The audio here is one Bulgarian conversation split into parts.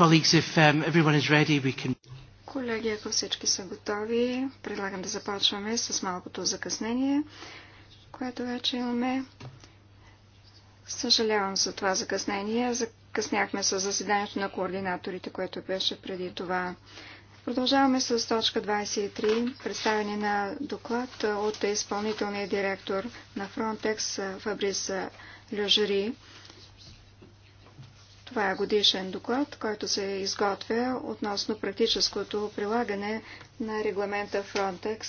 Colleagues, if um, everyone is ready, we can... Колеги, ако всички са готови, предлагам да започваме с малкото закъснение, което вече имаме. Съжалявам за това закъснение. Закъсняхме с заседанието на координаторите, което беше преди това. Продължаваме с точка 23, представяне на доклад от изпълнителния директор на Frontex Фабрис Люжери. Това е годишен доклад, който се изготвя относно практическото прилагане на регламента Frontex.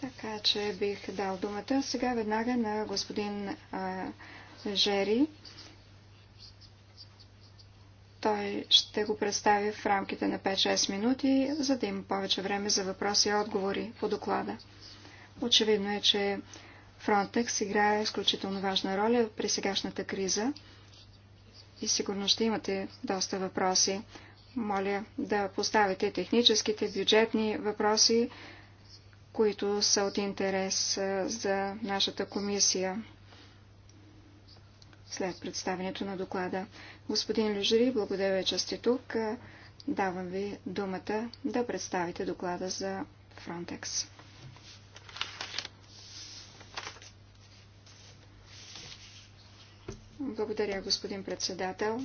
Така че бих дал думата сега веднага на господин а, Жери. Той ще го представи в рамките на 5-6 минути, за да има повече време за въпроси и отговори по доклада. Очевидно е, че Frontex играе изключително важна роля при сегашната криза и сигурно ще имате доста въпроси. Моля да поставите техническите, бюджетни въпроси, които са от интерес за нашата комисия след представенето на доклада. Господин Люжери, благодаря, че сте тук. Давам ви думата да представите доклада за Фронтекс. Благодаря, господин председател.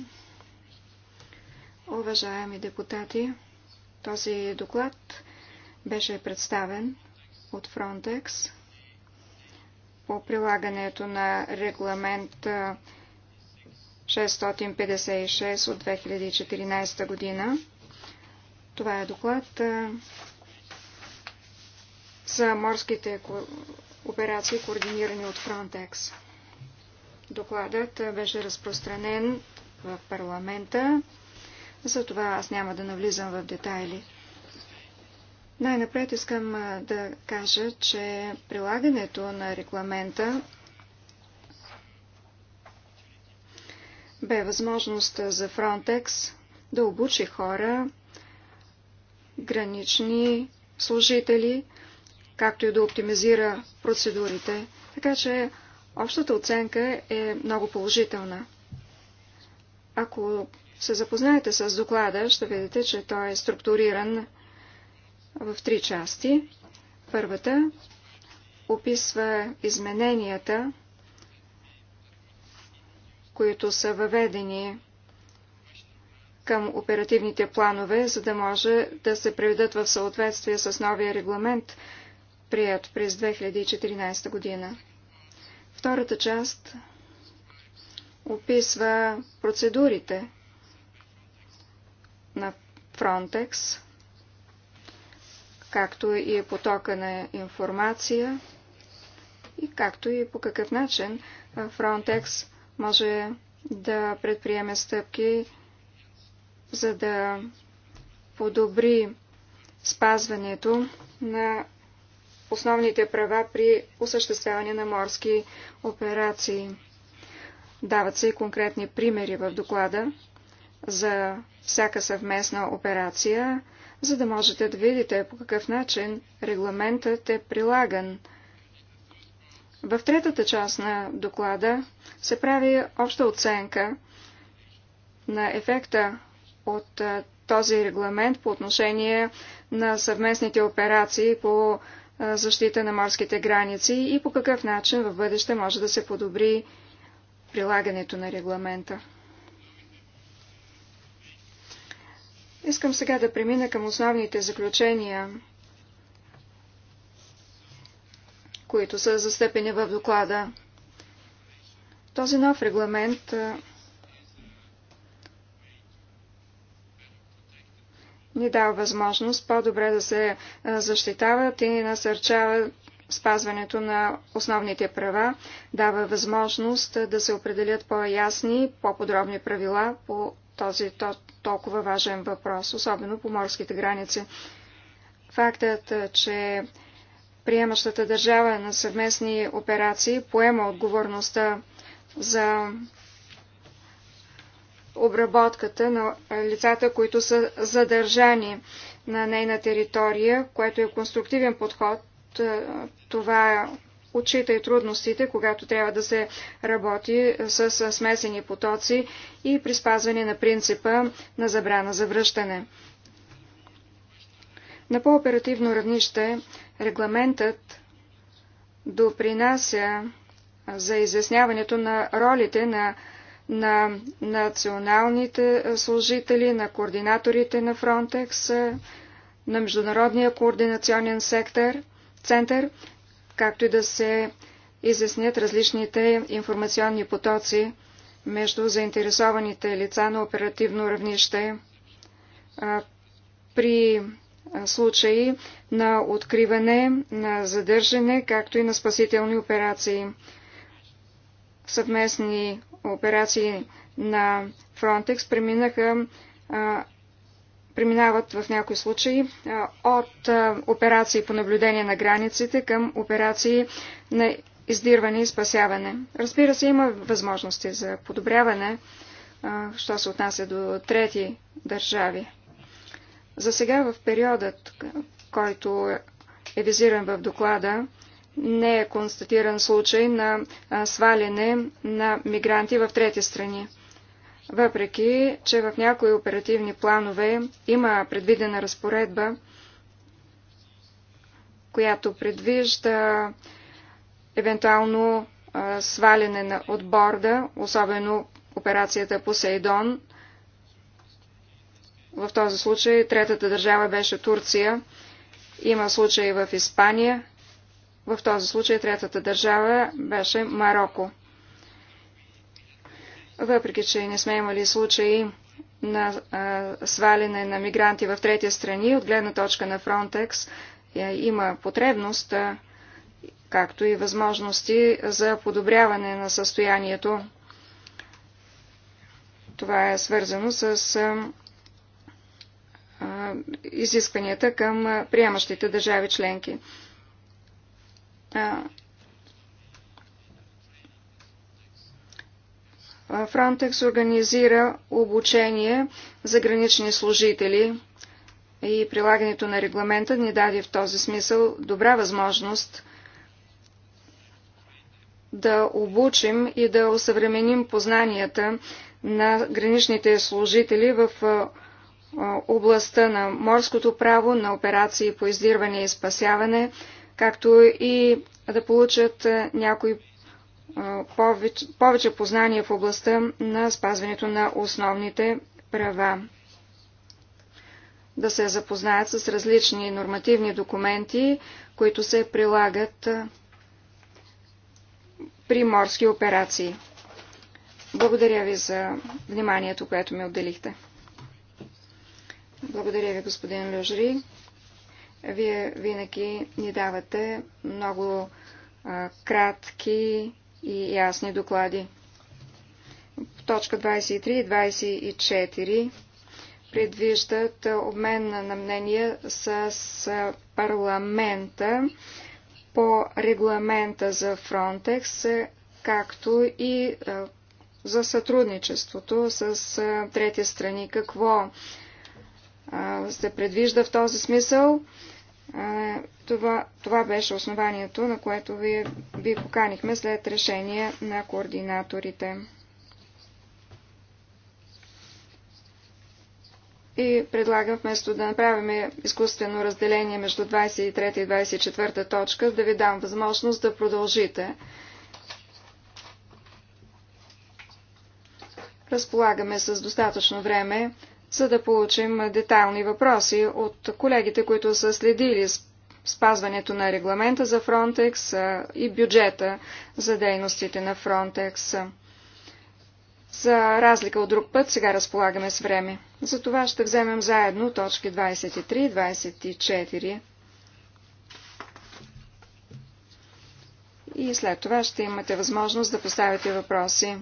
Уважаеми депутати, този доклад беше представен от Frontex по прилагането на регламент 656 от 2014 година. Това е доклад за морските операции, координирани от Frontex. Докладът беше разпространен в парламента, затова аз няма да навлизам в детайли. Най-напред искам да кажа, че прилагането на регламента бе възможност за Фронтекс да обучи хора, гранични служители, както и да оптимизира процедурите. Така че Общата оценка е много положителна. Ако се запознаете с доклада, ще видите, че той е структуриран в три части. Първата описва измененията, които са въведени към оперативните планове, за да може да се приведат в съответствие с новия регламент, прият през 2014 година. Втората част описва процедурите на Frontex, както и е потока на информация и както и по какъв начин Frontex може да предприеме стъпки, за да подобри спазването на основните права при осъществяване на морски операции. Дават се и конкретни примери в доклада за всяка съвместна операция, за да можете да видите по какъв начин регламентът е прилаган. В третата част на доклада се прави обща оценка на ефекта от този регламент по отношение на съвместните операции по защита на морските граници и по какъв начин в бъдеще може да се подобри прилагането на регламента. Искам сега да премина към основните заключения, които са застъпени в доклада. Този нов регламент ни дава възможност по-добре да се защитават и насърчава спазването на основните права, дава възможност да се определят по-ясни, по-подробни правила по този толкова важен въпрос, особено по морските граници. Фактът, че приемащата държава на съвместни операции поема отговорността за обработката на лицата, които са задържани на нейна територия, което е конструктивен подход. Е, това отчита и трудностите, когато трябва да се работи с смесени потоци и при спазване на принципа на забрана за връщане. На по-оперативно равнище регламентът допринася за изясняването на ролите на на националните служители, на координаторите на Фронтекс, на Международния координационен сектор, център, както и да се изяснят различните информационни потоци между заинтересованите лица на оперативно равнище при случаи на откриване, на задържане, както и на спасителни операции съвместни операции на Frontex преминаха, преминават в някои случаи от операции по наблюдение на границите към операции на издирване и спасяване. Разбира се, има възможности за подобряване, що се отнася до трети държави. За сега в периодът, който е визиран в доклада, не е констатиран случай на сваляне на мигранти в трети страни. Въпреки, че в някои оперативни планове има предвидена разпоредба, която предвижда евентуално сваляне на, отборда, особено операцията Посейдон. В този случай третата държава беше Турция. Има случаи в Испания, в този случай третата държава беше Марокко. Въпреки, че не сме имали случаи на а, сваляне на мигранти в трети страни, от гледна точка на Фронтекс е, има потребност, а, както и възможности за подобряване на състоянието. Това е свързано с а, изискванията към приемащите държави членки. Фронтекс организира обучение за гранични служители и прилагането на регламента ни даде в този смисъл добра възможност да обучим и да усъвременим познанията на граничните служители в областта на морското право, на операции по издирване и спасяване, както и да получат е, някои е, повече, повече познания в областта на спазването на основните права. Да се запознаят с различни нормативни документи, които се прилагат е, при морски операции. Благодаря ви за вниманието, което ми отделихте. Благодаря ви, господин Люжри. Вие винаги ни давате много а, кратки и ясни доклади. Точка 23 и 24 предвиждат обмен на мнение с парламента по регламента за Фронтекс, както и за сътрудничеството с трети страни. Какво се предвижда в този смисъл? Това, това беше основанието, на което ви, ви поканихме след решение на координаторите. И предлагам вместо да направим изкуствено разделение между 23 и 24 точка, да ви дам възможност да продължите. Разполагаме с достатъчно време, за да получим детайлни въпроси от колегите, които са следили спазването на регламента за Фронтекс и бюджета за дейностите на Фронтекс. За разлика от друг път, сега разполагаме с време. За това ще вземем заедно точки 23 и 24. И след това ще имате възможност да поставите въпроси.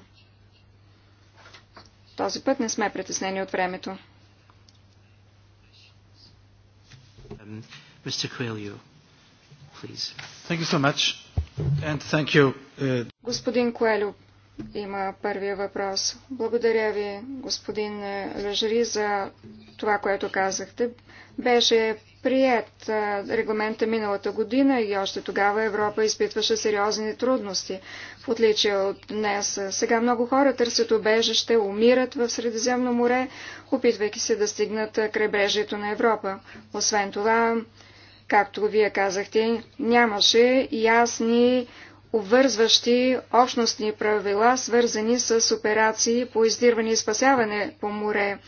Този път не сме притеснени от времето. Um, uh, господин Куелю има първия въпрос. Благодаря ви, господин е, Лежери, за това, което казахте. Беше прият е, регламента миналата година и още тогава Европа изпитваше сериозни трудности отличие от днес. Сега много хора търсят обежище, умират в Средиземно море, опитвайки се да стигнат крайбрежието на Европа. Освен това, както вие казахте, нямаше ясни обвързващи общностни правила, свързани с операции по издирване и спасяване по море.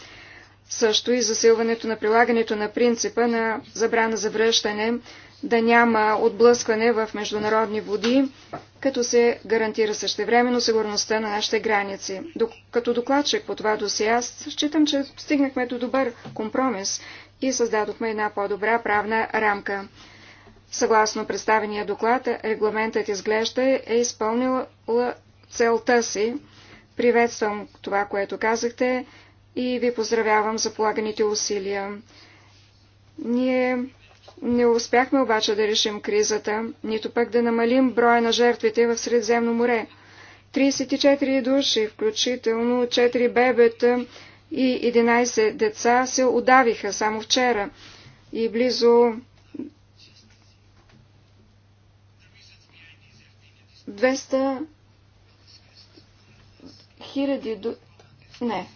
Също и засилването на прилагането на принципа на забрана за връщане да няма отблъскване в международни води, като се гарантира същевременно сигурността на нашите граници. Док, като докладчик по това доси аз считам, че стигнахме до добър компромис и създадохме една по-добра правна рамка. Съгласно представения доклад, регламентът изглежда е изпълнил целта си. Приветствам това, което казахте и ви поздравявам за полаганите усилия. Ние не успяхме обаче да решим кризата, нито пък да намалим броя на жертвите в Средземно море. 34 души, включително 4 бебета и 11 деца се удавиха само вчера и близо 200 хиляди... 000... Не,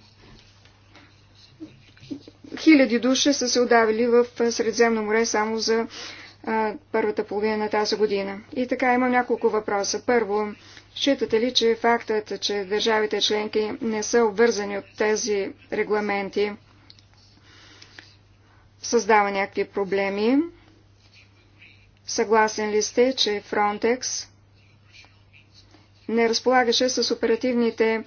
Хиляди души са се удавили в Средземно море само за първата половина на тази година. И така имам няколко въпроса. Първо, считате ли, че фактът, че държавите членки не са обвързани от тези регламенти, създава някакви проблеми? Съгласен ли сте, че Фронтекс не разполагаше с оперативните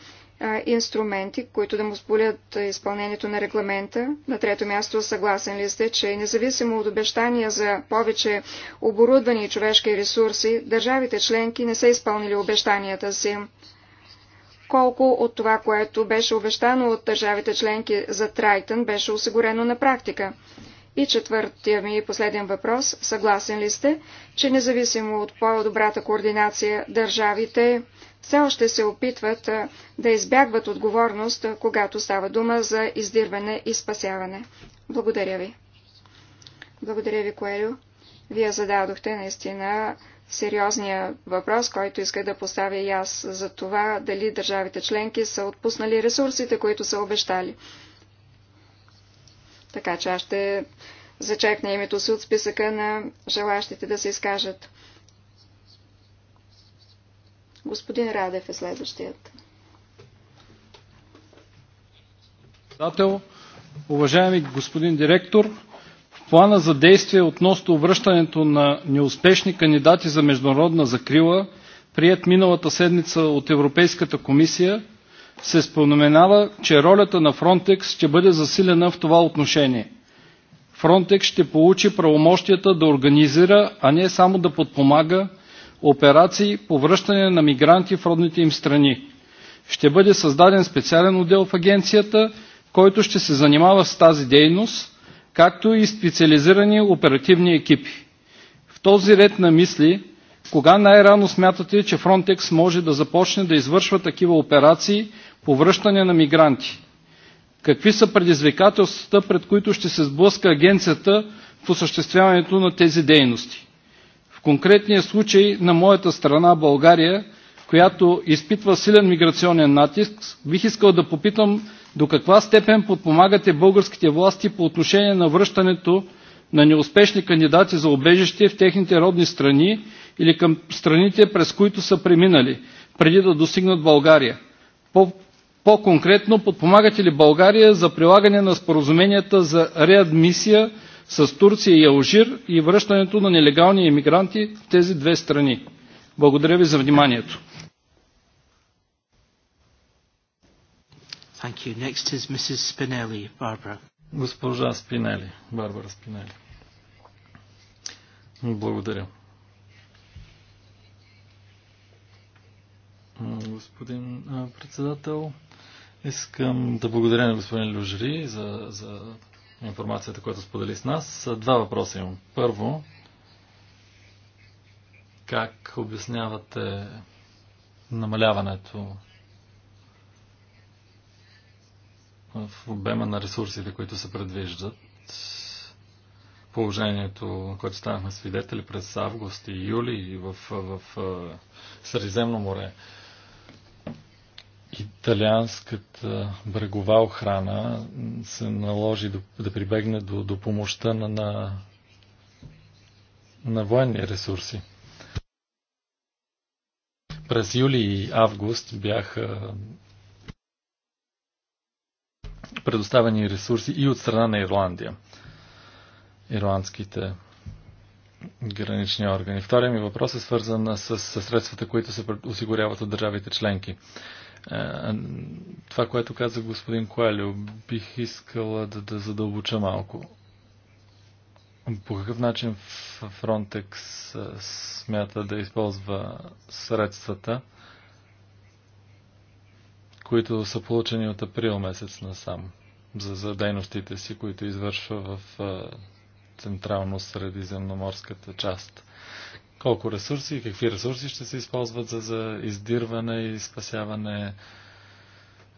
инструменти, които да му сполят изпълнението на регламента. На трето място съгласен ли сте, че независимо от обещания за повече оборудвани и човешки ресурси, държавите членки не са изпълнили обещанията си? Колко от това, което беше обещано от държавите членки за Трайтън, беше осигурено на практика? И четвъртия ми последен въпрос. Съгласен ли сте, че независимо от по-добрата координация, държавите все още се опитват да избягват отговорност, когато става дума за издирване и спасяване. Благодаря ви. Благодаря ви, Коелю. Вие зададохте наистина сериозния въпрос, който иска да поставя и аз за това дали държавите членки са отпуснали ресурсите, които са обещали. Така че аз ще зачекна името си от списъка на желащите да се изкажат. Господин Радев е следващият. Председател, уважаеми господин директор, в плана за действие относно връщането на неуспешни кандидати за международна закрила, прият миналата седмица от Европейската комисия, се споменава, че ролята на Фронтекс ще бъде засилена в това отношение. Фронтекс ще получи правомощията да организира, а не само да подпомага операции по връщане на мигранти в родните им страни. Ще бъде създаден специален отдел в агенцията, който ще се занимава с тази дейност, както и специализирани оперативни екипи. В този ред на мисли, кога най-рано смятате, че Фронтекс може да започне да извършва такива операции по връщане на мигранти? Какви са предизвикателствата, пред които ще се сблъска агенцията в осъществяването на тези дейности? В конкретния случай на моята страна България, която изпитва силен миграционен натиск, бих искал да попитам до каква степен подпомагате българските власти по отношение на връщането на неуспешни кандидати за убежище в техните родни страни или към страните, през които са преминали, преди да достигнат България. По-конкретно, подпомагате ли България за прилагане на споразуменията за реадмисия с Турция и Алжир и връщането на нелегални иммигранти в тези две страни. Благодаря ви за вниманието. Thank you. Next is Mrs. Spinelli, Barbara. Госпожа Спинели, Барбара Спинели. Благодаря. Господин председател, искам да благодаря на господин Люжри за, за информацията, която сподели с нас. Два въпроса имам. Първо, как обяснявате намаляването в обема на ресурсите, които се предвиждат? Положението, на което станахме свидетели през август и юли в, в, в Средиземно море италианската брегова охрана се наложи да, да прибегне до, до помощта на, на, на военни ресурси. През юли и август бяха предоставени ресурси и от страна на Ирландия. Ирландските гранични органи. Втория ми въпрос е свързан с, с средствата, които се осигуряват от държавите членки. Е, това, което каза господин Коелио, бих искала да, да задълбоча малко. По какъв начин Frontex е, смята да използва средствата, които са получени от април месец насам, за, за дейностите си, които извършва в е, Централно-средиземноморската част? Колко ресурси и какви ресурси ще се използват за, за издирване и спасяване?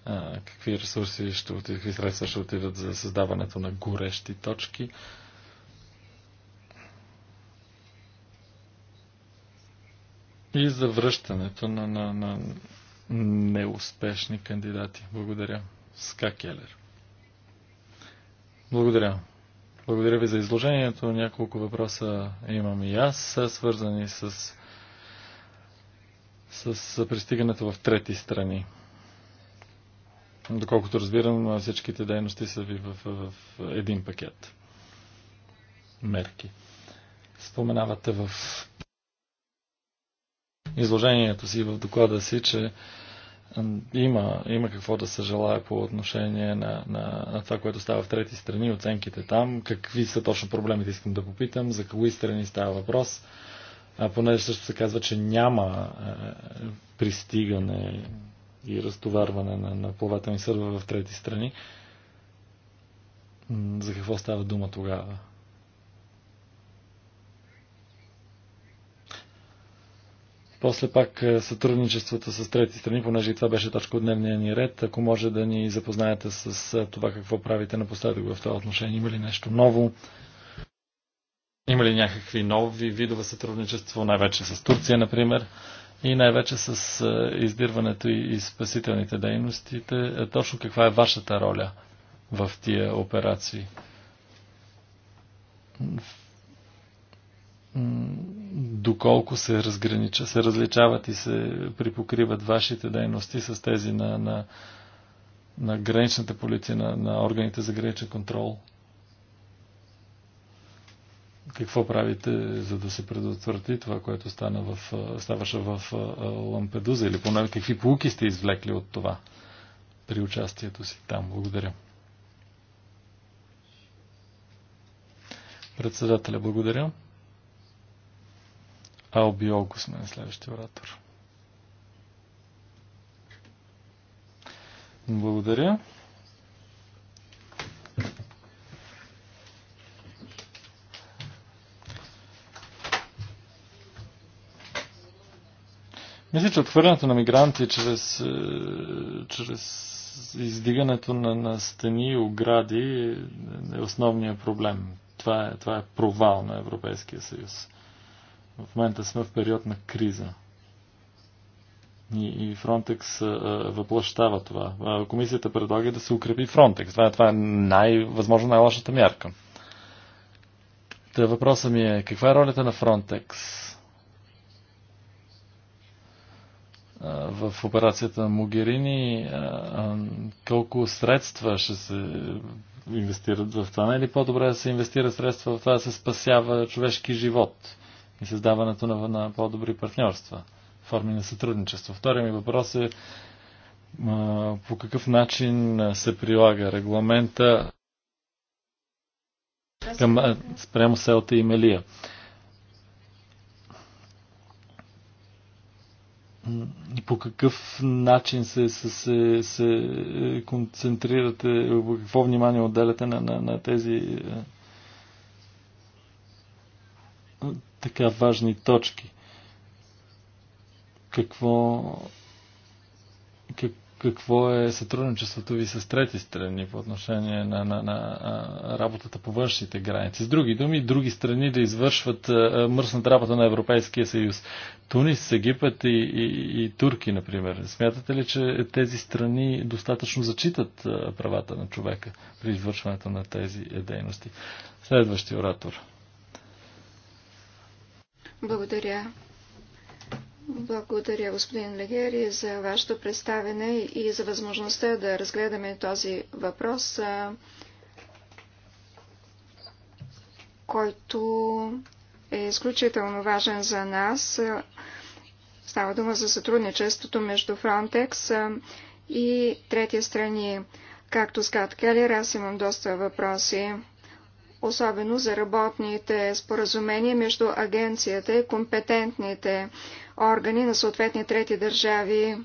А, какви ресурси ще отидат, какви средства ще отидат за създаването на горещи точки? И за връщането на, на, на неуспешни кандидати. Благодаря. Ска Келер. Благодаря. Благодаря ви за изложението. Няколко въпроса имам и аз, свързани с, с пристигането в трети страни. Доколкото разбирам, всичките дейности са ви в, в, в един пакет мерки. Споменавате в изложението си, в доклада си, че има, има какво да се желая по отношение на, на, на това, което става в трети страни, оценките там, какви са точно проблемите, искам да попитам, за кои страни става въпрос, а понеже също се казва, че няма е, пристигане и разтоварване на, на плавателни сърва в трети страни. За какво става дума тогава? После пак е, сътрудничеството с трети страни, понеже и това беше точка от дневния ни ред. Ако може да ни запознаете с е, това какво правите напоследък в това отношение, има ли нещо ново? Има ли някакви нови видове сътрудничество, най-вече с Турция, например, и най-вече с е, издирването и спасителните дейности. Точно каква е вашата роля в тия операции? доколко се, разгранича, се различават и се припокриват вашите дейности с тези на, на, на граничната полиция, на, на органите за граничен контрол? Какво правите, за да се предотврати това, което стана в, ставаше в Лампедуза? Или поне какви полуки сте извлекли от това при участието си там? Благодаря. Председателя, благодаря. Албиол Гусман, нали, следващия оратор. Благодаря. Мисля, че отхвърлянето на мигранти чрез, е, чрез издигането на, на стени и огради е, е основният проблем. Това е, това е провал на Европейския съюз. В момента сме в период на криза. И, и Frontex а, въплащава това. А, комисията предлага да се укрепи Frontex. Това, това е най, възможно най-лошата мярка. Та въпросът ми е, каква е ролята на Frontex в операцията Могерини? Колко средства ще се инвестират в това? Не е ли по-добре да се инвестира средства в това да се спасява човешки живот? и създаването на, на по-добри партньорства, форми на сътрудничество. Втория ми въпрос е по какъв начин се прилага регламента към, спрямо селта и Мелия. по какъв начин се, се, се, се концентрирате, какво внимание отделяте на, на, на тези така важни точки. Какво, как, какво е сътрудничеството ви с трети страни по отношение на, на, на работата по външните граници? С други думи, други страни да извършват мръсната работа на Европейския съюз. Тунис, Египет и, и, и Турки, например. Смятате ли, че тези страни достатъчно зачитат правата на човека при извършването на тези е, дейности? Следващия оратор. Благодаря. Благодаря, господин Легери, за вашето представене и за възможността да разгледаме този въпрос, който е изключително важен за нас. Става дума за сътрудничеството между Frontex и трети страни. Както с Кат Келер, аз имам доста въпроси особено за работните споразумения между агенцията и компетентните органи на съответни трети държави.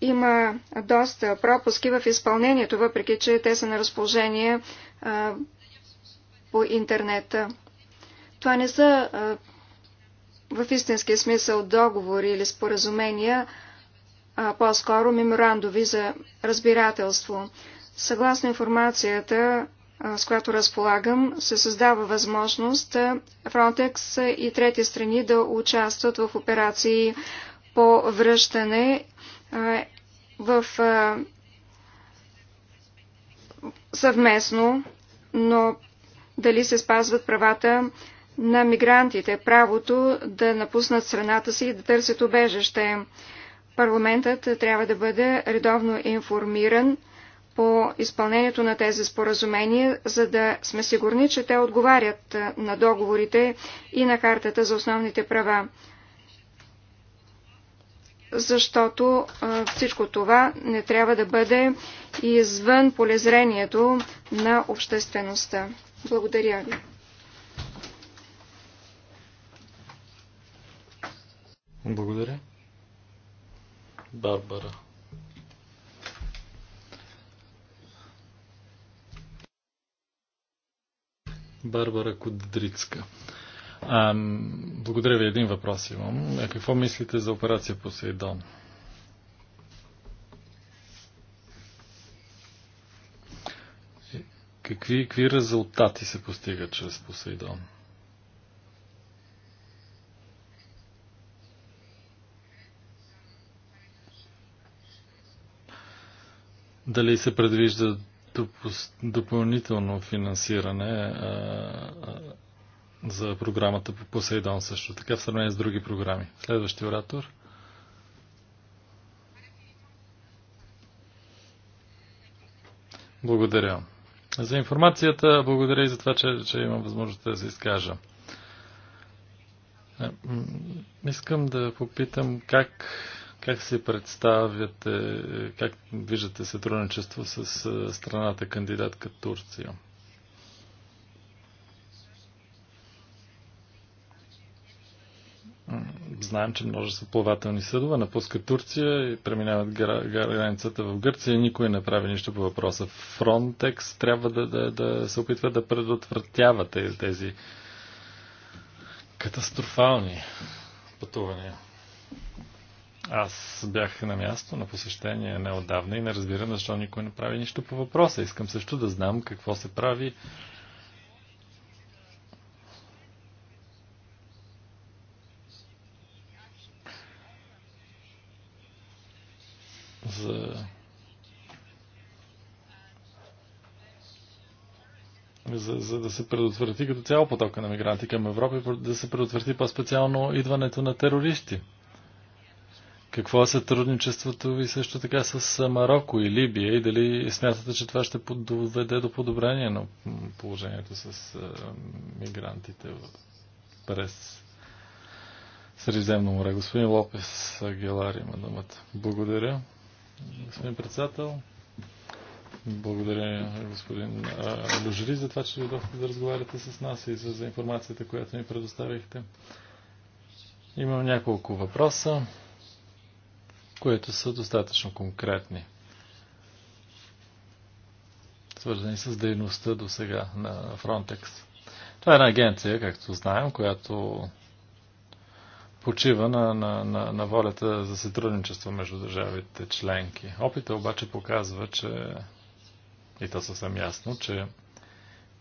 Има доста пропуски в изпълнението, въпреки че те са на разположение а, по интернета. Това не са а, в истинския смисъл договори или споразумения, а по-скоро меморандови за разбирателство. Съгласно информацията, с която разполагам, се създава възможност Frontex и трети страни да участват в операции по връщане в съвместно, но дали се спазват правата на мигрантите, правото да напуснат страната си и да търсят убежище. Парламентът трябва да бъде редовно информиран по изпълнението на тези споразумения, за да сме сигурни, че те отговарят на договорите и на картата за основните права. Защото всичко това не трябва да бъде извън полезрението на обществеността. Благодаря ви. Благодаря. Барбара. Барбара Кудрицка. А, благодаря ви. Един въпрос имам. А какво мислите за операция Сейдон? Е, какви, какви резултати се постигат чрез Посейдон? Дали се предвиждат допълнително финансиране а, за програмата по Посейдон също, така в сравнение с други програми. Следващия оратор. Благодаря. За информацията, благодаря и за това, че, че имам възможност да се изкажа. Искам да попитам как как се представяте, как виждате сътрудничество с страната кандидатка Турция? Знаем, че множество плавателни съдове напускат Турция и преминават границата в Гърция. Никой не прави нищо по въпроса. Фронтекс трябва да, да, да се опитва да предотвратява тези катастрофални пътувания. Аз бях на място на посещение неодавна и не разбирам защо никой не прави нищо по въпроса. Искам също да знам какво се прави. За за, за да се предотврати като цяло потока на мигранти към Европа и да се предотврати по-специално идването на терористи. Какво е сътрудничеството ви също така с Марокко и Либия и дали смятате, че това ще доведе до подобрение на положението с мигрантите през Средиземно море? Господин Лопес Агелар има думата. Благодаря. Господин председател, благодаря господин Люжри за това, че дойдохте да разговаряте с нас и за информацията, която ни предоставихте. Имам няколко въпроса които са достатъчно конкретни, свързани с дейността до сега на Frontex. Това е една агенция, както знаем, която почива на, на, на, на волята за сътрудничество между държавите членки. Опита обаче показва, че и то съвсем ясно, че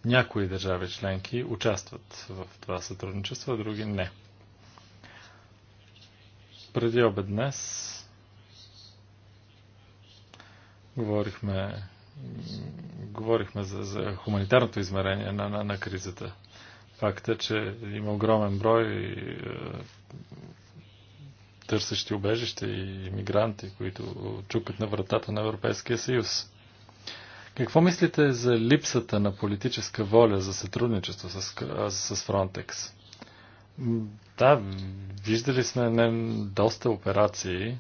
някои държави членки участват в това сътрудничество, а други не. Преди обед днес Говорихме, говорихме за, за хуманитарното измерение на, на, на кризата. Факта, е, че има огромен брой и, е, търсещи убежище и мигранти, които чукат на вратата на Европейския съюз. Какво мислите за липсата на политическа воля за сътрудничество с, с Frontex? Да, виждали сме не, доста операции,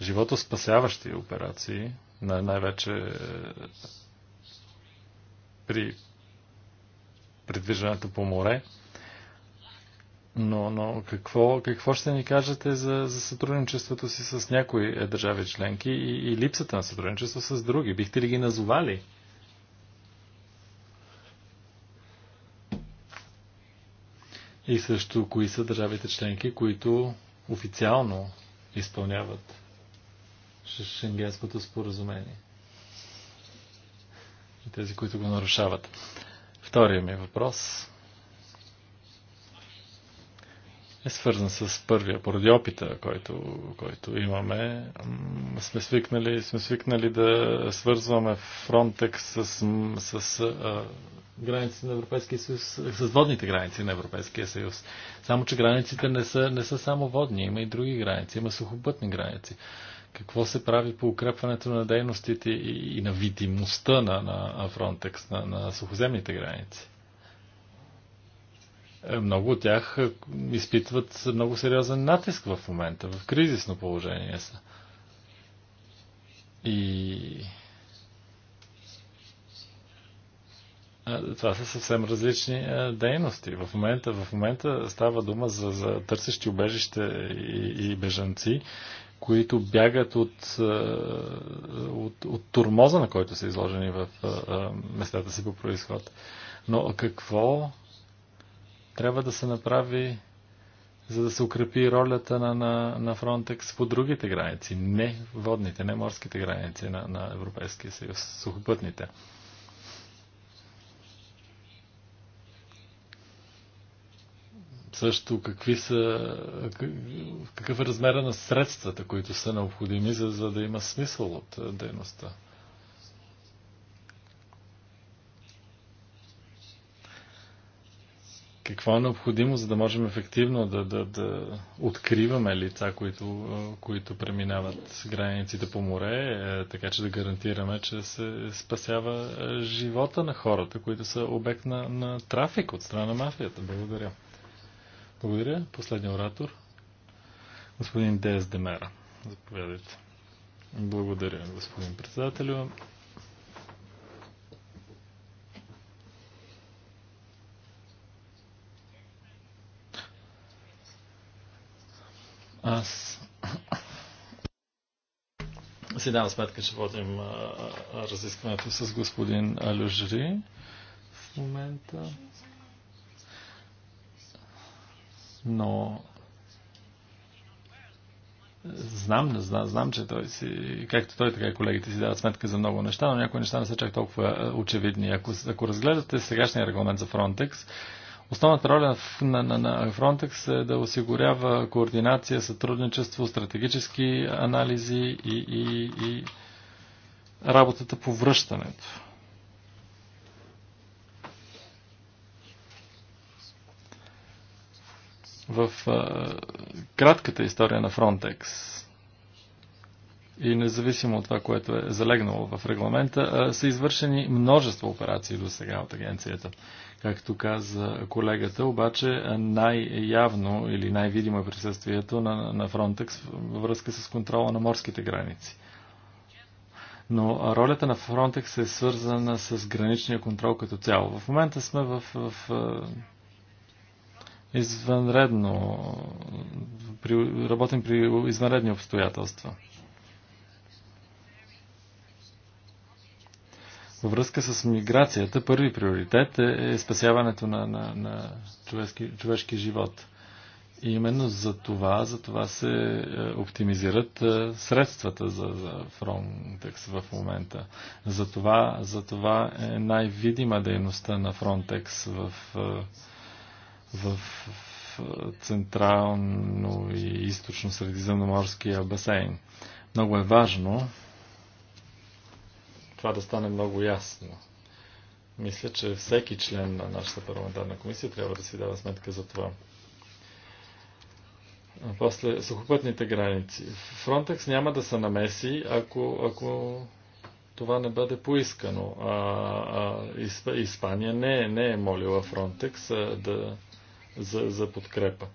живото спасяващи операции, най-вече е, при придвижването по море. Но, но какво, какво ще ни кажете за, за сътрудничеството си с някои е, държави членки и, и липсата на сътрудничество с други? Бихте ли ги назовали? И също, кои са държавите членки, които официално изпълняват Шенгенското споразумение. И тези, които го нарушават. Втория ми въпрос е свързан с първия. Поради опита, който, който имаме, сме свикнали, сме свикнали да свързваме Frontex с, с, с а, границите на Европейския съюз, с водните граници на Европейския съюз. Само, че границите не са, не са само водни, има и други граници, има сухопътни граници. Какво се прави по укрепването на дейностите и, на видимостта на, на Frontex, на, на сухоземните граници? Е, много от тях е, изпитват много сериозен натиск в момента, в кризисно положение са. И е, това са съвсем различни дейности. В момента, в момента става дума за, за търсещи убежище и, и бежанци, които бягат от, от, от турмоза, на който са изложени в местата си по происход. Но какво трябва да се направи, за да се укрепи ролята на, на, на Фронтекс по другите граници, не водните, не морските граници на, на Европейския съюз, сухопътните? също какви са, какъв е размера на средствата, които са необходими, за, за да има смисъл от е, дейността. Какво е необходимо, за да можем ефективно да, да, да откриваме лица, които, е, които преминават границите по море, е, така че да гарантираме, че се спасява живота на хората, които са обект на, на трафик от страна на мафията. Благодаря. Благодаря. Последния оратор. Господин Дес Демера. Заповядайте. Благодаря, господин председателю. Аз си давам сметка, че водим разискването с господин Алюжри в момента. Но знам, знам, знам, че той си, както той, така и колегите си дават сметка за много неща, но някои неща не са чак толкова очевидни. Ако, ако разгледате сегашния регламент за Frontex, Основната роля на, на, на Frontex е да осигурява координация, сътрудничество, стратегически анализи и, и, и работата по връщането. в а, кратката история на Frontex и независимо от това, което е залегнало в регламента, а, са извършени множество операции до сега от агенцията. Както каза колегата, обаче най-явно или най-видимо е присъствието на, на Frontex във връзка с контрола на морските граници. Но ролята на Frontex е свързана с граничния контрол като цяло. В момента сме в, в, в извънредно, при, работим при извънредни обстоятелства. Във връзка с миграцията, първи приоритет е, е спасяването на, на, на човешки, човешки живот. И именно за това, за това се е, оптимизират е, средствата за, за Frontex в момента. За това, за това е най-видима дейността на Frontex в е, в Централно и Източно Средиземноморския басейн. Много е важно това да стане много ясно. Мисля, че всеки член на нашата парламентарна комисия трябва да си дава сметка за това. После сухопътните граници. Фронтекс няма да се намеси, ако, ако това не бъде поискано. А, а, Испания не е, не е молила Фронтекс да за, за подкрепа.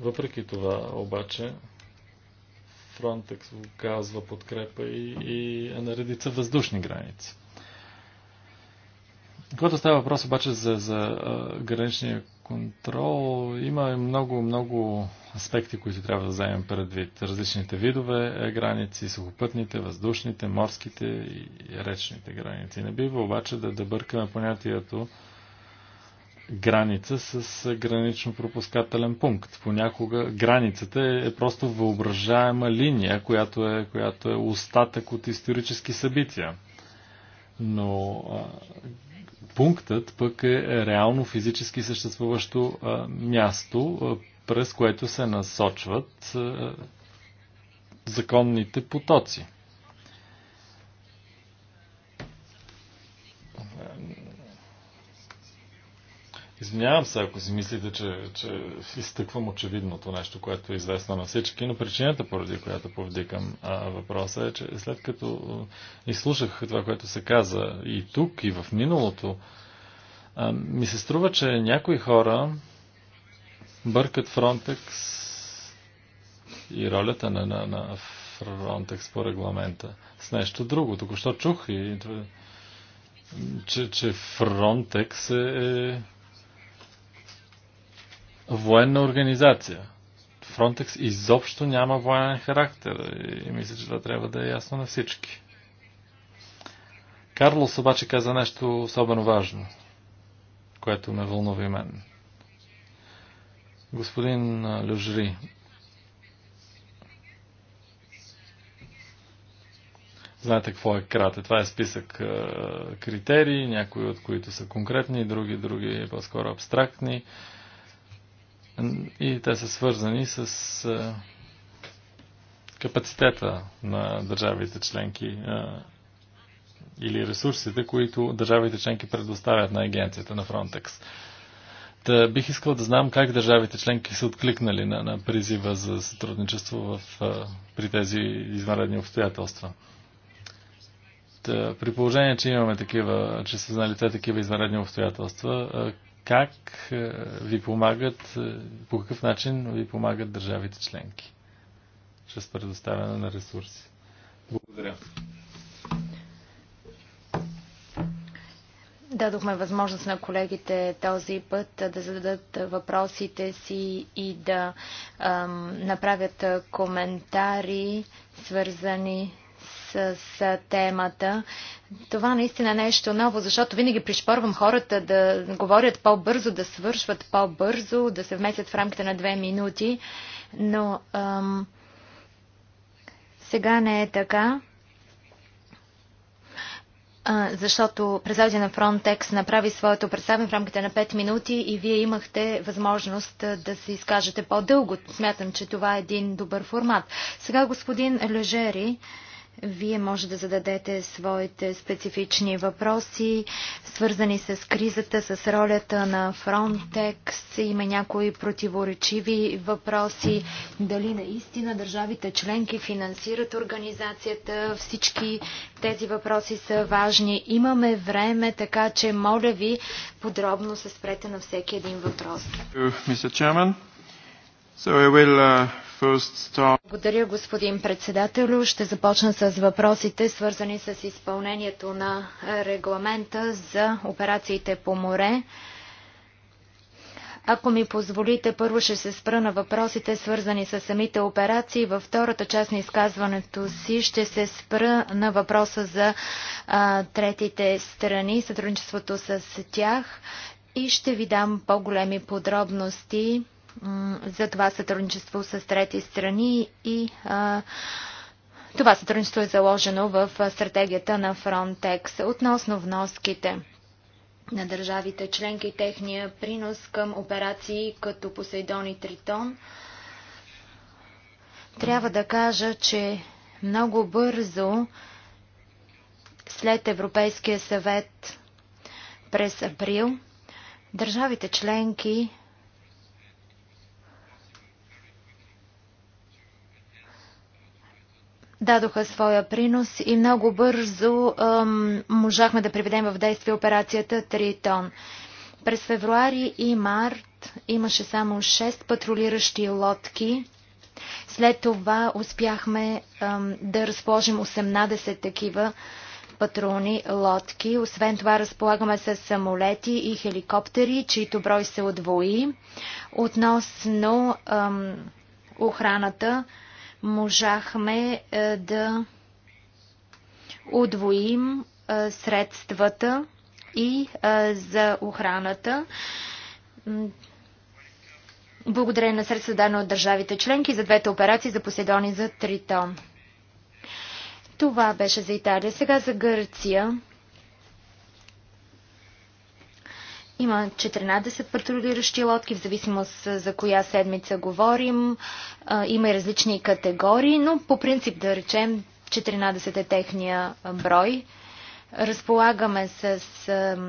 Въпреки това, обаче, Frontex оказва подкрепа и, и е на редица въздушни граници. Когато става въпрос обаче за, за а, граничния контрол има много, много аспекти, които трябва да вземем предвид. Различните видове е, граници, сухопътните, въздушните, морските и речните граници. Не бива обаче да, да бъркаме понятието граница с гранично пропускателен пункт. Понякога границата е, е просто въображаема линия, която е, която е остатък от исторически събития. Но а, пунктът пък е реално физически съществуващо а, място, а, през което се насочват а, законните потоци. Извинявам се, ако си мислите, че, че изтъквам очевидното нещо, което е известно на всички, но причината, поради която повдикам а, въпроса е, че след като изслушах това, което се каза и тук, и в миналото, а, ми се струва, че някои хора бъркат Фронтекс и ролята на, на, на Фронтекс по регламента с нещо друго. Току-що чух и че, че Фронтекс е, е военна организация. Фронтекс изобщо няма военен характер и мисля, че това трябва да е ясно на всички. Карлос обаче каза нещо особено важно, което ме вълнува и мен. Господин Люжри, знаете какво е крате. Това е списък критерии, някои от които са конкретни, други, други по-скоро абстрактни и те са свързани с капацитета на държавите членки или ресурсите, които държавите членки предоставят на агенцията на Фронтекс. Та бих искал да знам как държавите членки са откликнали на, на призива за сътрудничество в, при тези извънредни обстоятелства. Та, при положение, че имаме такива, че са знали те такива извънредни обстоятелства, как е, ви помагат, е, по какъв начин ви помагат държавите членки чрез предоставяне на ресурси. Благодаря. Дадохме възможност на колегите този път да зададат въпросите си и да ам, направят коментари, свързани с темата. Това наистина е нещо ново, защото винаги пришпорвам хората да говорят по-бързо, да свършват по-бързо, да се вместят в рамките на две минути, но ам, сега не е така защото председателя на Frontex направи своето представяне в рамките на 5 минути и вие имахте възможност да се изкажете по-дълго. Смятам, че това е един добър формат. Сега господин Лежери вие може да зададете своите специфични въпроси, свързани с кризата, с ролята на Frontex. Има някои противоречиви въпроси. Дали наистина държавите членки финансират организацията? Всички тези въпроси са важни. Имаме време, така че моля ви подробно се спрете на всеки един въпрос. Mr. Chairman. So I will uh, благодаря, господин председател. Ще започна с въпросите, свързани с изпълнението на е, регламента за операциите по море. Ако ми позволите, първо ще се спра на въпросите, свързани с самите операции. Във втората част на изказването си ще се спра на въпроса за а, третите страни, сътрудничеството с тях и ще ви дам по-големи подробности за това сътрудничество с трети страни и а, това сътрудничество е заложено в стратегията на Frontex. Относно вноските на държавите членки и техния принос към операции като Посейдон и Тритон, трябва да кажа, че много бързо след Европейския съвет през април държавите членки дадоха своя принос и много бързо ем, можахме да приведем в действие операцията Тритон. През февруари и март имаше само 6 патрулиращи лодки. След това успяхме ем, да разположим 18 такива патрони лодки. Освен това разполагаме с самолети и хеликоптери, чието брой се отвои. Относно ем, охраната, можахме е, да удвоим е, средствата и е, за охраната. Благодарение на средства дадено от държавите членки за двете операции за Поседони за Тритон. Това беше за Италия. Сега за Гърция. Има 14 патрулиращи лодки, в зависимост за коя седмица говорим. Има и различни категории, но по принцип да речем 14 е техния брой. Разполагаме с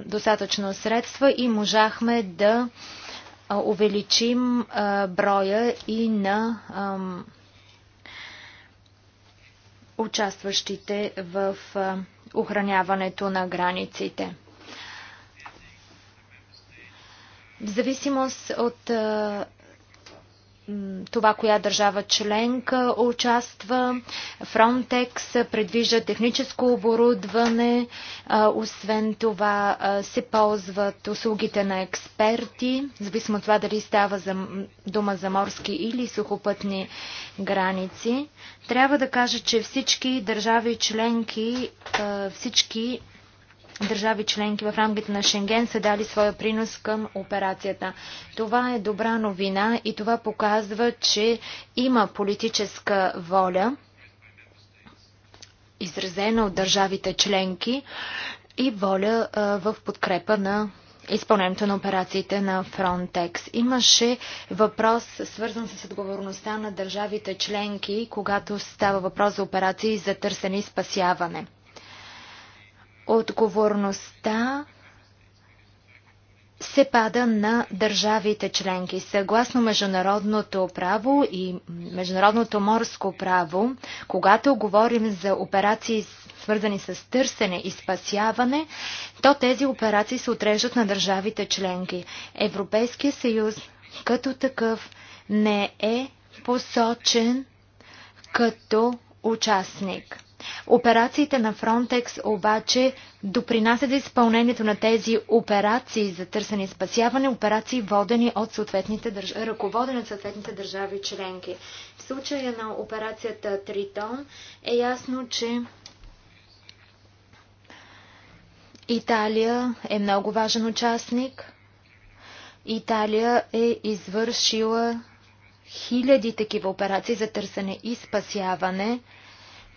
достатъчно средства и можахме да увеличим броя и на участващите в охраняването на границите. В зависимост от а, това, коя държава членка участва. Frontex предвижда техническо оборудване, а, освен това а, се ползват услугите на експерти, зависимо от това дали става за, дума за морски или сухопътни граници. Трябва да кажа, че всички държави членки, а, всички държави членки в рамките на Шенген са дали своя принос към операцията. Това е добра новина и това показва, че има политическа воля, изразена от държавите членки и воля в подкрепа на изпълнението на операциите на Frontex. Имаше въпрос, свързан с отговорността на държавите членки, когато става въпрос за операции за търсене и спасяване отговорността се пада на държавите членки. Съгласно международното право и международното морско право, когато говорим за операции свързани с търсене и спасяване, то тези операции се отрежат на държавите членки. Европейския съюз като такъв не е посочен като участник. Операциите на Frontex обаче допринасят за изпълнението на тези операции за търсене и спасяване, операции водени от съответните държ... ръководени от съответните държави членки. В случая на операцията Тритон е ясно, че Италия е много важен участник. Италия е извършила хиляди такива операции за търсене и спасяване –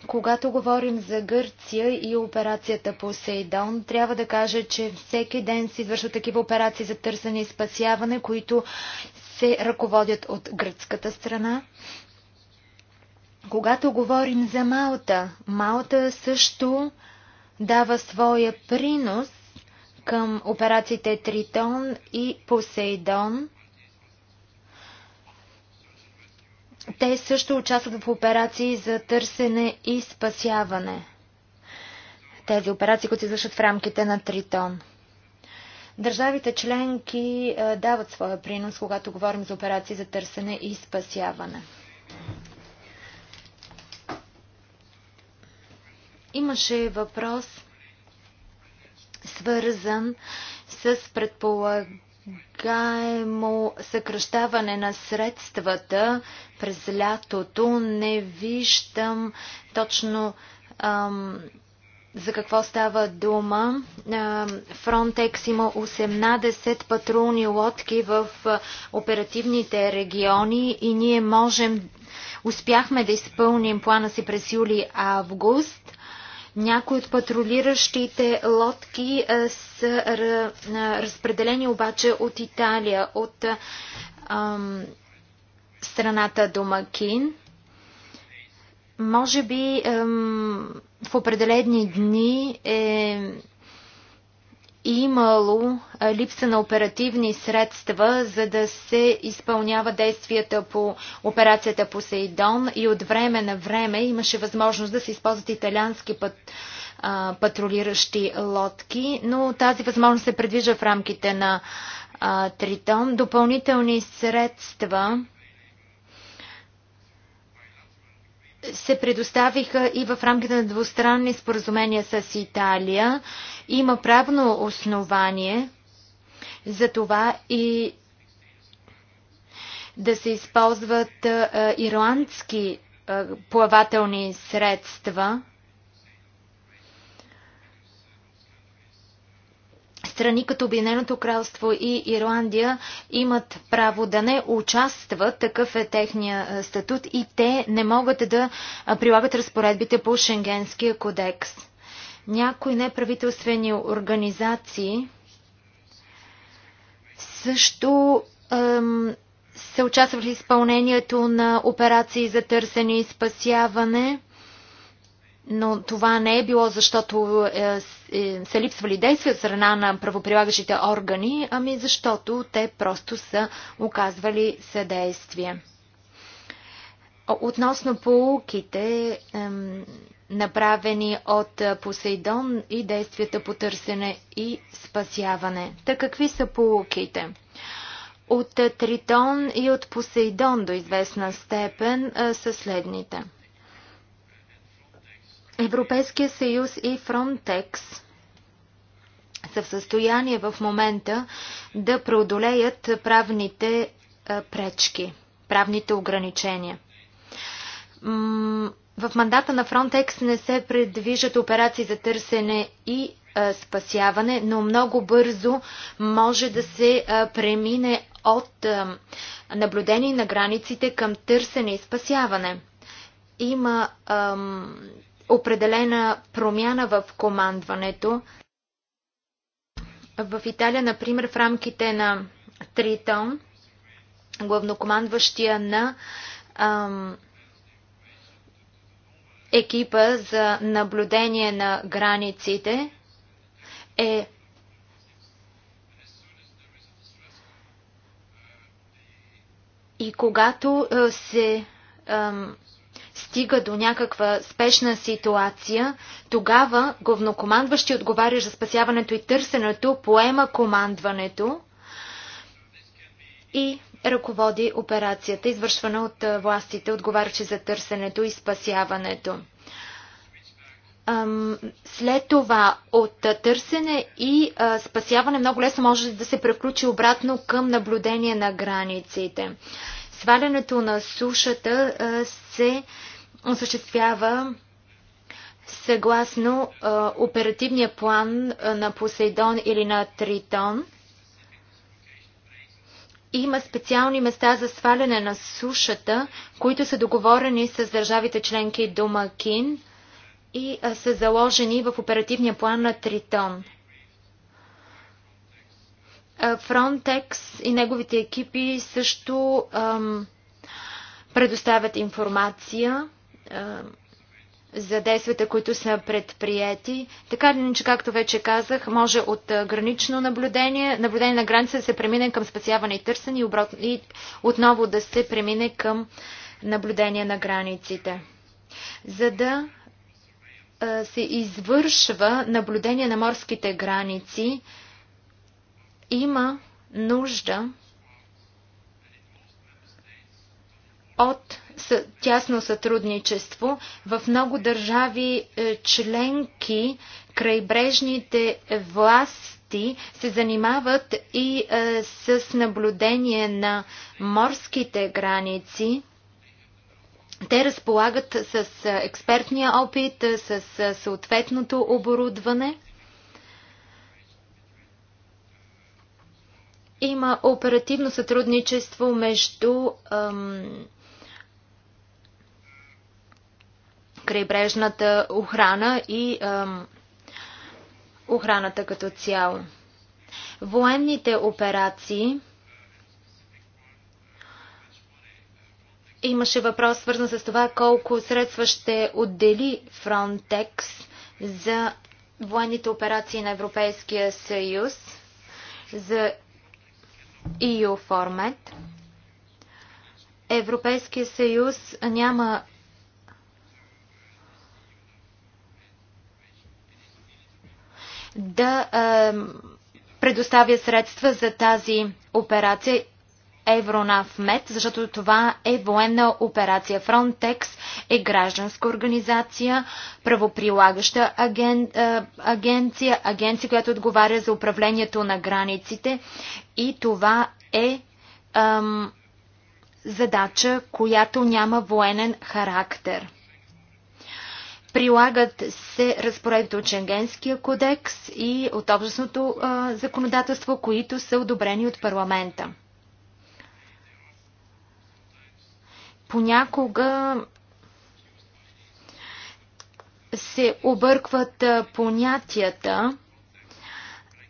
когато говорим за Гърция и операцията по Сейдон, трябва да кажа, че всеки ден се извършват такива операции за търсене и спасяване, които се ръководят от гръцката страна. Когато говорим за Малта, Малта също дава своя принос към операциите Тритон и Посейдон. Те също участват в операции за търсене и спасяване. Тези операции, които се извършват в рамките на Тритон. Държавите членки е, дават своя принос, когато говорим за операции за търсене и спасяване. Имаше въпрос, свързан с предполагането, предполагаемо съкръщаване на средствата през лятото не виждам точно ам, за какво става дума. Фронтекс има 18 патрулни лодки в оперативните региони и ние можем, успяхме да изпълним плана си през юли-август. Някои от патрулиращите лодки са разпределени обаче от Италия, от ам, страната Домакин. Може би в определени дни е имало липса на оперативни средства, за да се изпълнява действията по операцията по Сейдон, и от време на време имаше възможност да се използват италиански път, а, патрулиращи лодки, но тази възможност се предвижда в рамките на а, Тритон. Допълнителни средства се предоставиха и в рамките на двустранни споразумения с Италия. Има правно основание за това и да се използват ирландски плавателни средства – страни като Обединеното кралство и Ирландия имат право да не участват, такъв е техния статут и те не могат да прилагат разпоредбите по Шенгенския кодекс. Някои неправителствени организации също ем, са участвали в изпълнението на операции за търсене и спасяване, но това не е било защото е, е, са липсвали действия от страна на правоприлагащите органи, ами защото те просто са оказвали съдействие. Относно полуките, направени от Посейдон и действията по търсене и спасяване. Та какви са полуките? От Тритон и от Посейдон до известна степен е, са следните. Европейския съюз и Фронтекс са в състояние в момента да преодолеят правните е, пречки, правните ограничения. В мандата на Frontex не се предвиждат операции за търсене и е, спасяване, но много бързо може да се е, премине от наблюдение на границите към търсене и спасяване. Има определена промяна в командването. В Италия, например, в рамките на Тритон, главнокомандващия на ам, екипа за наблюдение на границите е и когато се ам, стига до някаква спешна ситуация, тогава главнокомандващи отговаря за спасяването и търсенето, поема командването и ръководи операцията, извършвана от властите, отговарящи за търсенето и спасяването. След това от търсене и спасяване много лесно може да се превключи обратно към наблюдение на границите свалянето на сушата се осъществява съгласно а, оперативния план на Посейдон или на Тритон. Има специални места за сваляне на сушата, които са договорени с държавите членки Домакин и а, са заложени в оперативния план на Тритон. Фронтекс и неговите екипи също ам, предоставят информация за действията, които са предприяти. Така че, както вече казах, може от гранично наблюдение, наблюдение на граница да се премине към спасяване и търсене и, и отново да се премине към наблюдение на границите. За да се извършва наблюдение на морските граници, има нужда от тясно сътрудничество. В много държави е, членки крайбрежните власти се занимават и е, с наблюдение на морските граници. Те разполагат с е, експертния опит, с съответното оборудване. Има оперативно сътрудничество между крайбрежната охрана и ам, охраната като цяло. Военните операции имаше въпрос свързан с това колко средства ще отдели Frontex за военните операции на Европейския съюз за EU формат. Европейския съюз няма да предоставя средства за тази операция МЕД, защото това е военна операция. Frontex е гражданска организация, правоприлагаща аген, агенция, агенция, която отговаря за управлението на границите и това е ам, задача, която няма военен характер. Прилагат се разпоредите от Шенгенския кодекс и от общностното законодателство, които са одобрени от парламента. Понякога се объркват понятията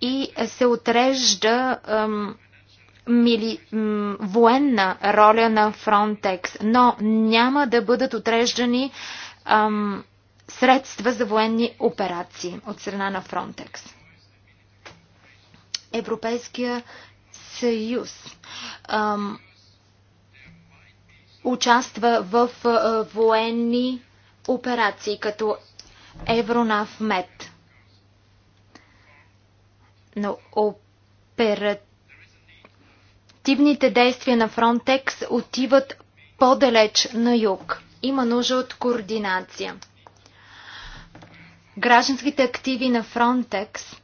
и се отрежда мили, военна роля на Фронтекс, но няма да бъдат отреждани средства за военни операции от страна на Фронтекс. Европейския съюз ам, участва в а, военни операции като Евронавмет. Но оперативните действия на Фронтекс отиват по-далеч на юг. Има нужда от координация. Гражданските активи на Фронтекс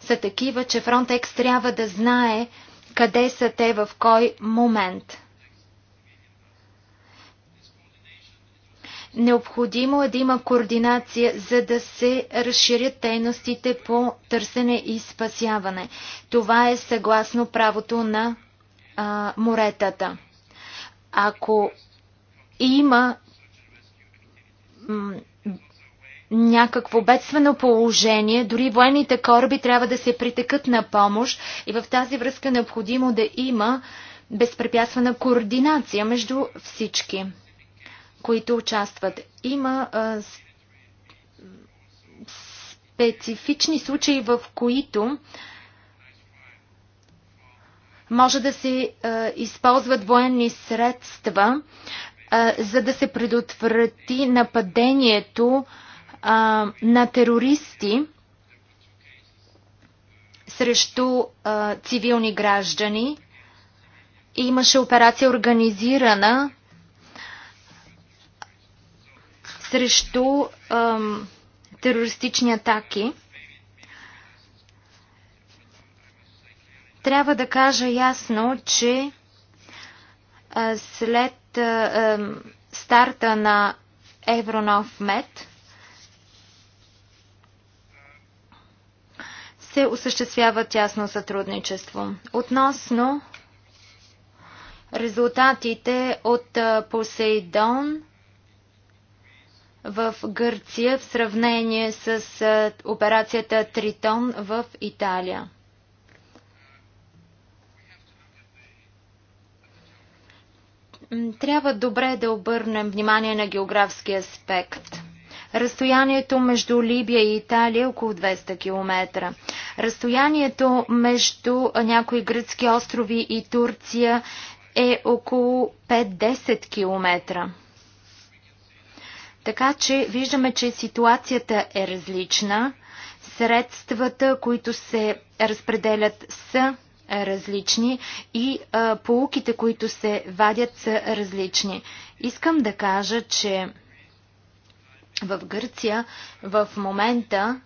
са такива, че Фронтекс трябва да знае къде са те в кой момент. Необходимо е да има координация, за да се разширят дейностите по търсене и спасяване. Това е съгласно правото на а, моретата. Ако има някакво бедствено положение, дори военните кораби трябва да се притекат на помощ и в тази връзка е необходимо да има безпрепятствена координация между всички, които участват. Има а, специфични случаи, в които може да се а, използват военни средства, а, за да се предотврати нападението а, а, на терористи срещу а, цивилни граждани. Имаше операция организирана срещу а, терористични атаки. Трябва да кажа ясно, че а, след а, а, старта на Евронов мед, се осъществява тясно сътрудничество. Относно резултатите от Посейдон в Гърция в сравнение с операцията Тритон в Италия. Трябва добре да обърнем внимание на географския аспект – Разстоянието между Либия и Италия е около 200 км. Разстоянието между някои гръцки острови и Турция е около 5-10 км. Така че виждаме, че ситуацията е различна. Средствата, които се разпределят са различни и а, полуките, които се вадят са различни. Искам да кажа, че в Гърция в момента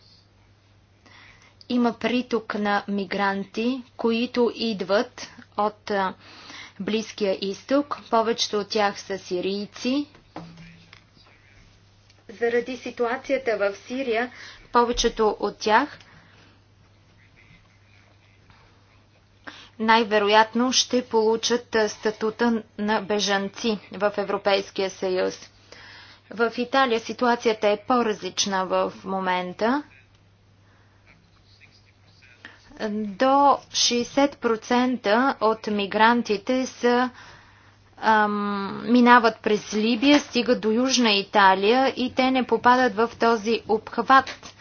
има приток на мигранти, които идват от Близкия изток. Повечето от тях са сирийци. Заради ситуацията в Сирия, повечето от тях най-вероятно ще получат статута на бежанци в Европейския съюз. В Италия ситуацията е по-различна в момента. До 60% от мигрантите са ам, минават през Либия, стигат до Южна Италия и те не попадат в този обхват,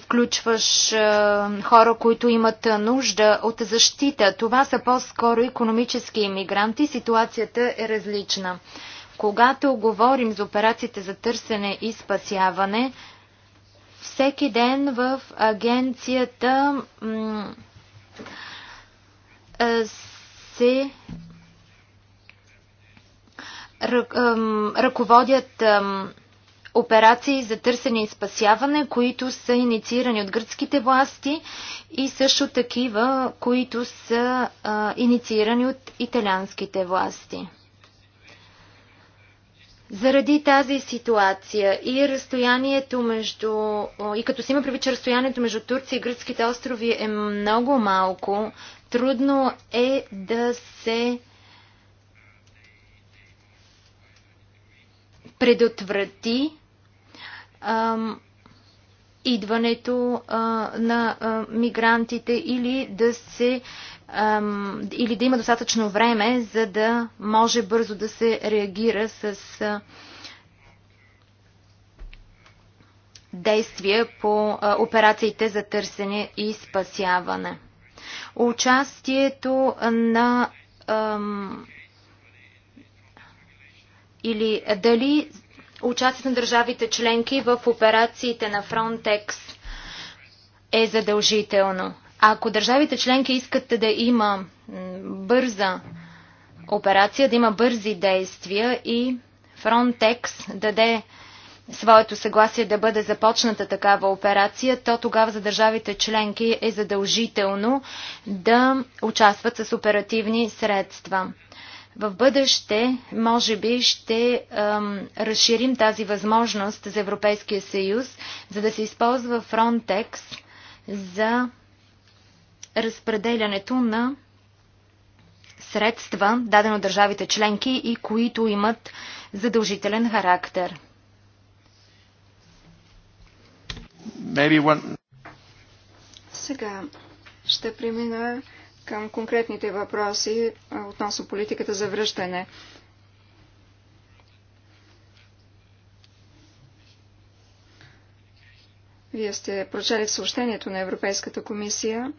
включваш а, хора, които имат нужда от защита. Това са по-скоро економически иммигранти. Ситуацията е различна. Когато говорим за операциите за търсене и спасяване, всеки ден в агенцията се ръководят операции за търсене и спасяване, които са инициирани от гръцките власти и също такива, които са инициирани от италианските власти. Заради тази ситуация и разстоянието между, и като си има прави, че разстоянието между Турция и гръцките острови е много малко, трудно е да се предотврати ам, идването а, на а, мигрантите или да се или да има достатъчно време, за да може бързо да се реагира с действия по операциите за търсене и спасяване. Участието на или дали участието на държавите членки в операциите на Frontex е задължително. Ако държавите членки искат да има бърза операция, да има бързи действия и Frontex даде своето съгласие да бъде започната такава операция, то тогава за държавите членки е задължително да участват с оперативни средства. В бъдеще, може би, ще ем, разширим тази възможност за Европейския съюз, за да се използва Frontex за разпределянето на средства, дадено от държавите членки и които имат задължителен характер. Сега ще премина към конкретните въпроси относно политиката за връщане. Вие сте прочели в съобщението на Европейската комисия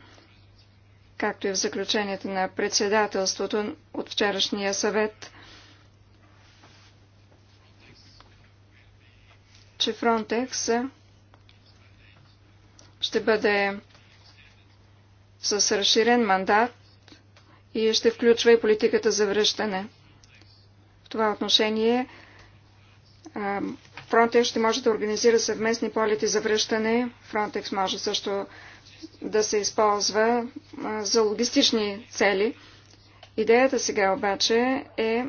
както и в заключението на председателството от вчерашния съвет, че Фронтекс ще бъде с разширен мандат и ще включва и политиката за връщане. В това отношение Фронтекс ще може да организира съвместни полети за връщане. Фронтекс може също да се използва за логистични цели. Идеята сега обаче е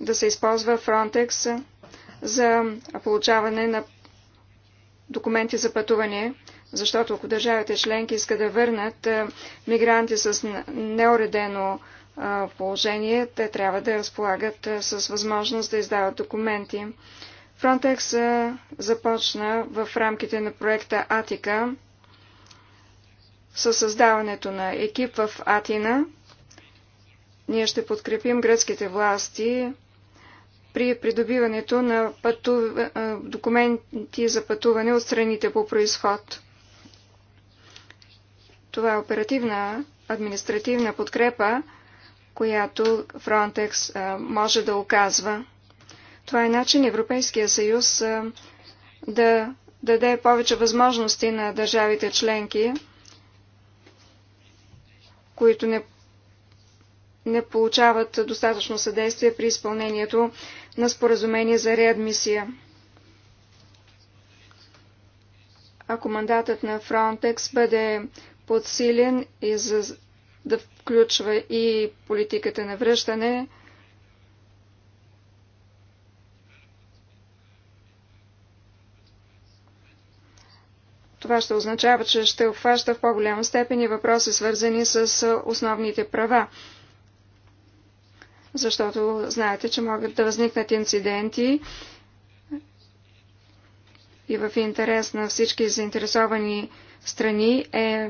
да се използва Frontex за получаване на документи за пътуване, защото ако държавите членки искат да върнат мигранти с неуредено положение, те трябва да разполагат с възможност да издават документи. Frontex започна в рамките на проекта Атика със създаването на екип в Атина. Ние ще подкрепим гръцките власти при придобиването на пъту... документи за пътуване от страните по происход. Това е оперативна административна подкрепа, която Frontex може да оказва. Това е начин Европейския съюз да даде повече възможности на държавите членки които не, не получават достатъчно съдействие при изпълнението на споразумение за реадмисия. Ако мандатът на Frontex бъде подсилен и за, да включва и политиката на връщане, Това ще означава, че ще обхваща в по-голяма степен и въпроси, свързани с основните права. Защото знаете, че могат да възникнат инциденти и в интерес на всички заинтересовани страни е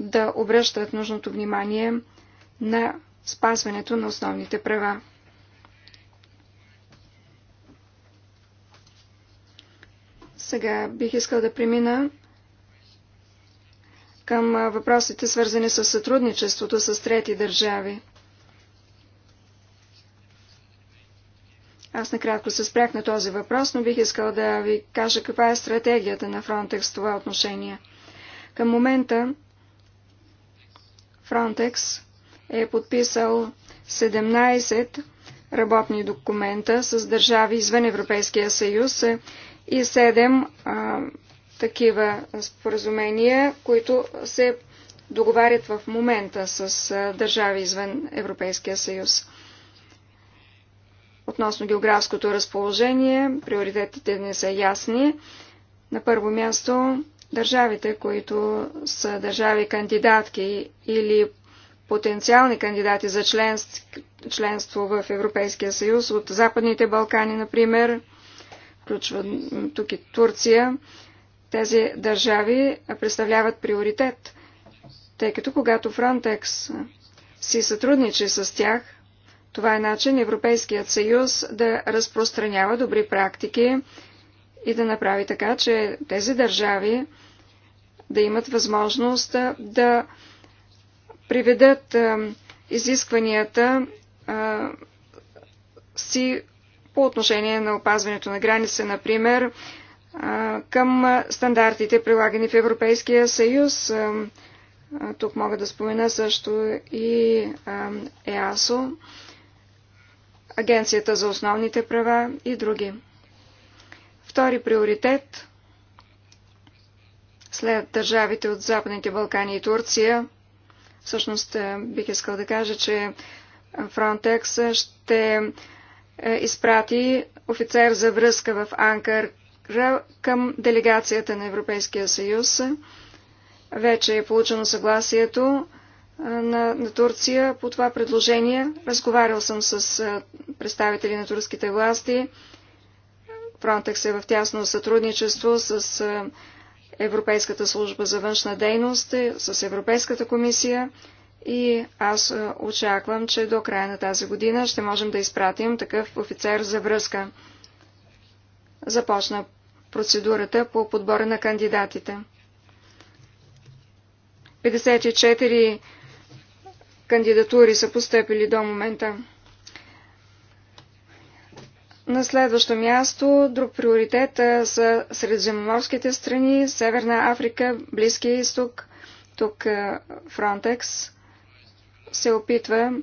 да обръщат нужното внимание на спазването на основните права. Сега бих искал да премина към въпросите, свързани с сътрудничеството с трети държави. Аз накратко се спрях на този въпрос, но бих искал да ви кажа каква е стратегията на Frontex в това отношение. Към момента Frontex е подписал 17 работни документа с държави извън Европейския съюз и 7 а, такива споразумения, които се договарят в момента с а, държави извън Европейския съюз. Относно географското разположение, приоритетите не са ясни. На първо място, държавите, които са държави кандидатки или потенциални кандидати за членство в Европейския съюз от Западните Балкани, например, включва тук и е Турция, тези държави представляват приоритет, тъй като когато Фронтекс си сътрудничи с тях, това е начин Европейският съюз да разпространява добри практики и да направи така, че тези държави да имат възможност да приведат изискванията си по отношение на опазването на граница, например, към стандартите, прилагани в Европейския съюз. Тук мога да спомена също и ЕАСО, Агенцията за основните права и други. Втори приоритет след държавите от Западните Балкани и Турция. Всъщност бих искал да кажа, че Frontex ще е, изпрати офицер за връзка в Анкар към делегацията на Европейския съюз. Вече е получено съгласието е, на, на Турция по това предложение. Разговарял съм с е, представители на турските власти. Фронтекс е в тясно сътрудничество с Европейската служба за външна дейност, с Европейската комисия и аз очаквам, че до края на тази година ще можем да изпратим такъв офицер за връзка. Започна процедурата по подбора на кандидатите. 54 кандидатури са поступили до момента. На следващо място, друг приоритет са средземноморските страни, Северна Африка, Близкия изток, тук Фронтекс – се опитва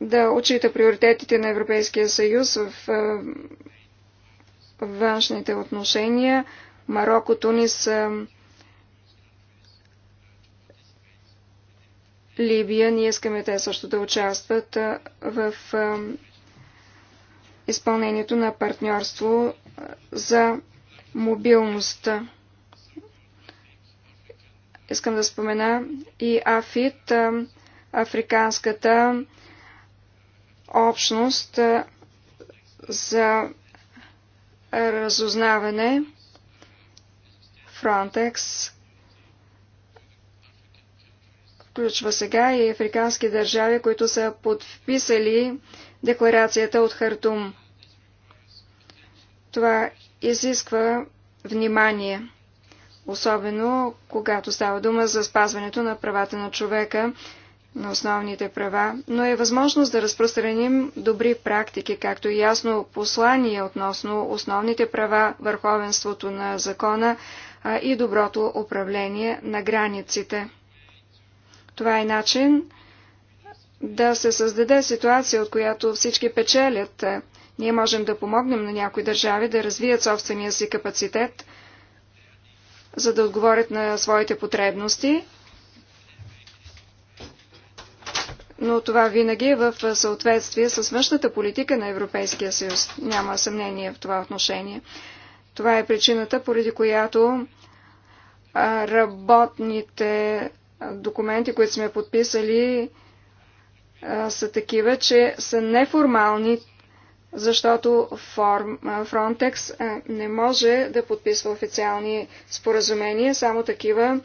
да отчита приоритетите на Европейския съюз в външните отношения. Марокко, Тунис, Либия. Ние искаме те също да участват в изпълнението на партньорство за мобилността. Искам да спомена и АФИТ, Африканската общност за разузнаване, Frontex, включва сега и африкански държави, които са подписали декларацията от Хартум. Това изисква внимание особено когато става дума за спазването на правата на човека, на основните права, но е възможност да разпространим добри практики, както и ясно послание относно основните права, върховенството на закона а и доброто управление на границите. Това е начин да се създаде ситуация, от която всички печелят. Ние можем да помогнем на някои държави да развият собствения си капацитет – за да отговорят на своите потребности. Но това винаги е в съответствие с външната политика на Европейския съюз. Няма съмнение в това отношение. Това е причината, поради която работните документи, които сме подписали, са такива, че са неформални защото Фронтекс не може да подписва официални споразумения, само такива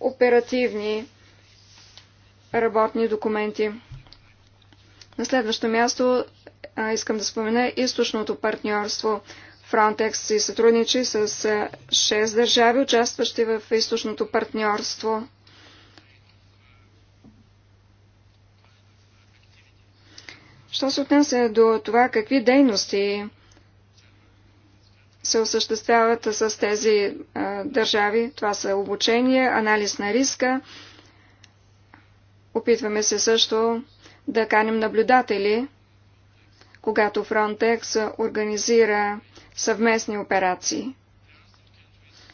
оперативни работни документи. На следващо място искам да спомена източното партньорство. Frontex си сътрудничи с 6 държави, участващи в източното партньорство. Що се отнася до това какви дейности се осъществяват с тези а, държави, това са обучение, анализ на риска. Опитваме се също да каним наблюдатели, когато Frontex организира съвместни операции.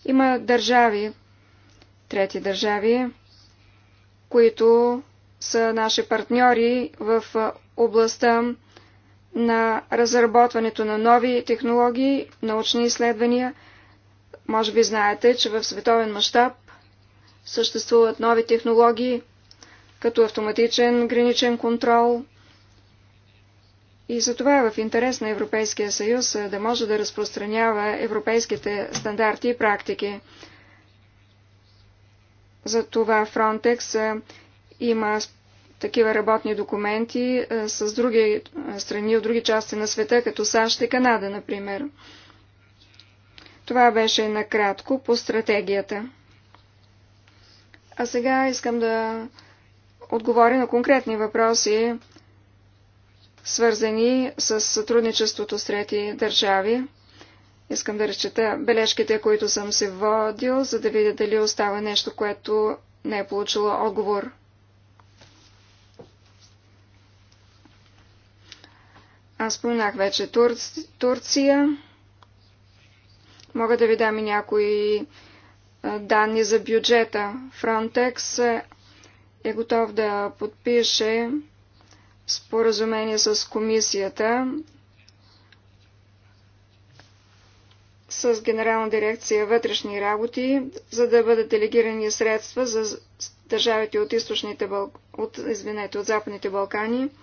Има държави, трети държави, които са наши партньори в областта на разработването на нови технологии, научни изследвания. Може би знаете, че в световен мащаб съществуват нови технологии, като автоматичен граничен контрол. И за това е в интерес на Европейския съюз да може да разпространява европейските стандарти и практики. За това Frontex има такива работни документи е, с други е, страни от други части на света, като САЩ и Канада, например. Това беше накратко по стратегията. А сега искам да отговоря на конкретни въпроси, свързани с сътрудничеството с трети държави. Искам да разчета бележките, които съм се водил, за да видя дали остава нещо, което не е получило отговор. Аз споменах вече Тур... Турция. Мога да ви дам и някои данни за бюджета. Frontex е готов да подпише споразумение с комисията, с Генерална дирекция вътрешни работи, за да бъдат делегирани средства за държавите от, източните, от, извинете, от Западните Балкани –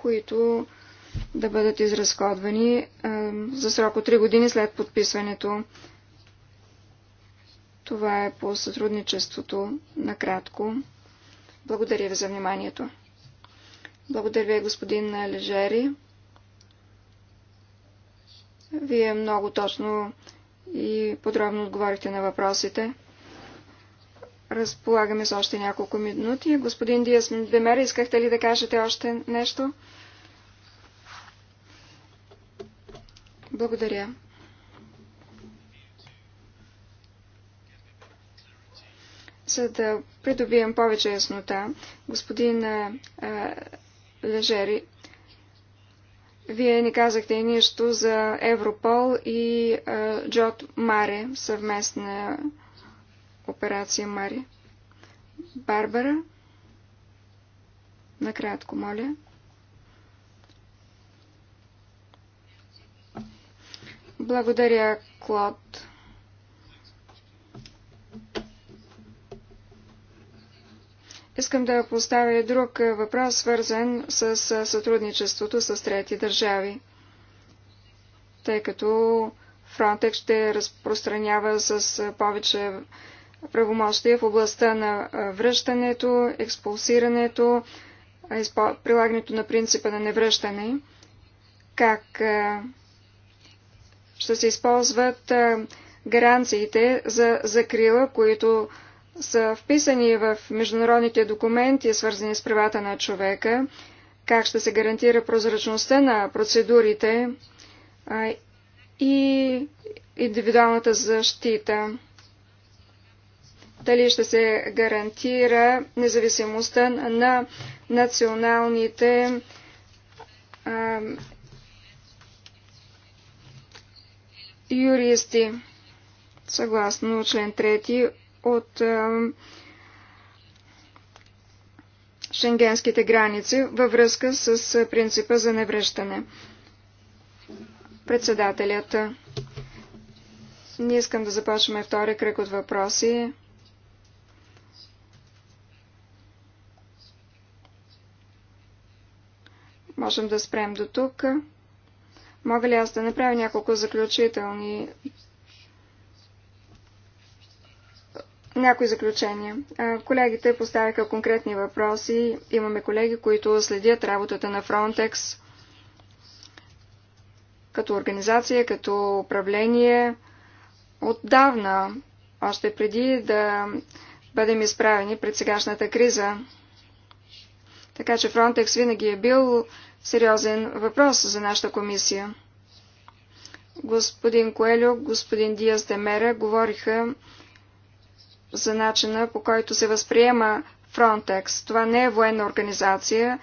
които да бъдат изразходвани за срок от 3 години след подписването. Това е по сътрудничеството накратко. Благодаря ви за вниманието. Благодаря ви, господин Лежери. Вие много точно и подробно отговорихте на въпросите. Разполагаме с още няколко минути. Господин Диас Демер, искахте ли да кажете още нещо? Благодаря. За да придобием повече яснота, господин а, Лежери, вие не казахте нищо за Европол и а, Джот Маре, съвместна операция Мари. Барбара, накратко, моля. Благодаря, Клод. Искам да поставя друг е, въпрос, свързан с е, сътрудничеството с трети държави, тъй като Фронтек ще разпространява с е, повече правомощия в областта на връщането, експулсирането, прилагането на принципа на невръщане, как ще се използват гаранциите за закрила, които са вписани в международните документи, свързани с правата на човека, как ще се гарантира прозрачността на процедурите и индивидуалната защита дали ще се гарантира независимостта на националните а, юристи, съгласно член 3 от а, шенгенските граници във връзка с принципа за невръщане. Председателят. Не искам да започваме втори кръг от въпроси. Можем да спрем до тук. Мога ли аз да направя няколко заключителни някои заключения. Колегите поставяха конкретни въпроси. Имаме колеги, които следят работата на Frontex като организация, като управление отдавна, още преди да бъдем изправени пред сегашната криза. Така че Frontex винаги е бил сериозен въпрос за нашата комисия. Господин Коелю, господин Диас Демера говориха за начина по който се възприема Frontex. Това не е военна организация,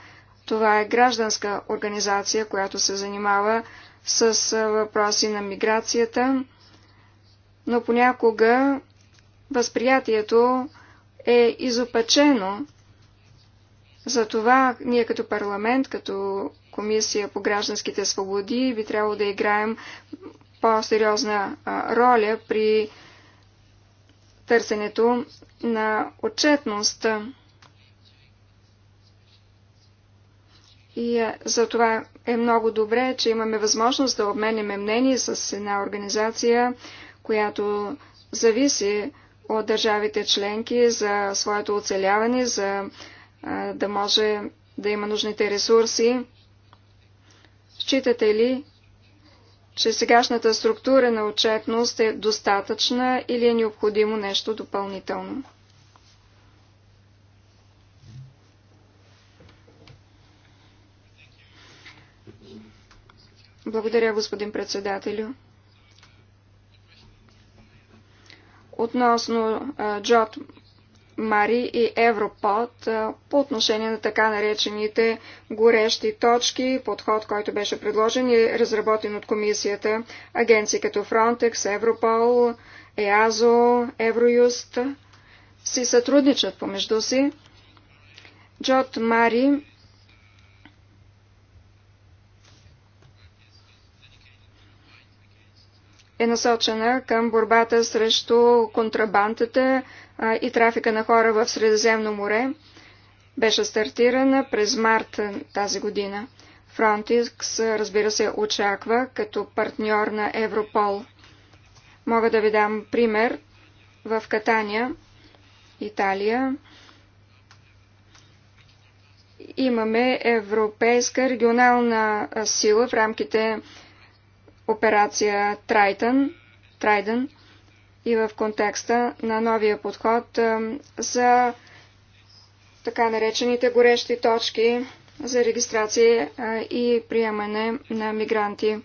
това е гражданска организация, която се занимава с въпроси на миграцията, но понякога възприятието е изопачено затова ние като парламент, като комисия по гражданските свободи би трябвало да играем по-сериозна роля при търсенето на отчетност. И за това е много добре, че имаме възможност да обменяме мнение с една организация, която зависи от държавите членки за своето оцеляване, за да може да има нужните ресурси. Считате ли, че сегашната структура на отчетност е достатъчна или е необходимо нещо допълнително? Благодаря, господин председателю. Относно Джот Мари и Европод по отношение на така наречените горещи точки, подход, който беше предложен и разработен от комисията, агенции като Frontex, Европол, ЕАЗО, Евроюст си сътрудничат помежду си. Джот Мари е насочена към борбата срещу контрабандата и трафика на хора в Средиземно море. Беше стартирана през март тази година. Frontex, разбира се, очаква като партньор на Европол. Мога да ви дам пример. В Катания, Италия, имаме европейска регионална сила в рамките на операция Трайтън, Трайден и в контекста на новия подход е, за така наречените горещи точки за регистрация е, и приемане на мигранти.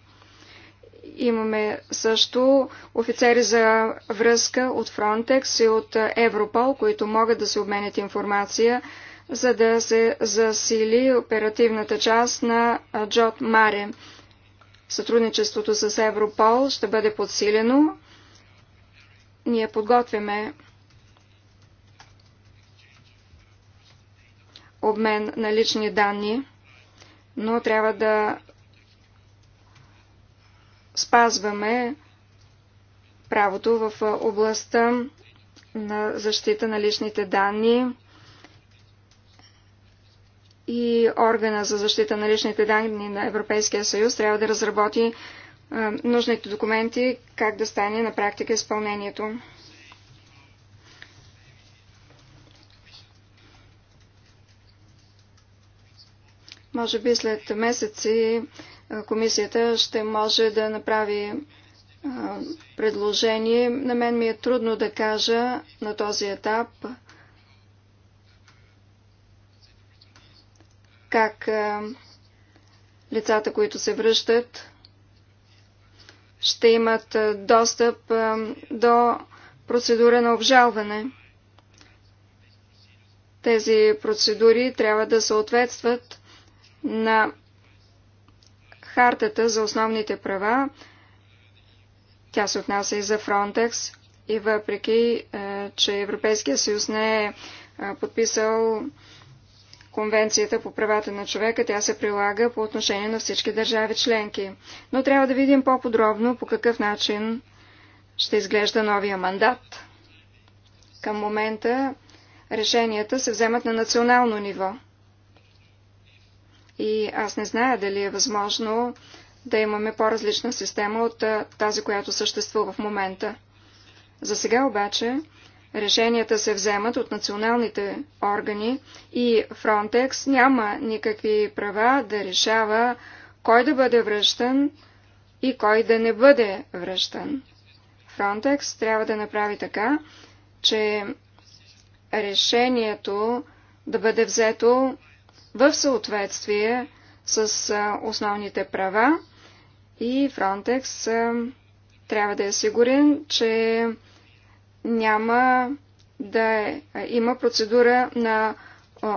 Имаме също офицери за връзка от Frontex и от е, Европол, които могат да се обменят информация, за да се засили оперативната част на Джот Маре. Сътрудничеството с Европол ще бъде подсилено. Ние подготвяме обмен на лични данни, но трябва да спазваме правото в областта на защита на личните данни и органа за защита на личните данни на Европейския съюз трябва да разработи е, нужните документи, как да стане на практика изпълнението. Може би след месеци е, комисията ще може да направи е, предложение. На мен ми е трудно да кажа на този етап как лицата, които се връщат, ще имат достъп до процедура на обжалване. Тези процедури трябва да съответстват на Хартата за основните права. Тя се отнася и за Фронтекс. И въпреки, че Европейския съюз не е подписал Конвенцията по правата на човека, тя се прилага по отношение на всички държави членки. Но трябва да видим по-подробно по какъв начин ще изглежда новия мандат. Към момента решенията се вземат на национално ниво. И аз не зная дали е възможно да имаме по-различна система от тази, която съществува в момента. За сега обаче решенията се вземат от националните органи и Фронтекс няма никакви права да решава кой да бъде връщан и кой да не бъде връщан. Фронтекс трябва да направи така, че решението да бъде взето в съответствие с основните права и Фронтекс трябва да е сигурен, че няма да е, има процедура на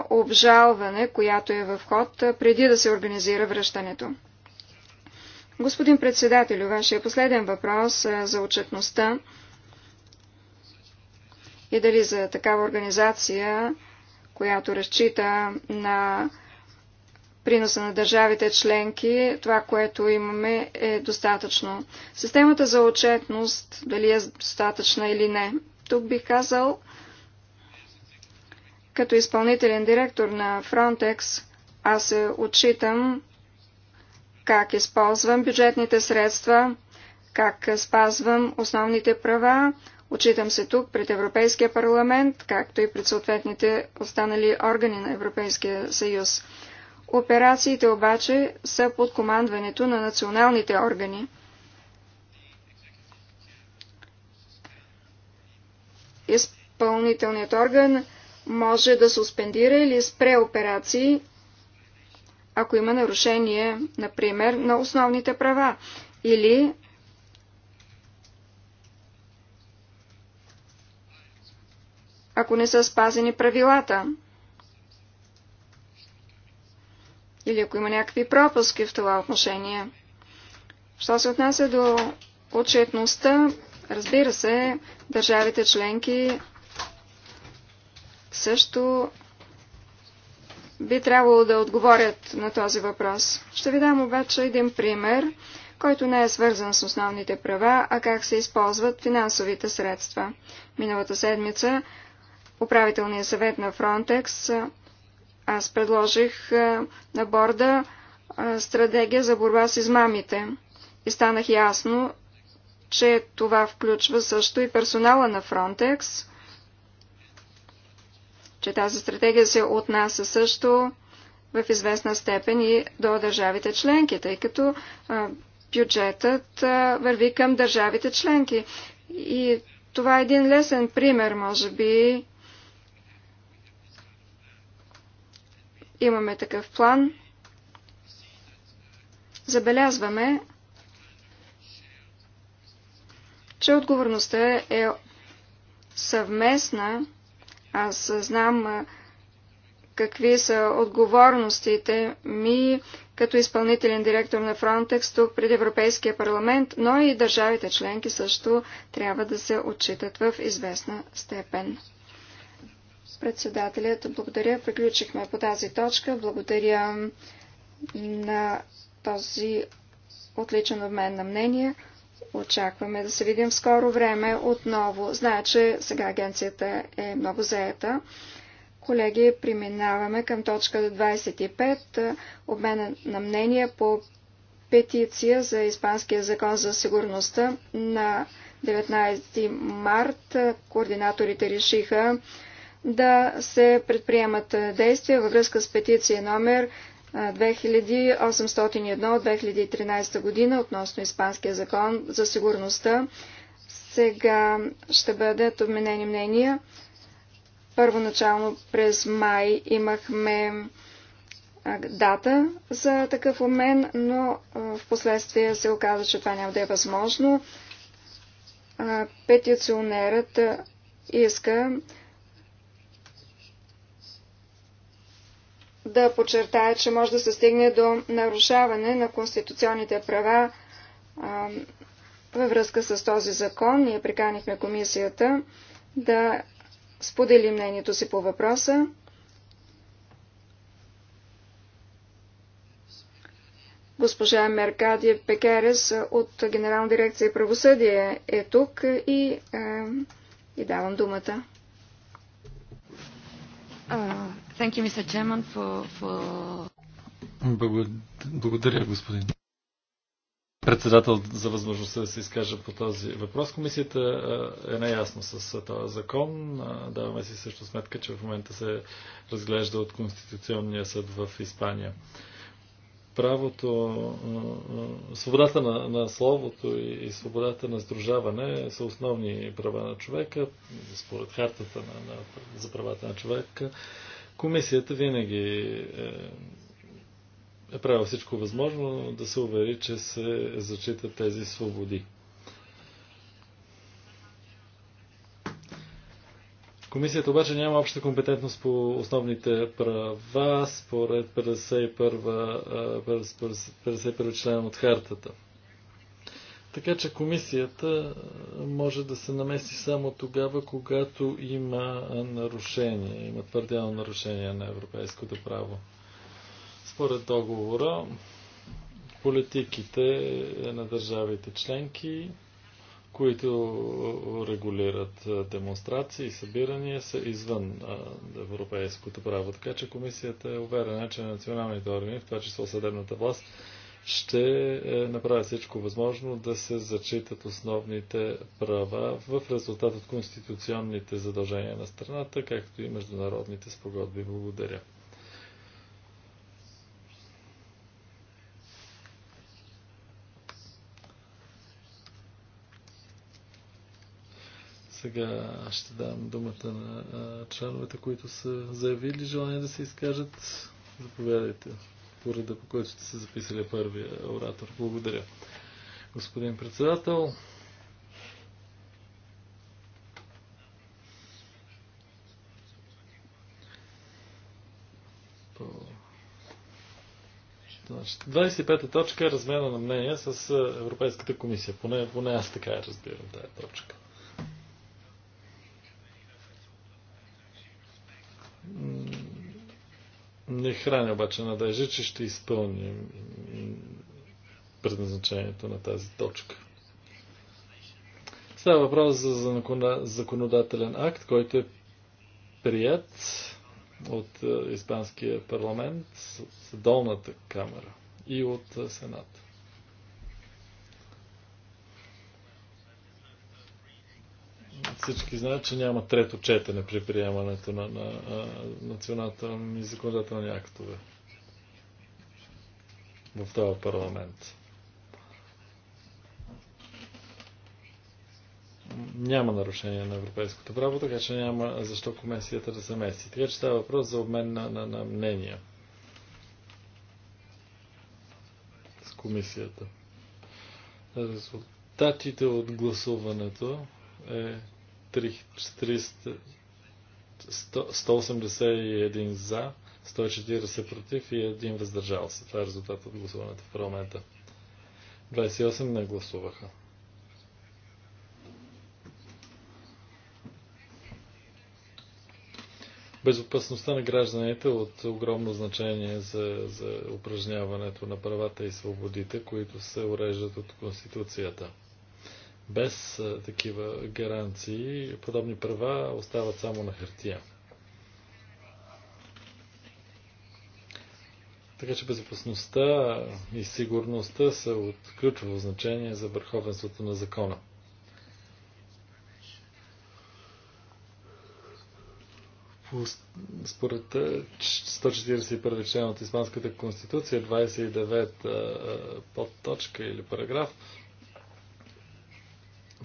обжалване, която е в ход, преди да се организира връщането. Господин председател, вашия последен въпрос за отчетността и дали за такава организация, която разчита на приноса на държавите членки, това, което имаме, е достатъчно. Системата за отчетност, дали е достатъчна или не, тук бих казал, като изпълнителен директор на Frontex, аз се отчитам как използвам бюджетните средства, как спазвам основните права, Отчитам се тук пред Европейския парламент, както и пред съответните останали органи на Европейския съюз. Операциите обаче са под командването на националните органи. Изпълнителният орган може да суспендира или спре операции, ако има нарушение, например, на основните права или ако не са спазени правилата. или ако има някакви пропуски в това отношение. Що се отнася до отчетността, разбира се, държавите членки също би трябвало да отговорят на този въпрос. Ще ви дам обаче един пример, който не е свързан с основните права, а как се използват финансовите средства. Миналата седмица управителният съвет на Фронтекс аз предложих е, на борда е, стратегия за борба с измамите и станах ясно, че това включва също и персонала на Фронтекс, че тази стратегия се отнася също в известна степен и до държавите членки, тъй като е, бюджетът върви към държавите членки. И това е един лесен пример, може би, Имаме такъв план. Забелязваме, че отговорността е съвместна. Аз знам какви са отговорностите ми като изпълнителен директор на Frontex тук пред Европейския парламент, но и държавите членки също трябва да се отчитат в известна степен. Председателят, благодаря. Приключихме по тази точка. Благодаря на този отличен обмен на мнения. Очакваме да се видим в скоро време отново. Зная, че сега агенцията е много заета. Колеги, преминаваме към точка 25. Обмен на мнения по петиция за Испанския закон за сигурността на 19 март. Координаторите решиха да се предприемат е, действия във връзка с петиция номер 2801 от 2013 година относно Испанския закон за сигурността. Сега ще бъдат обменени мнения. Първоначално през май имахме е, дата за такъв обмен, но е, в последствие се оказа, че това няма да е възможно. Петиционерът иска да подчертая, че може да се стигне до нарушаване на конституционните права а, във връзка с този закон. Ние приканихме комисията да сподели мнението си по въпроса. Госпожа Меркадия Пекерес от Генерална дирекция правосъдие е тук и, е, и давам думата. Uh, благодаря, господин председател, за възможността да се изкажа по този въпрос. Комисията е, е наясно с този закон. Даваме си също сметка, че в момента се разглежда от Конституционния съд в Испания правото, свободата на, на словото и, и свободата на сдружаване са основни права на човека, според хартата на, на, за правата на човека. Комисията винаги е, е правила всичко възможно да се увери, че се зачитат тези свободи. Комисията обаче няма обща компетентност по основните права според 51, член от хартата. Така че комисията може да се намеси само тогава, когато има нарушение, има твърдяно нарушение на европейското право. Според договора, политиките на държавите членки които регулират демонстрации и събирания, са извън европейското право. Така че комисията е уверена, че националните органи, в това число съдебната власт, ще е, направят всичко възможно да се зачитат основните права в резултат от конституционните задължения на страната, както и международните спогодби. Благодаря. Сега ще дам думата на членовете, които са заявили желание да се изкажат. Заповядайте пореда, по който сте се записали е първия оратор. Благодаря. Господин председател, по... 25-та значи, точка е размена на мнение с Европейската комисия. Поне, поне аз така разбирам тази точка. Не храня обаче надежда, че ще изпълним предназначението на тази точка. Става въпрос за законодателен акт, който е прият от е, Испанския парламент, с долната камера и от е, Сената. Всички знаят, че няма трето четене при приемането на, на, на националните законодателни актове в този парламент. няма нарушение на европейското право, така че няма защо комисията да се меси. Така че става въпрос за обмен на, на, на мнения с комисията. Резултатите от гласуването е 181 за, 140 против и 1 въздържал се. Това е резултат от гласуването в парламента. 28 не гласуваха. Безопасността на гражданите е от огромно значение за, за упражняването на правата и свободите, които се уреждат от Конституцията. Без такива гаранции подобни права остават само на хартия. Така че безопасността и сигурността са от ключово значение за върховенството на закона. според 141 член от Испанската конституция, 29 подточка или параграф,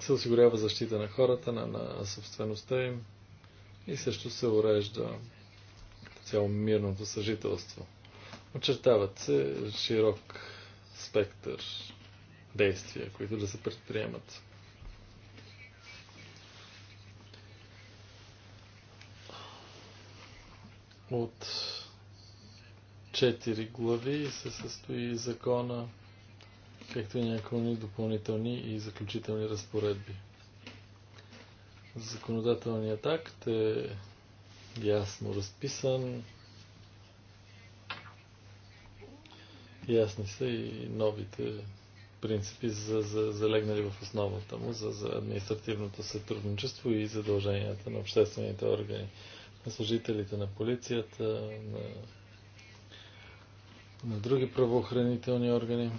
се осигурява защита на хората, на, на собствеността им и също се урежда цяло мирното съжителство. Очертават се широк спектър действия, които да се предприемат. От четири глави се състои закона както и някои допълнителни и заключителни разпоредби. Законодателният акт е ясно разписан. Ясни са и новите принципи, за, за, залегнали в основата му за, за административното сътрудничество и задълженията на обществените органи, на служителите на полицията, на, на други правоохранителни органи.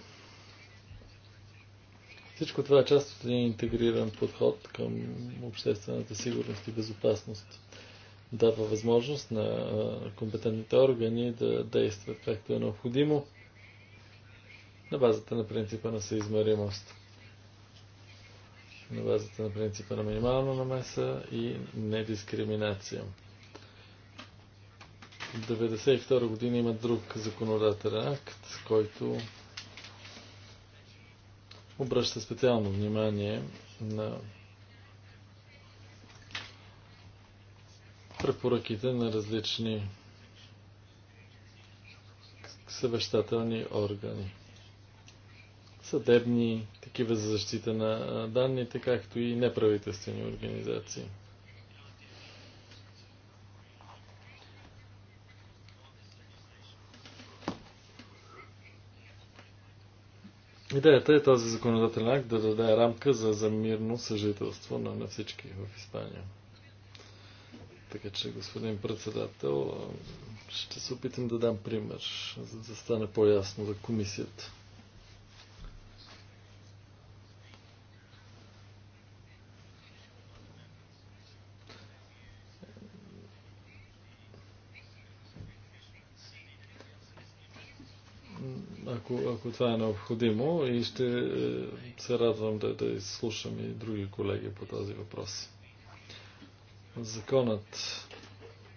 Всичко това е част от един интегриран подход към обществената сигурност и безопасност. Дава възможност на компетентните органи да действат както е необходимо на базата на принципа на съизмеримост, на базата на принципа на минимална намеса и недискриминация. В 1992 година има друг законодателен акт, който обръща специално внимание на препоръките на различни съвещателни органи. Съдебни, такива за защита на данните, както и неправителствени организации. Идеята е този законодателен акт да даде рамка за, за мирно съжителство на, на всички в Испания. Така че, господин председател, ще се опитам да дам пример, за да стане по-ясно за комисията. това е необходимо и ще е, се радвам да, да изслушам и други колеги по този въпрос. Законът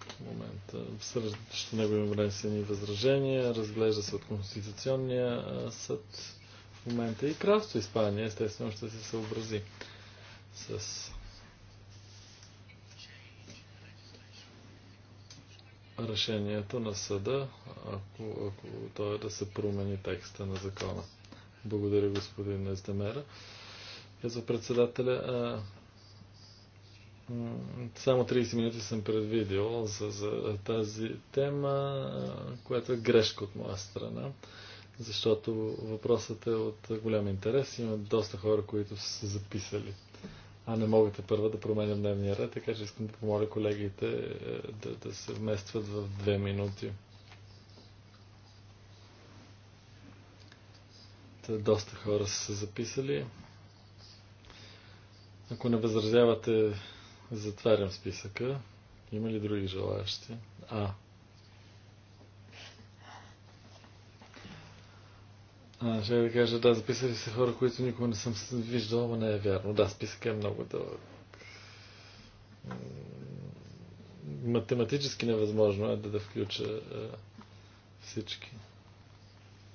в момента, срещу него има внесени възражения, разглежда се от Конституционния е, съд в момента и кралство Испания, естествено, ще се съобрази с решението на съда, ако, ако то е да се промени текста на закона. Благодаря, господин Ездемера. Казва е, председателя, само 30 минути съм предвидил за, за тази тема, която е грешка от моя страна, защото въпросът е от голям интерес. Има доста хора, които са се записали а не могате първа да променям дневния ред, така че искам да помоля колегите е, да, да се вместват в две минути. Та, доста хора са се записали. Ако не възразявате, затварям списъка. Има ли други желаящи? А, ще да кажа, да, записали се хора, които никога не съм виждал, но не е вярно. Да, списъкът е много дълъг. Математически невъзможно е да, да включа е, всички.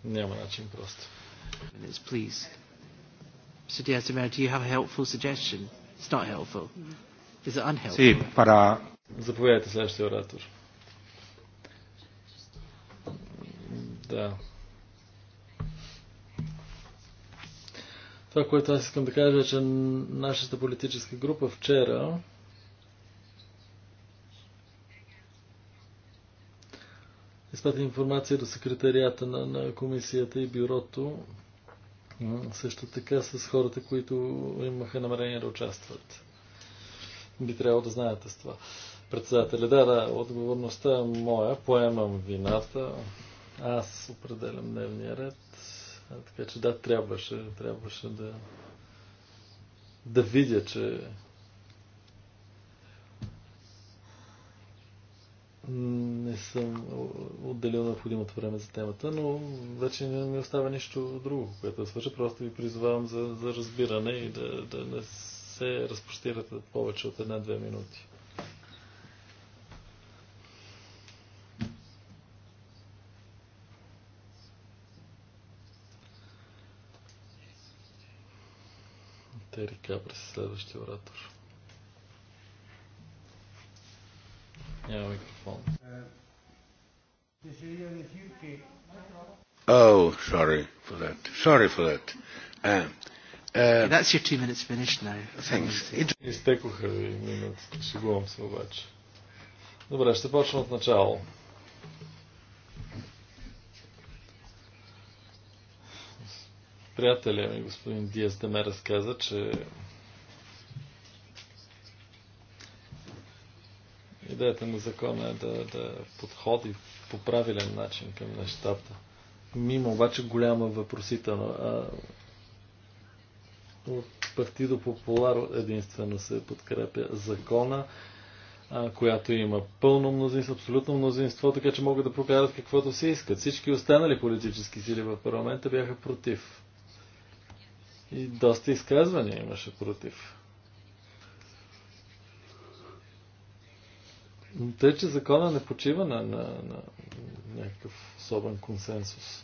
Няма начин просто. Заповядайте следващия оратор. Да. Това, което аз искам да кажа, е, че нашата политическа група вчера изпрати информация до секретарията на, на комисията и бюрото, също така с хората, които имаха намерение да участват. Би трябвало да знаете с това. Председателя, да, да, отговорността е моя, поемам вината, аз определям дневния ред. Така че да, трябваше, трябваше да, да видя, че не съм отделил необходимото време за темата, но вече не ми остава нищо друго, което да свържа. Просто ви призовавам за, за разбиране и да, да не се разпростирате повече от една-две минути. Вдигнете ръка през следващия оратор. Няма микрофон. Oh, sorry for that. Sorry for that. Uh, uh, That's your two minutes finished now. Thanks. Изтекоха ви минутата. Шегувам се обаче. Добре, ще почна от начало. Приятеля ми, господин Диас, да ме разказа, че идеята на закона е да, да подходи по правилен начин към нещата. Мимо обаче голяма въпросителна. А... От партидо Популар единствено се подкрепя закона, а, която има пълно мнозинство, абсолютно мнозинство, така че могат да прокарат каквото си искат. Всички останали политически сили в парламента бяха против. И доста изказвания имаше против. Тъй, че закона не почива на, на, на някакъв особен консенсус.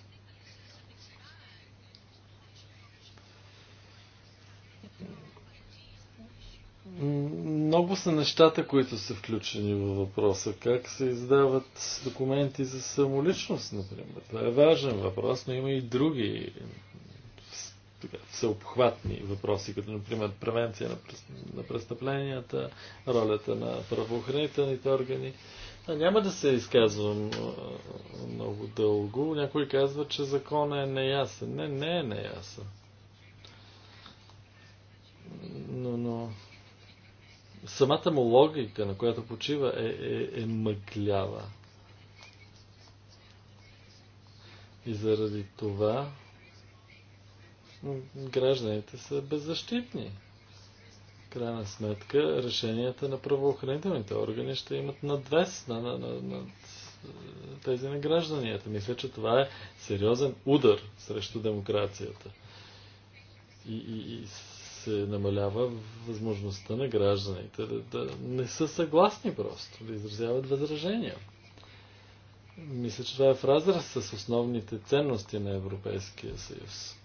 Много са нещата, които са включени във въпроса. Как се издават документи за самоличност, например. Това е важен въпрос, но има и други така, всеобхватни въпроси, като например превенция на, на престъпленията, ролята на правоохранителните органи. А, няма да се изказвам много дълго. Някой казва, че законът е неясен. Не, не е неясен. Но, но самата му логика, на която почива, е, е, е мъглява. И заради това гражданите са беззащитни. Крайна сметка, решенията на правоохранителните органи ще имат надвес на, на, на, на тези на гражданията. Мисля, че това е сериозен удар срещу демокрацията. И, и, и се намалява възможността на гражданите да, да не са съгласни просто, да изразяват възражения. Мисля, че това е в разраз с основните ценности на Европейския съюз.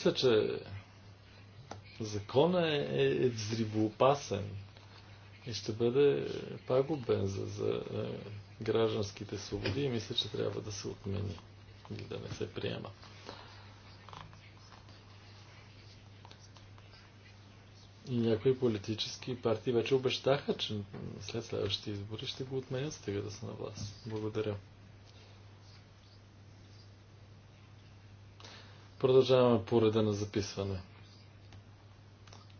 Мисля, че закона е, е, е взривоопасен и ще бъде пагубен за, за е, гражданските свободи и мисля, че трябва да се отмени или да не се приема. И някои политически партии вече обещаха, че след следващите избори ще го отменят, стига да са на власт. Благодаря. Продължаваме по реда на записване.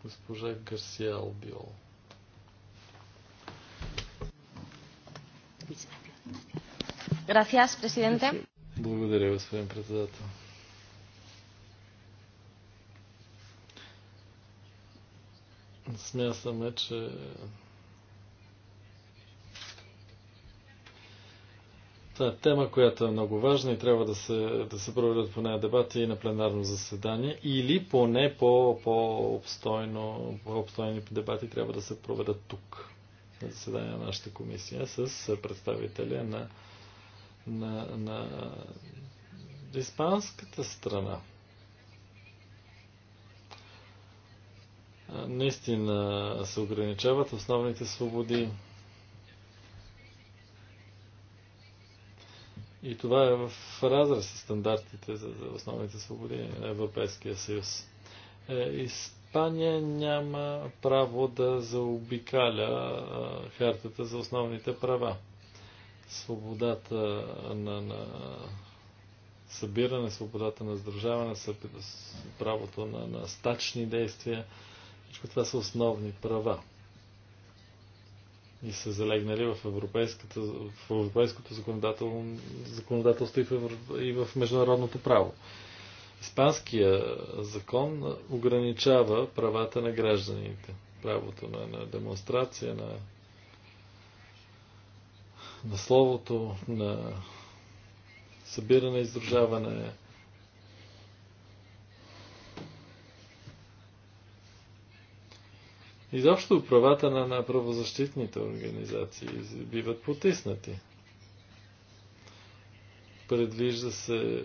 Госпожа Гарсия Албиол. Gracias, presidente. Благодаря, господин председател. Смятаме, че Това е тема, която е много важна и трябва да се, да се проведат по нея дебати и на пленарно заседание, или поне по-обстойно, по по-обстойни дебати трябва да се проведат тук, на заседание на нашата комисия, с представителя на, на, на испанската страна. Наистина се ограничават основните свободи. И това е в разрез с стандартите за, основните свободи на Европейския съюз. Е, Испания няма право да заобикаля хартата за основните права. Свободата на, на събиране, свободата на сдружаване, правото на, на стачни действия, всичко това са основни права и са залегнали в, в европейското законодател, законодателство и в, и в международното право. Испанския закон ограничава правата на гражданите, правото на, на демонстрация, на, на словото, на събиране, издружаване, Изобщо правата на, на правозащитните организации биват потиснати. Предвижда се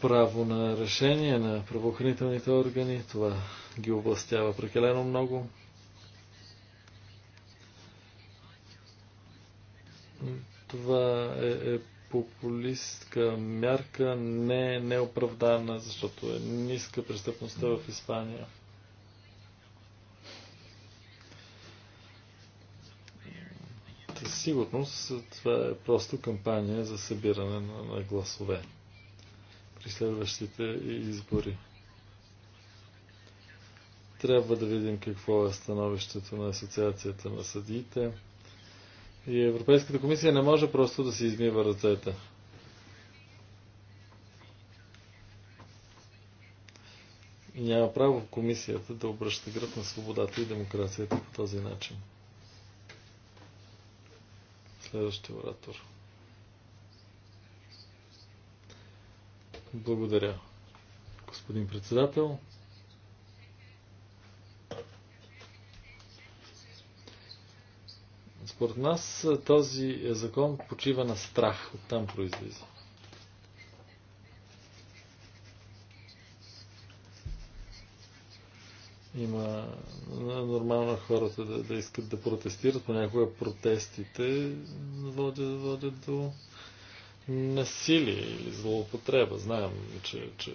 право на решение на правоохранителните органи. Това ги областява прекалено много. Това е, е популистка мярка, не е неоправдана, защото е ниска престъпността в Испания – сигурност това е просто кампания за събиране на, на гласове при следващите избори. Трябва да видим какво е становището на Асоциацията на съдиите. И Европейската комисия не може просто да си измива ръцете. И няма право комисията да обръща гръб на свободата и демокрацията по този начин. Следващия оратор. Благодаря, господин председател. Според нас този закон почива на страх, оттам произлиза. Има нормално хората да, да искат да протестират, понякога протестите водят, водят до насилие или злоупотреба. Знаем, че, че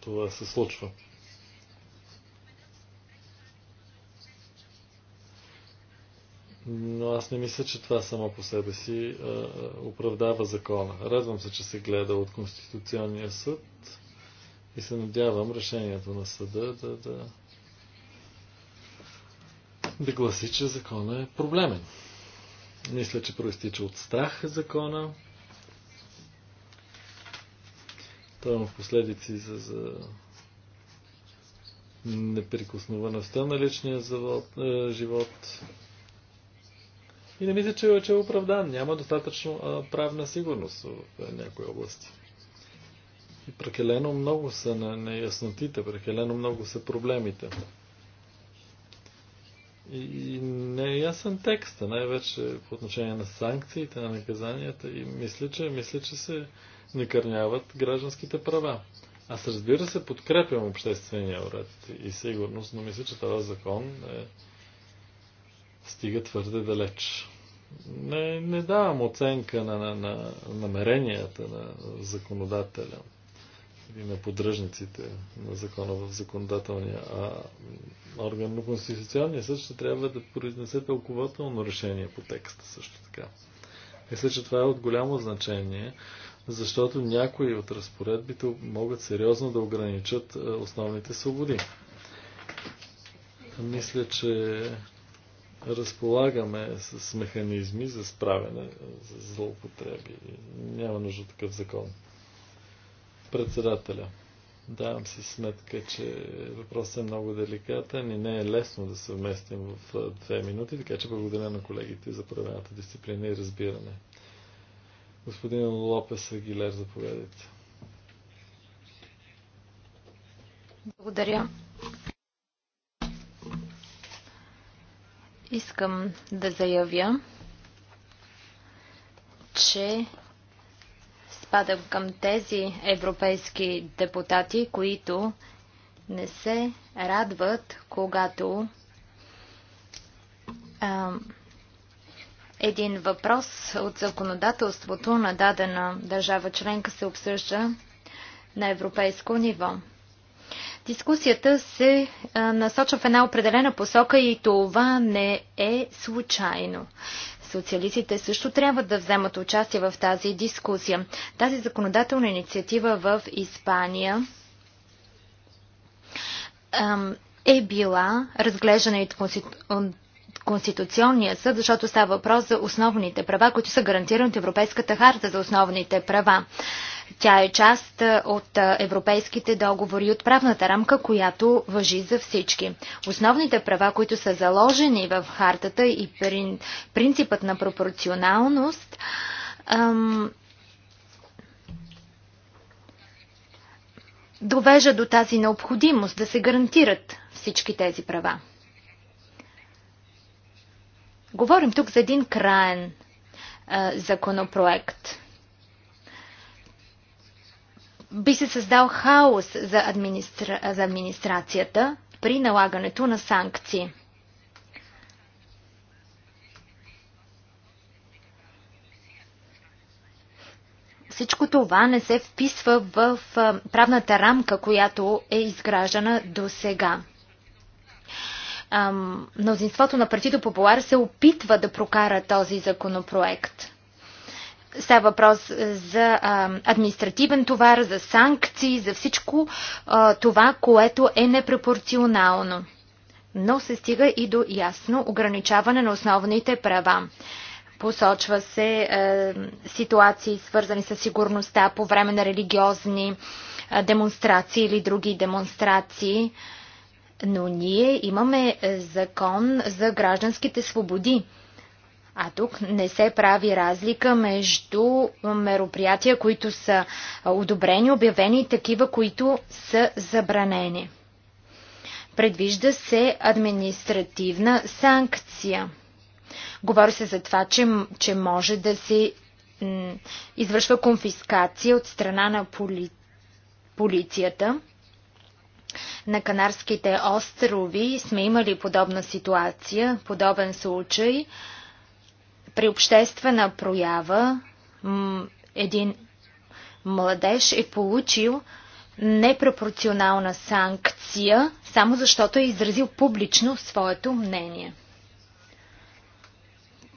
това се случва. Но аз не мисля, че това само по себе си а, оправдава закона. Радвам се, че се гледа от Конституционния съд и се надявам решението на съда да, да да гласи, че закона е проблемен. Мисля, че проистича от страх закона. Той има последици за, за неприкосновеността на личния завод, е, живот. И не мисля, че, че е оправдан. Няма достатъчно а, правна сигурност в е, някои области. И прекалено много са на неяснотите, прекалено много са проблемите. И не е ясен текста, най-вече по отношение на санкциите, на наказанията и мисля, че, мисля, че се накърняват гражданските права. Аз разбира се подкрепям обществения уред и сигурност, но мисля, че този закон е... стига твърде далеч. Не, не давам оценка на, на, на намеренията на законодателя и на поддръжниците на закона в законодателния а орган на Конституционния съд ще трябва да произнесе тълкователно решение по текста също така. Мисля, че това е от голямо значение, защото някои от разпоредбите могат сериозно да ограничат основните свободи. Мисля, че разполагаме с механизми за справяне за злоупотреби. Няма нужда такъв закон. Председателя. Давам си сметка, че въпросът е много деликатен и не е лесно да съвместим в две минути, така че благодаря на колегите за правената дисциплина и разбиране. Господин Лопес Агилер, заповядайте. Благодаря. Искам да заявя, че Спадам към тези европейски депутати, които не се радват, когато а, един въпрос от законодателството на дадена държава членка се обсъжда на европейско ниво. Дискусията се насочва в една определена посока и това не е случайно. Социалистите също трябва да вземат участие в тази дискусия. Тази законодателна инициатива в Испания е била разглеждана и от Конституционния съд, защото става въпрос за основните права, които са гарантирани от Европейската харта за основните права. Тя е част е, от е, европейските договори и от правната рамка, която въжи за всички. Основните права, които са заложени в хартата и принципът на пропорционалност, довежа до тази необходимост да се гарантират всички тези права. Говорим тук за един краен а, е, законопроект би се създал хаос за, администра... за администрацията при налагането на санкции. Всичко това не се вписва в правната рамка, която е изграждана до сега. Мнозинството на партито Популар се опитва да прокара този законопроект – Става въпрос е, за а, административен товар, за санкции, за всичко а, това, което е непропорционално. Но се стига и до ясно ограничаване на основните права. Посочва се е, ситуации, свързани с сигурността по време на религиозни е, демонстрации или други демонстрации. Но ние имаме е, закон за гражданските свободи. А тук не се прави разлика между мероприятия, които са одобрени, обявени и такива, които са забранени. Предвижда се административна санкция. Говори се за това, че, че може да се извършва конфискация от страна на поли, полицията. На Канарските острови сме имали подобна ситуация, подобен случай – при обществена проява един младеж е получил непропорционална санкция, само защото е изразил публично своето мнение.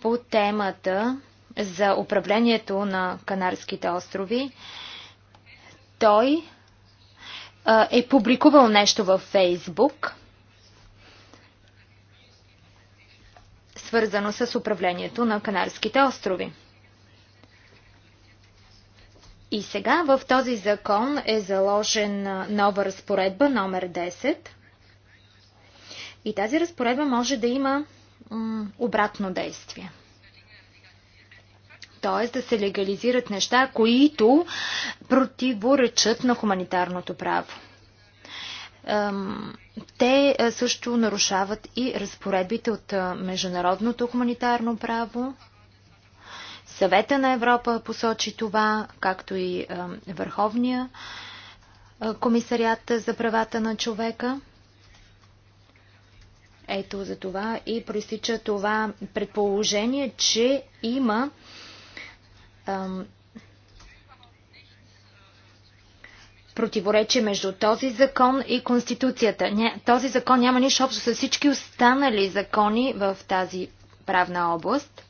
По темата за управлението на Канарските острови, той е публикувал нещо във Фейсбук – свързано с управлението на Канарските острови. И сега в този закон е заложен нова разпоредба номер 10. И тази разпоредба може да има обратно действие. Т.е. да се легализират неща, които противоречат на хуманитарното право. Те е, също нарушават и разпоредбите от е, международното хуманитарно право. Съвета на Европа посочи това, както и е, Върховния комисарият за правата на човека. Ето за това и проистича това предположение, че има противоречие между този закон и Конституцията. Този закон няма нищо общо с всички останали закони в тази правна област.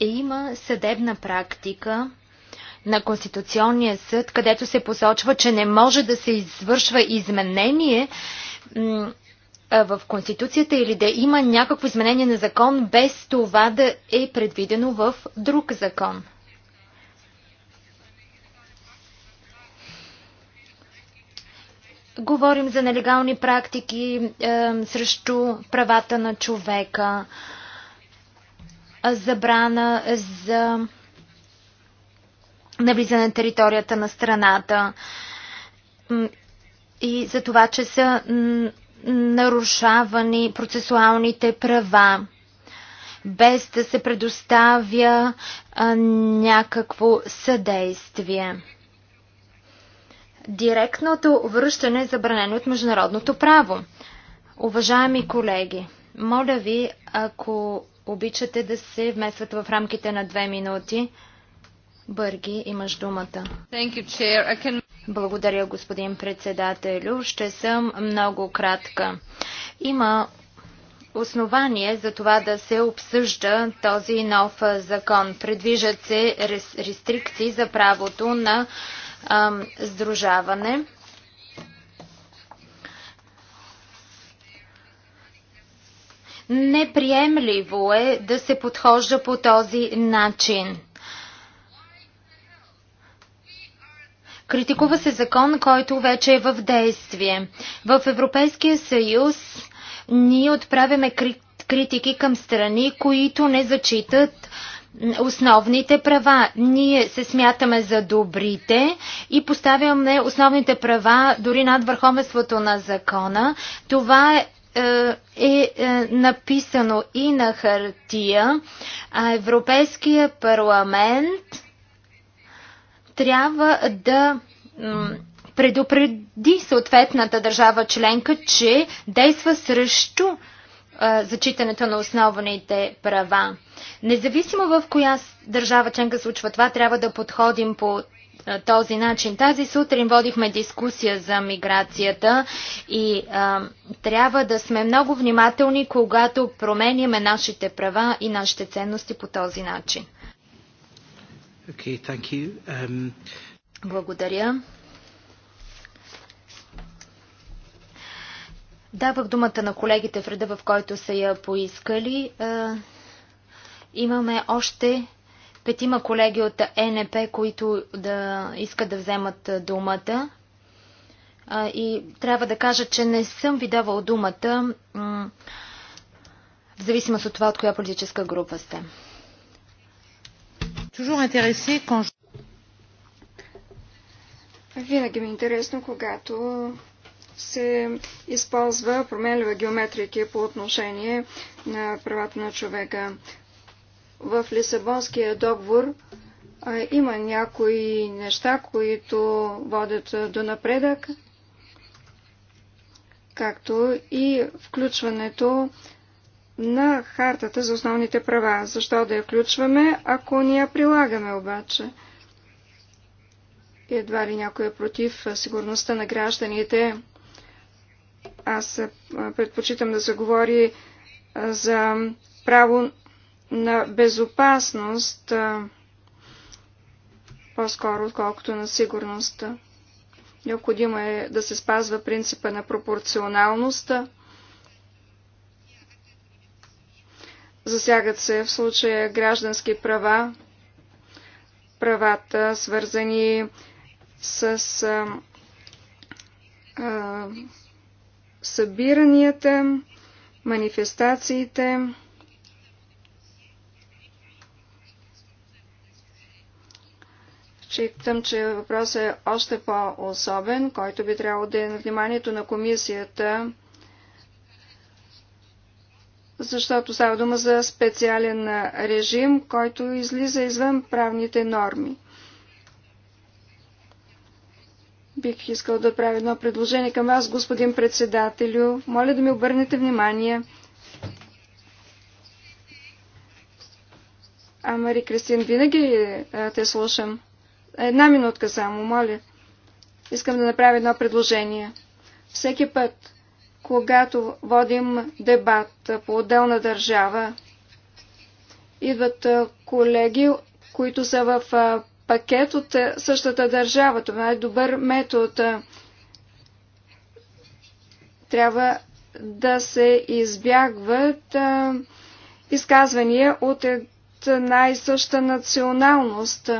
И има съдебна практика на Конституционния съд, където се посочва, че не може да се извършва изменение в Конституцията или да има някакво изменение на закон без това да е предвидено в друг закон. Говорим за нелегални практики е, срещу правата на човека, забрана за навлизане на територията на страната и за това, че са нарушавани процесуалните права, без да се предоставя а, някакво съдействие. Директното връщане е забранено от международното право. Уважаеми колеги, моля ви, ако обичате да се вмесвате в рамките на две минути. Бърги, имаш думата. You, can... Благодаря, господин председателю. Ще съм много кратка. Има основание за това да се обсъжда този нов закон. Предвижат се рестрикции за правото на а, сдружаване. Неприемливо е да се подхожда по този начин. Критикува се закон, който вече е в действие. В Европейския съюз ние отправяме критики към страни, които не зачитат основните права. Ние се смятаме за добрите и поставяме основните права дори над върховенството на закона. Това е е, е написано и на хартия, а Европейския парламент трябва да предупреди съответната държава членка, че действа срещу зачитането на основните права. Независимо в коя държава членка случва това, трябва да подходим по този начин. Тази сутрин водихме дискусия за миграцията и а, трябва да сме много внимателни, когато променяме нашите права и нашите ценности по този начин. Okay, thank you. Um... Благодаря. Давах думата на колегите в реда, в който са я поискали. Имаме още петима колеги от ЕНП, които да искат да вземат думата. И трябва да кажа, че не съм ви давал думата в зависимост от това, от коя политическа група сте. Винаги ми е интересно, когато се използва променлива геометрики по отношение на правата на човека. В Лисабонския договор а, има някои неща, които водят до напредък, както и включването на хартата за основните права. Защо да я включваме, ако не я прилагаме обаче? Едва ли някой е против сигурността на гражданите аз предпочитам да се говори за право на безопасност, по-скоро отколкото на сигурност. Необходимо е да се спазва принципа на пропорционалност. Засягат се в случая граждански права, правата свързани с а, а, събиранията, манифестациите. Читам, че въпросът е още по-особен, който би трябвало да е на вниманието на комисията, защото става дума за специален режим, който излиза извън правните норми. Бих искал да правя едно предложение към вас, господин председателю. Моля да ми обърнете внимание. А, Мари Кристин, винаги а, те слушам. Една минутка само, моля. Искам да направя едно предложение. Всеки път, когато водим дебат по отделна държава, идват колеги, които са в пакет от е, същата държава. Това е добър метод. Трябва да се избягват е, изказвания от една и съща националност,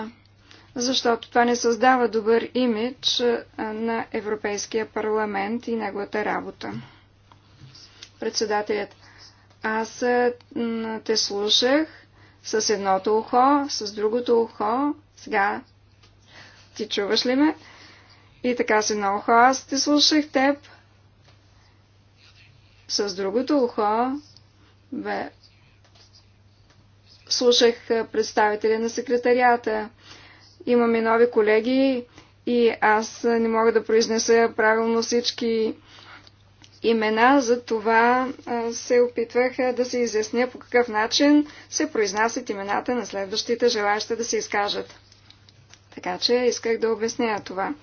защото това не създава добър имидж е, на Европейския парламент и неговата работа. Председателят, аз те слушах с едното ухо, с другото ухо, сега ти чуваш ли ме? И така си на ухо, аз те слушах теб. С другото ухо бе, слушах представители на секретарията. Имаме нови колеги и аз не мога да произнеса правилно всички имена, за това се опитвах да се изясня по какъв начин се произнасят имената на следващите желаящи да се изкажат. Така че исках да обясня това.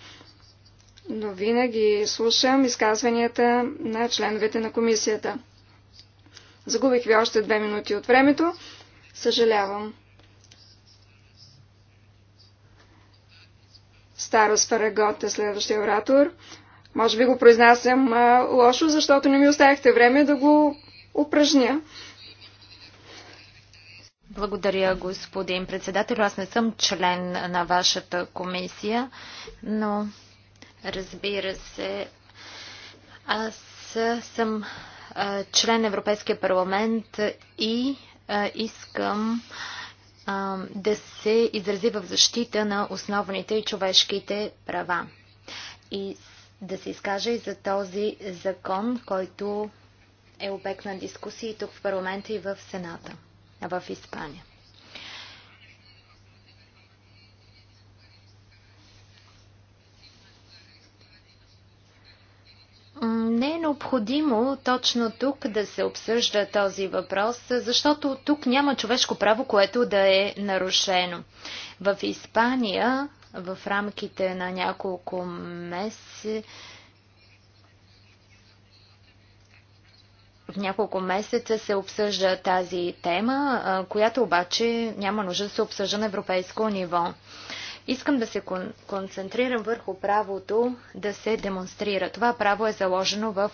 Но винаги слушам изказванията на членовете на комисията. Загубих ви още две минути от времето. Съжалявам. Старос Фарагот е следващия оратор. Може би го произнасям лошо, защото не ми оставихте време да го упражня. Благодаря, господин председател. Аз не съм член на вашата комисия, но разбира се, аз съм член на Европейския парламент и искам да се изрази в защита на основните и човешките права. И да се изкаже и за този закон, който е обект на дискусии тук в парламента и в Сената в Испания. Не е необходимо точно тук да се обсъжда този въпрос, защото тук няма човешко право, което да е нарушено. В Испания, в рамките на няколко месеца, в няколко месеца се обсъжда тази тема, която обаче няма нужда да се обсъжда на европейско ниво. Искам да се кон- концентрирам върху правото да се демонстрира. Това право е заложено в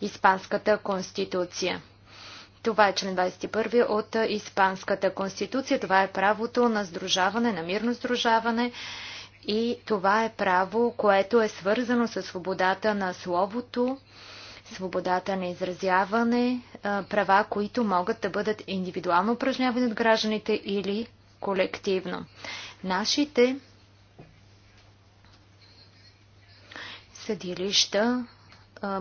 Испанската конституция. Това е член 21 от Испанската конституция. Това е правото на сдружаване, на мирно сдружаване. И това е право, което е свързано с свободата на словото, свободата на изразяване, права, които могат да бъдат индивидуално упражнявани от гражданите или колективно. Нашите съдилища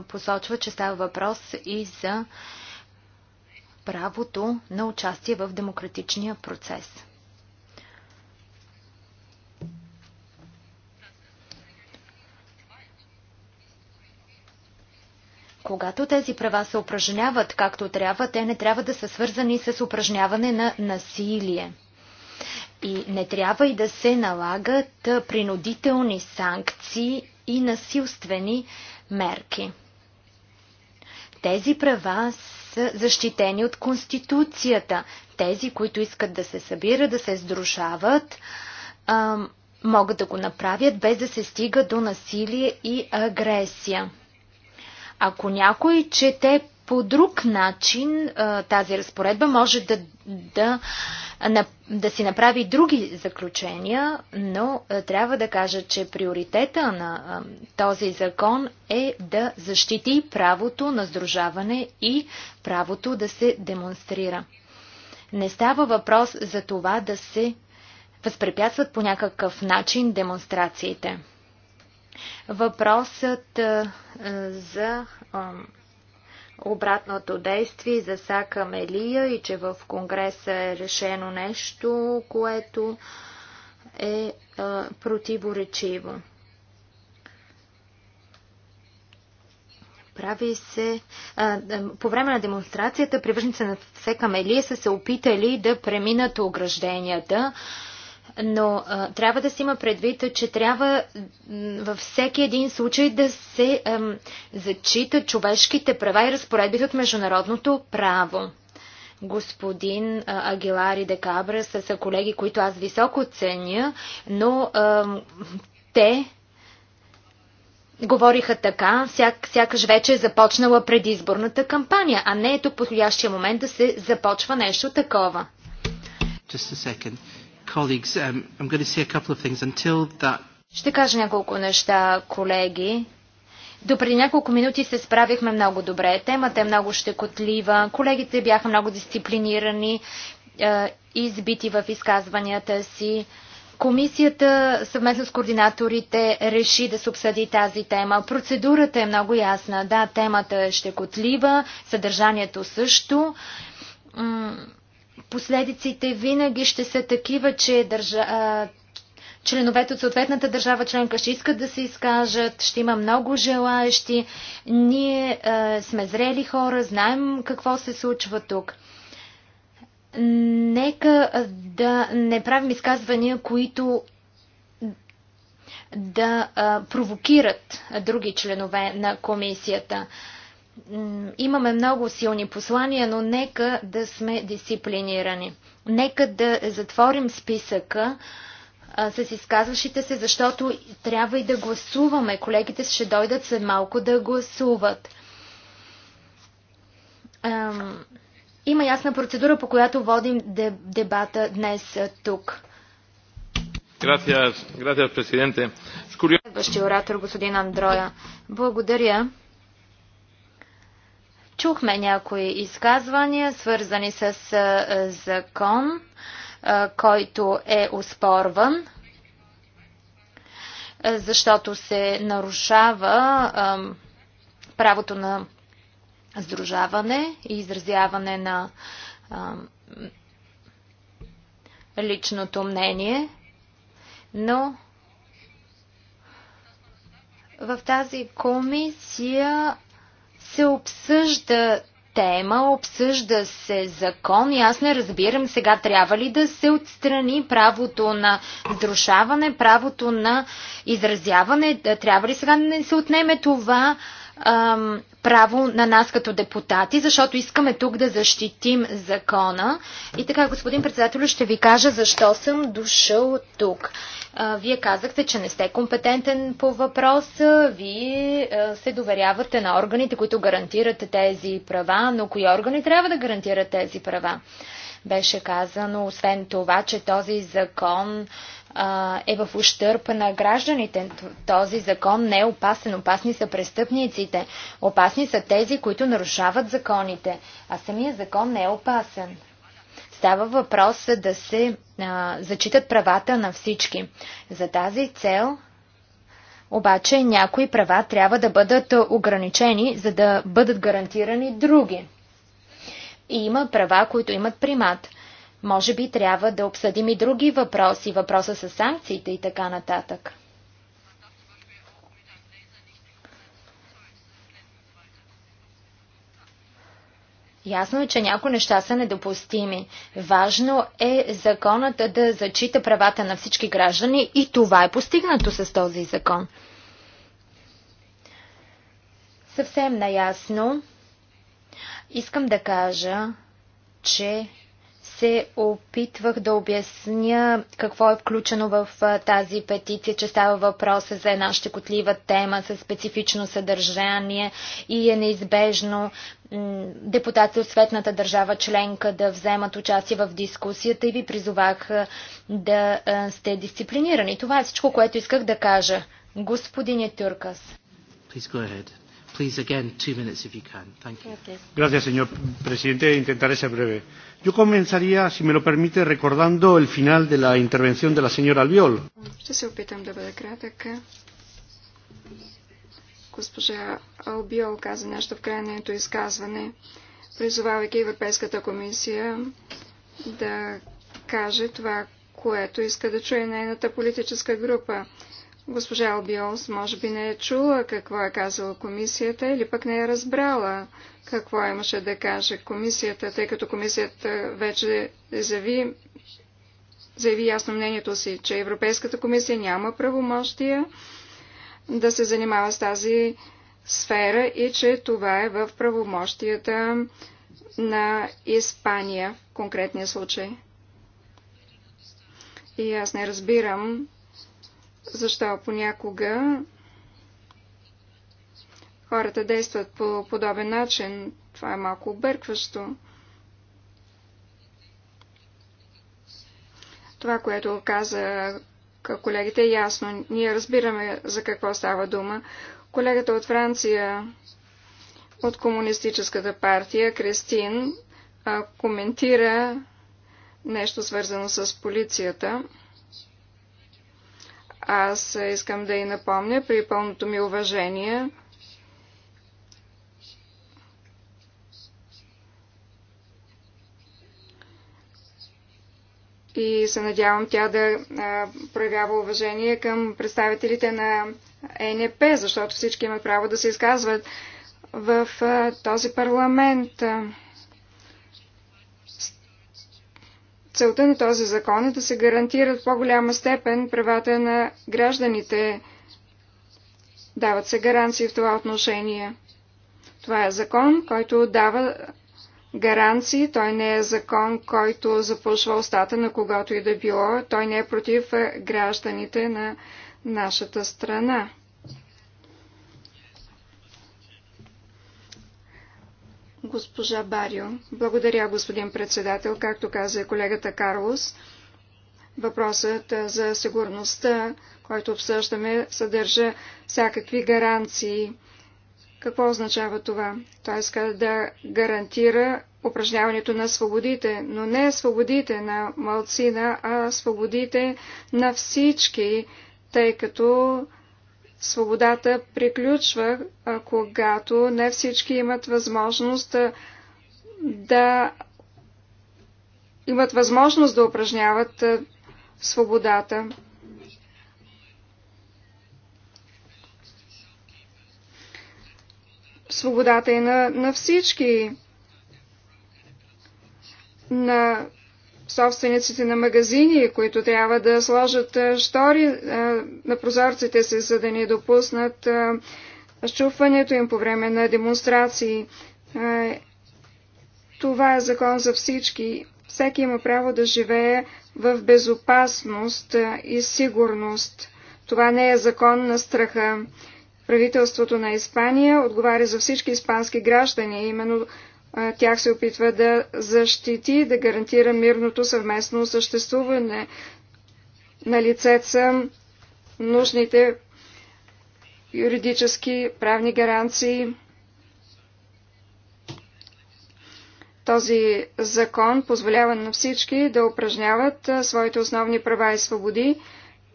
посочват, че става въпрос и за правото на участие в демократичния процес. Когато тези права се упражняват както трябва, те не трябва да са свързани с упражняване на насилие. И не трябва и да се налагат принудителни санкции и насилствени мерки. Тези права са защитени от Конституцията. Тези, които искат да се събират, да се сдружават, могат да го направят без да се стига до насилие и агресия. Ако някой чете по друг начин тази разпоредба, може да, да, да, да си направи други заключения, но трябва да кажа, че приоритета на този закон е да защити правото на сдружаване и правото да се демонстрира. Не става въпрос за това да се възпрепятстват по някакъв начин демонстрациите. Въпросът за обратното действие за Сака Мелия и че в Конгреса е решено нещо, което е противоречиво. прави се... по време на демонстрацията привърженици на Сека Мелия са се опитали да преминат огражденията но а, трябва да се има предвид, че трябва във всеки един случай да се ам, зачита човешките права и разпоредбите от международното право. Господин а, и Декабра са, са колеги, които аз високо ценя, но ам, те говориха така, сяк, сякаш вече е започнала предизборната кампания, а не е тук подходящия момент да се започва нещо такова. Just a second colleagues, um, I'm going to say a couple of things until that... Ще кажа няколко неща, колеги. До преди няколко минути се справихме много добре. Темата е много щекотлива. Колегите бяха много дисциплинирани, е, избити в изказванията си. Комисията съвместно с координаторите реши да се обсъди тази тема. Процедурата е много ясна. Да, темата е щекотлива, съдържанието също последиците винаги ще са такива, че държа, а, членовете от съответната държава членка ще искат да се изкажат, ще има много желаещи. Ние а, сме зрели хора, знаем какво се случва тук. Нека да не правим изказвания, които да а, провокират други членове на комисията. А, имаме много силни послания, но нека да сме дисциплинирани. Нека да затворим списъка а, с изказващите се, защото трябва и да гласуваме. Колегите ще дойдат след малко да гласуват. Ам, има ясна процедура, по която водим дебата днес тук. Gracias, gracias, presidente. Следващия оратор, господин Андроя. Благодаря. Чухме някои изказвания, свързани с е, е, закон, е, който е успорван, защото се нарушава правото на сдружаване и изразяване на личното мнение, но в тази комисия се обсъжда тема, обсъжда се закон и аз не разбирам сега трябва ли да се отстрани правото на вдрушаване, правото на изразяване, трябва ли сега да не се отнеме това ам, право на нас като депутати, защото искаме тук да защитим закона. И така, господин председател, ще ви кажа защо съм дошъл тук. А, вие казахте, че не сте компетентен по въпроса, вие а, се доверявате на органите, които гарантират тези права, но кои органи трябва да гарантират тези права? Беше казано, освен това, че този закон е в ущърп на гражданите. Този закон не е опасен. Опасни са престъпниците. Опасни са тези, които нарушават законите. А самия закон не е опасен. Става въпрос да се а, зачитат правата на всички. За тази цел обаче някои права трябва да бъдат ограничени, за да бъдат гарантирани други. И има права, които имат примат – може би трябва да обсъдим и други въпроси, въпроса с санкциите и така нататък. Ясно е, че някои неща са недопустими. Важно е законът да зачита правата на всички граждани и това е постигнато с този закон. Съвсем наясно искам да кажа, че се опитвах да обясня какво е включено в тази петиция, че става въпрос за една щекотлива тема с специфично съдържание и е неизбежно депутати от светната държава членка да вземат участие в дискусията и ви призовах да сте дисциплинирани. Това е всичко, което исках да кажа. Господин Тюркас. Please go ahead please, again, two minutes if you can. Thank you. Gracias, señor presidente. Intentaré ser breve. Yo comenzaría, si me lo permite, recordando el final de la intervención de la señora Albiol. Ще се опитам да бъда кратък. Госпожа Албиол каза нещо в крайното изказване, призовавайки Европейската комисия да каже това, което иска да чуе нейната политическа група. Госпожа Албиолс може би не е чула какво е казала комисията или пък не е разбрала какво имаше да каже комисията, тъй като комисията вече заяви, заяви ясно мнението си, че Европейската комисия няма правомощия да се занимава с тази сфера и че това е в правомощията на Испания в конкретния случай. И аз не разбирам защо понякога хората действат по подобен начин. Това е малко объркващо. Това, което каза колегите, е ясно. Ние разбираме за какво става дума. Колегата от Франция, от Комунистическата партия, Кристин, коментира нещо свързано с полицията. Аз искам да й напомня при пълното ми уважение, и се надявам тя да а, проявява уважение към представителите на ЕНП, защото всички имат право да се изказват в а, този парламент. А, Целта на този закон е да се гарантират в по-голяма степен правата на гражданите. Дават се гаранции в това отношение. Това е закон, който дава гаранции. Той не е закон, който запушва устата на когато и да било. Той не е против гражданите на нашата страна. Госпожа Барио. Благодаря, господин председател. Както каза колегата Карлос, въпросът за сигурността, който обсъждаме, съдържа всякакви гаранции. Какво означава това? Той иска да гарантира упражняването на свободите, но не свободите на малцина, а свободите на всички, тъй като Свободата приключва, когато не всички имат възможност да, да имат възможност да упражняват свободата. Свободата е на, на всички, на собствениците на магазини, които трябва да сложат штори на прозорците си, за да не допуснат щупването им по време на демонстрации. Това е закон за всички. Всеки има право да живее в безопасност и сигурност. Това не е закон на страха. Правителството на Испания отговаря за всички испански граждани. Именно тях се опитва да защити, да гарантира мирното съвместно съществуване. На лице са нужните юридически правни гаранции. Този закон позволява на всички да упражняват своите основни права и свободи,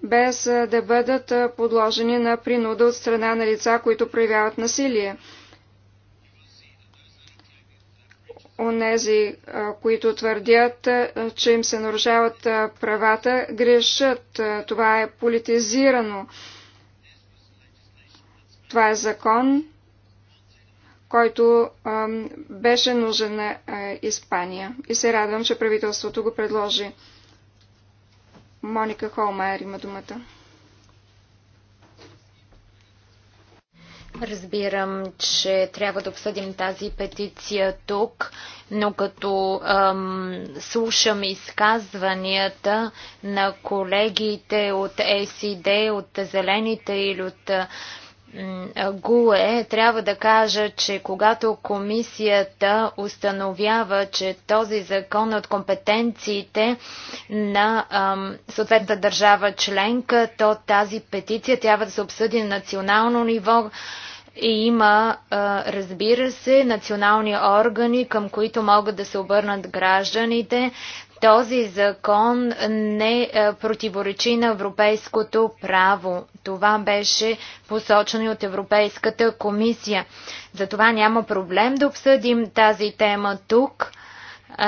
без да бъдат подложени на принуда от страна на лица, които проявяват насилие. онези, които твърдят, че им се нарушават правата, грешат. Това е политизирано. Това е закон, който беше нужен на Испания. И се радвам, че правителството го предложи. Моника Холмайер има думата. Разбирам, че трябва да обсъдим тази петиция тук, но като ам, слушам изказванията на колегите от ЕСИД, от Зелените или от ГУЕ, трябва да кажа, че когато комисията установява, че този закон е от компетенциите на ам, съответната държава членка, то тази петиция трябва да се обсъди на национално ниво. И има, а, разбира се, национални органи, към които могат да се обърнат гражданите, този закон не е, противоречи на европейското право. Това беше посочено и от Европейската комисия. Затова няма проблем да обсъдим тази тема тук,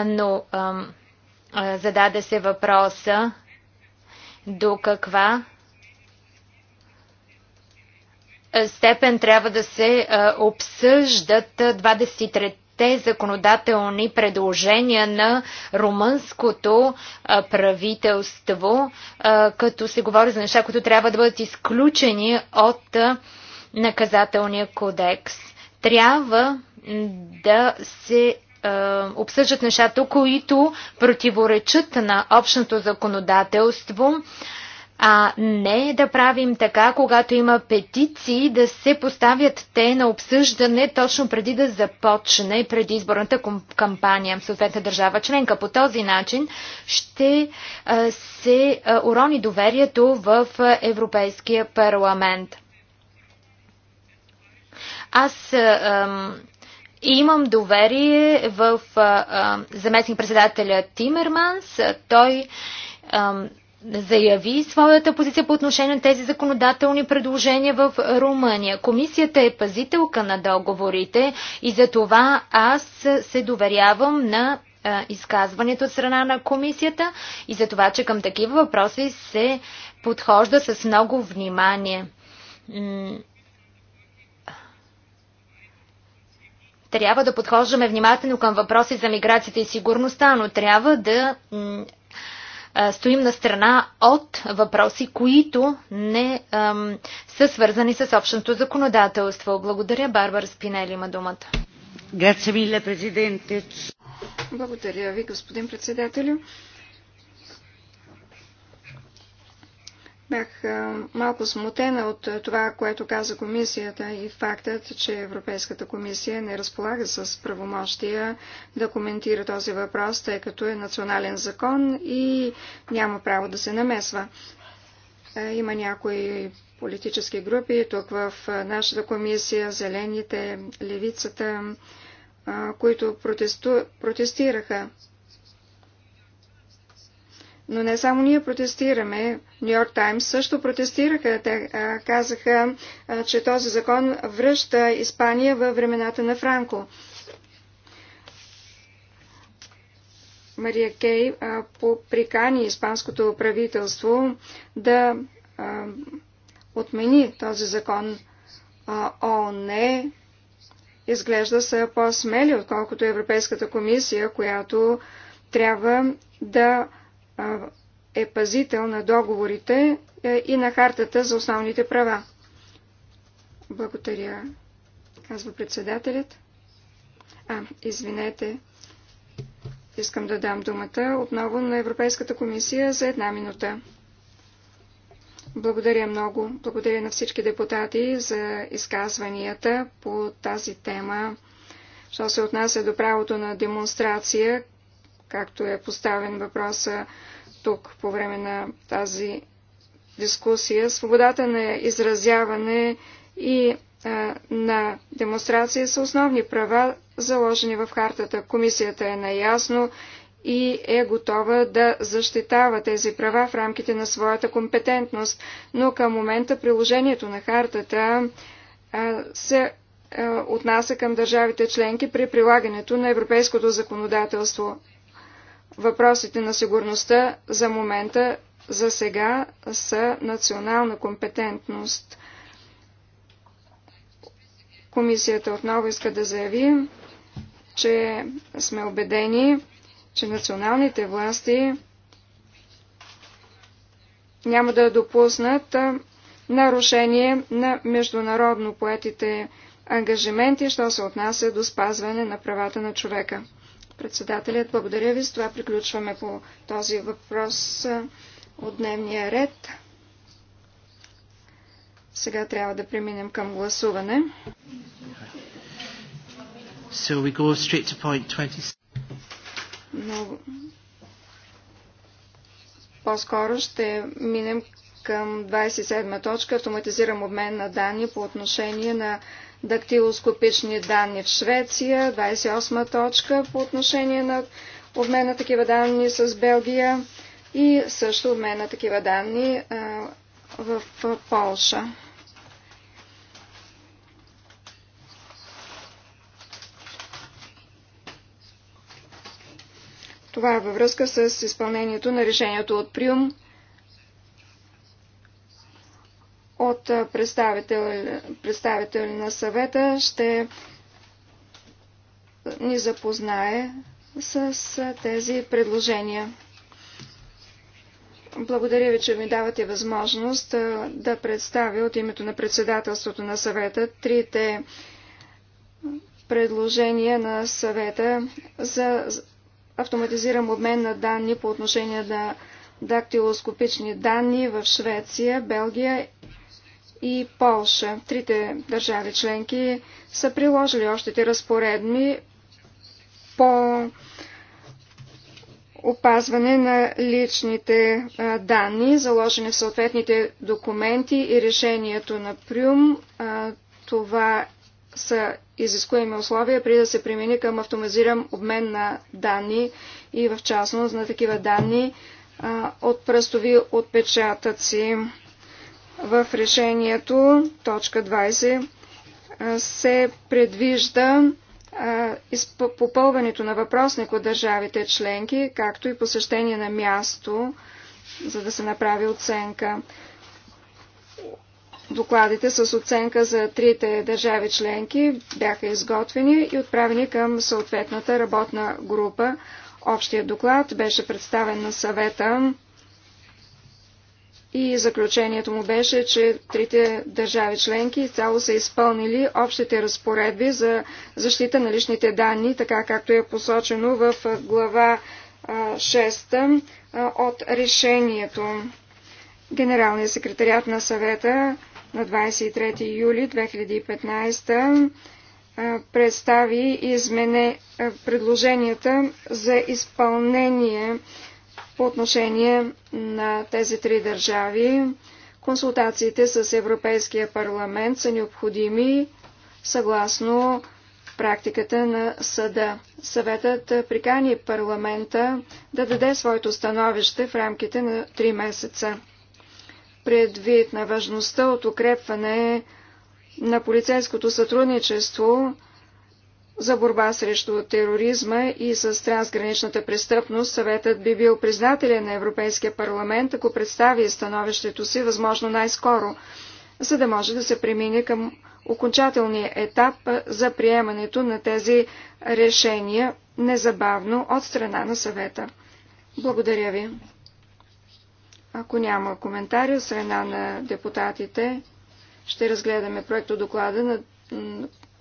но ам, зададе се въпроса до каква степен трябва да се обсъждат 23 те законодателни предложения на румънското правителство, като се говори за неща, които трябва да бъдат изключени от наказателния кодекс. Трябва да се обсъждат нещата, които противоречат на общото законодателство а не да правим така, когато има петиции, да се поставят те на обсъждане точно преди да започне предизборната кампания в съответната държава членка. По този начин ще се урони доверието в Европейския парламент. Аз и имам доверие в заместник-председателя Тимерманс. Той заяви своята позиция по отношение на тези законодателни предложения в Румъния. Комисията е пазителка на договорите и за това аз се доверявам на изказването от страна на комисията и за това, че към такива въпроси се подхожда с много внимание. Трябва да подхождаме внимателно към въпроси за миграцията и сигурността, но трябва да стоим на страна от въпроси, които не ам, са свързани с общото законодателство. Благодаря, Барбара Спинели има думата. Благодаря ви, господин председателю. Бях малко смутена от това, което каза комисията и фактът, че Европейската комисия не разполага с правомощия да коментира този въпрос, тъй като е национален закон и няма право да се намесва. Има някои политически групи тук в нашата комисия, зелените, левицата, които протесту... протестираха но не само ние протестираме. Нью Йорк Таймс също протестираха. Те а, казаха, а, че този закон връща Испания във времената на Франко. Мария Кей а, прикани испанското правителство да а, отмени този закон. А, ООН изглежда са по-смели, отколкото Европейската комисия, която трябва да е пазител на договорите е, и на хартата за основните права. Благодаря, казва председателят. А, извинете, искам да дам думата отново на Европейската комисия за една минута. Благодаря много. Благодаря на всички депутати за изказванията по тази тема. Що се отнася до правото на демонстрация, както е поставен въпроса тук по време на тази дискусия. Свободата на изразяване и а, на демонстрация са основни права, заложени в хартата. Комисията е наясно и е готова да защитава тези права в рамките на своята компетентност, но към момента приложението на хартата а, се отнася към държавите членки при прилагането на европейското законодателство. Въпросите на сигурността за момента, за сега, са национална компетентност. Комисията отново иска да заяви, че сме убедени, че националните власти няма да допуснат нарушение на международно поетите ангажименти, що се отнася до спазване на правата на човека. Председателят, благодаря ви. С това приключваме по този въпрос от дневния ред. Сега трябва да преминем към гласуване. So we go straight to point 20. Но по-скоро ще минем към 27 точка Автоматизирам обмен на данни по отношение на дактилоскопични данни в Швеция, 28 точка по отношение на обмен на такива данни с Белгия и също обмен на такива данни в Полша. Това е във връзка с изпълнението на решението от Приум от представители, представител на съвета ще ни запознае с тези предложения. Благодаря ви, че ми давате възможност да представя от името на председателството на съвета трите предложения на съвета за автоматизиран обмен на данни по отношение на дактилоскопични данни в Швеция, Белгия и Полша. Трите държави членки са приложили още разпоредми по опазване на личните данни, заложени в съответните документи и решението на Прюм. Това са изискуеми условия при да се примени към автоматизиран обмен на данни и в частност на такива данни от пръстови отпечатъци. В решението, точка 20, се предвижда попълването на въпросник от държавите членки, както и посещение на място, за да се направи оценка. Докладите с оценка за трите държави членки бяха изготвени и отправени към съответната работна група. Общият доклад беше представен на съвета и заключението му беше, че трите държави членки цяло са изпълнили общите разпоредби за защита на личните данни, така както е посочено в глава 6 от решението. Генералният секретарят на съвета на 23 юли 2015 представи измене предложенията за изпълнение по отношение на тези три държави, консултациите с Европейския парламент са необходими съгласно практиката на съда. Съветът прикани парламента да даде своето становище в рамките на три месеца. Предвид на важността от укрепване на полицейското сътрудничество, за борба срещу тероризма и с трансграничната престъпност, съветът би бил признателен на Европейския парламент, ако представи становището си възможно най-скоро, за да може да се премине към окончателния етап за приемането на тези решения незабавно от страна на съвета. Благодаря ви. Ако няма коментари от страна на депутатите, ще разгледаме проекто доклада на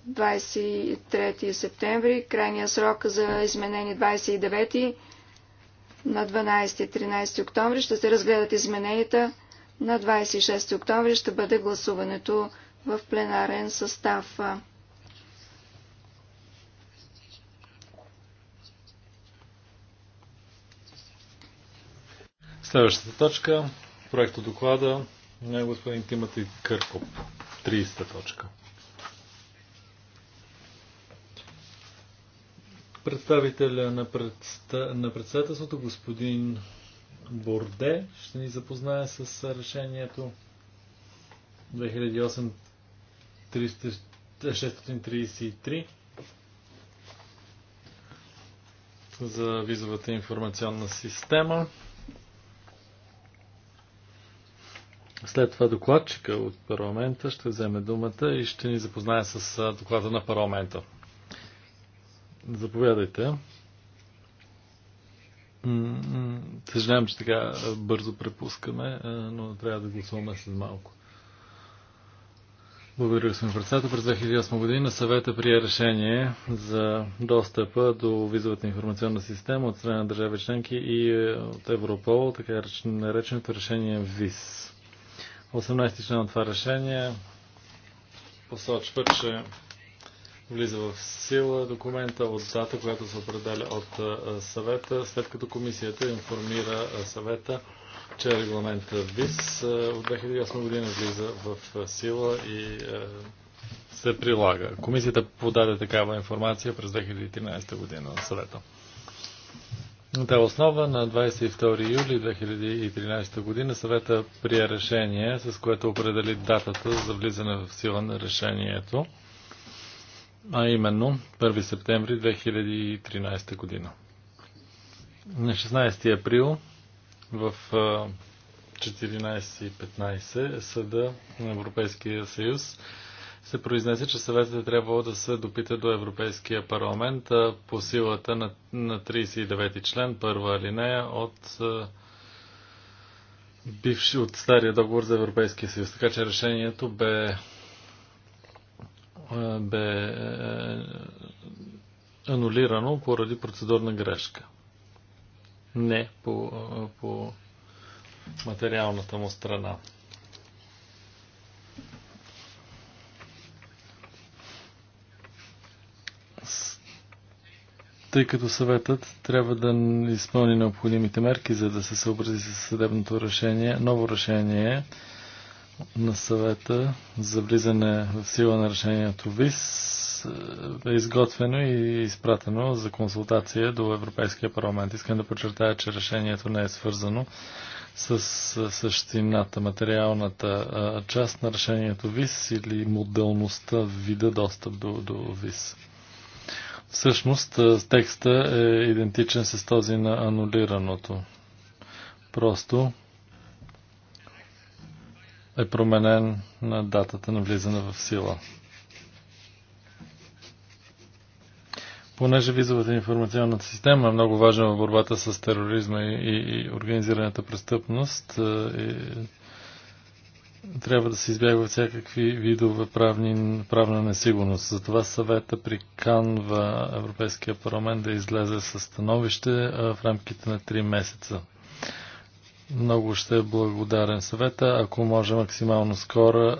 23 септември, крайния срок за изменение 29 на 12-13 октомври ще се разгледат измененията. На 26 октомври ще бъде гласуването в пленарен състав. Следващата точка, проекто доклада на господин Тимати Кърков. 30 точка. Представителя на, предста... на председателството, господин Борде, ще ни запознае с решението 2008-633 за визовата информационна система. След това докладчика от парламента ще вземе думата и ще ни запознае с доклада на парламента. Заповядайте. Съжалявам, че така бързо препускаме, е, но трябва да гласуваме след малко. Благодаря, господин председател. През 2008 година съвета прие решение за достъпа до визовата информационна система от страна на държави членки и е, от Европол, така нареченото решение ВИС. 18 член от това решение посочва, че влиза в сила документа от дата, която се определя от съвета, след като комисията информира съвета, че регламента ВИС от 2008 година влиза в сила и се прилага. Комисията подаде такава информация през 2013 година на съвета. Та е основа на 22 юли 2013 година съвета прие решение, с което определи датата за влизане в сила на решението а именно 1 септември 2013 година. На 16 април в 14.15 съда на Европейския съюз се произнесе, че съветът е трябвало да се допита до Европейския парламент по силата на, на 39 член, първа алинея от бивши от стария договор за Европейския съюз. Така че решението бе е, бе е, анулирано поради процедурна грешка. Не по, е, по материалната му страна. тъй като съветът трябва да изпълни необходимите мерки, за да се съобрази с съдебното решение, ново решение на съвета за влизане в сила на решението ВИС е изготвено и изпратено за консултация до Европейския парламент. Искам да подчертая, че решението не е свързано с е, същината, материалната е, част на решението ВИС или моделността вида достъп до, до ВИС. Всъщност е, текста е идентичен с този на анулираното. Просто е променен на датата на влизане в сила. Понеже визовата информационната система е много важна в борбата с тероризма и, и, и организираната престъпност, и, е, е, трябва да се избягва всякакви видове правни, правна несигурност. Затова съвета приканва Европейския парламент да излезе с становище в рамките на 3 месеца. Много ще е благодарен съвета, ако може максимално скоро,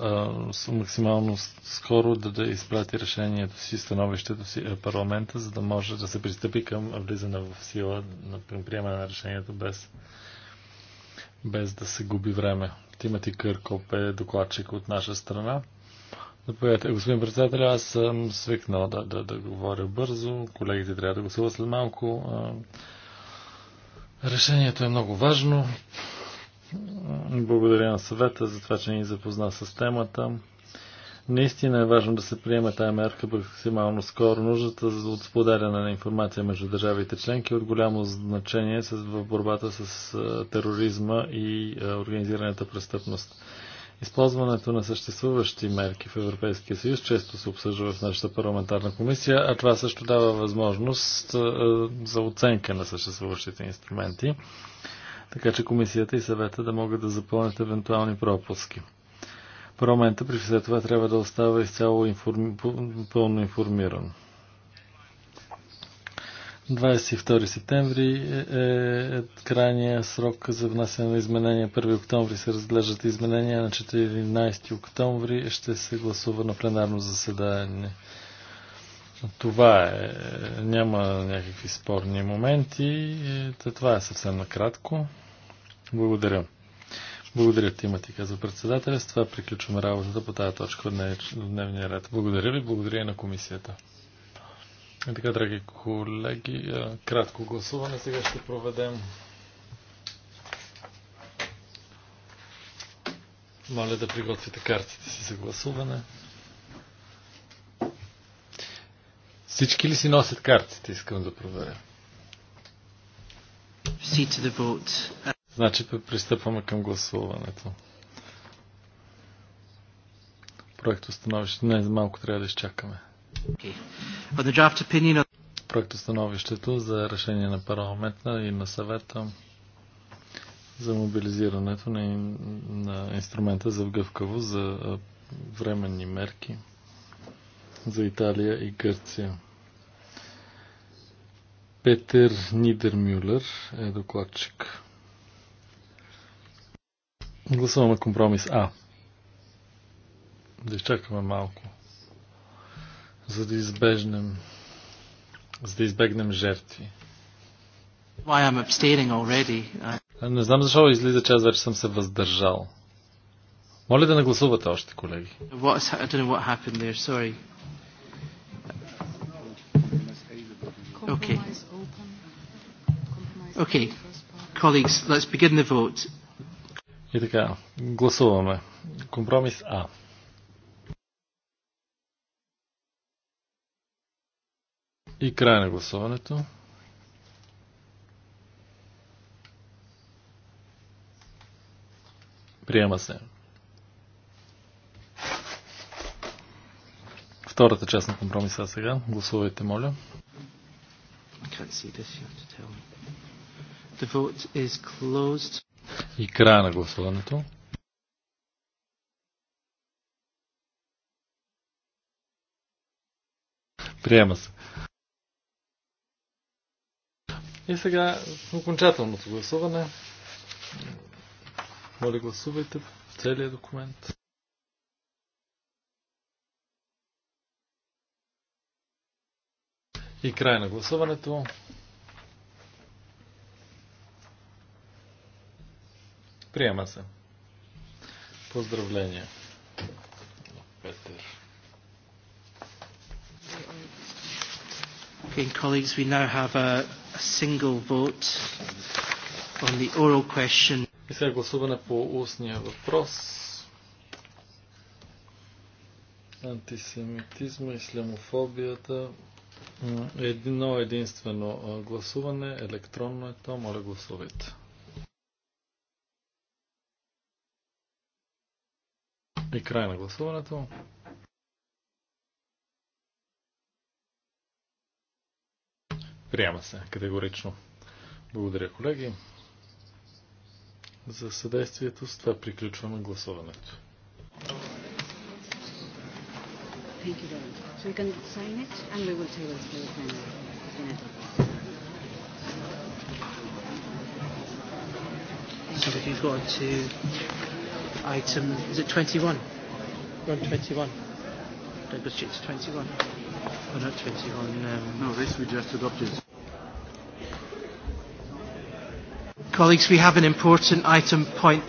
максимално скоро да, да изпрати решението си, становището си е, парламента, за да може да се пристъпи към влизане в сила, към приемане на решението без, без да се губи време. Тимати Къркоп е докладчик от наша страна. Заповядайте. Господин председател, аз съм свикнал да, да, да говоря бързо. Колегите трябва да го след малко. А, Решението е много важно. Благодаря на съвета за това, че ни запозна с темата. Наистина е важно да се приеме тая мерка максимално скоро. Нуждата за споделяне на информация между държавите членки е от голямо значение в борбата с тероризма и организираната престъпност. Използването на съществуващи мерки в Европейския съюз често се обсъжда в нашата парламентарна комисия, а това също дава възможност за оценка на съществуващите инструменти, така че комисията и съвета да могат да запълнят евентуални пропуски. Парламента при все това трябва да остава изцяло информ... пълно информиран. 22 септември е, е, е крайния срок за внасяне на изменения. 1 октомври се разглеждат изменения, на 14 октомври ще се гласува на пленарно заседание. Това е. е няма някакви спорни моменти. Това е съвсем накратко. Благодаря. Благодаря, Матика, за председателя. С това приключваме работата по тази точка от дневния ред. Благодаря ви, благодаря и на комисията. И така, драги колеги, е, кратко гласуване сега ще проведем. Моля да приготвите картите си за гласуване. Всички ли си носят картите, искам да проверя. Значи пристъпваме към гласуването. Проекто становище. Не, малко трябва да изчакаме. Проекта становището за решение на парламента и на съвета за мобилизирането на, на инструмента за вгъвкаво за временни мерки за Италия и Гърция. Петър Нидермюлер е докладчик. Гласуваме компромис А. Да изчакаме малко за да избежнем, за да избегнем жертви. Uh, не знам защо излиза, че аз вече съм се въздържал. Моля да не гласувате още, колеги. И така, гласуваме. Компромис А. И край на гласуването. Приема се. Втората част на компромиса сега. Гласувайте, моля. И края на гласуването. Приема се. И сега окончателното гласуване. Моля, гласувайте целият документ. И край на гласуването. Приема се. Поздравления. Петър. Okay, colleagues, we now have a uh, a single vote on the oral question. И сега гласуване по устния въпрос. Антисемитизма, ислямофобията. Едно единствено гласуване, електронно е то, моля гласувайте. И край на гласуването. Приема се категорично. Благодаря, колеги, за съдействието. С това приключваме гласуването. Thank you very much. So you can sign it and we will table it for the final. So we can go on to item, is it 21? We're on 21. Don't go straight to 21. Oh, not 20, on... Um... No, this we just adopted. Colleagues, we have an important item point.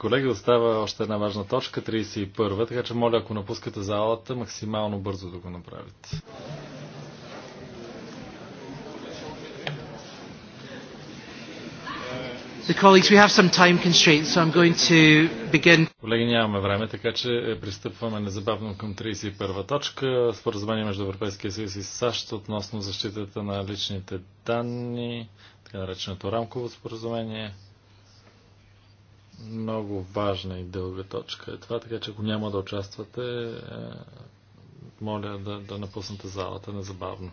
колеги, остава още една важна точка, 31, така че моля, ако напускате залата, максимално бързо да го направите. Колеги, нямаме време, така че е, пристъпваме незабавно към 31 точка. Споразумение между Европейския съюз и САЩ относно защитата на личните данни, така нареченото рамково споразумение. Много важна и дълга точка е това, така че ако няма да участвате, е, моля да, да напуснете залата незабавно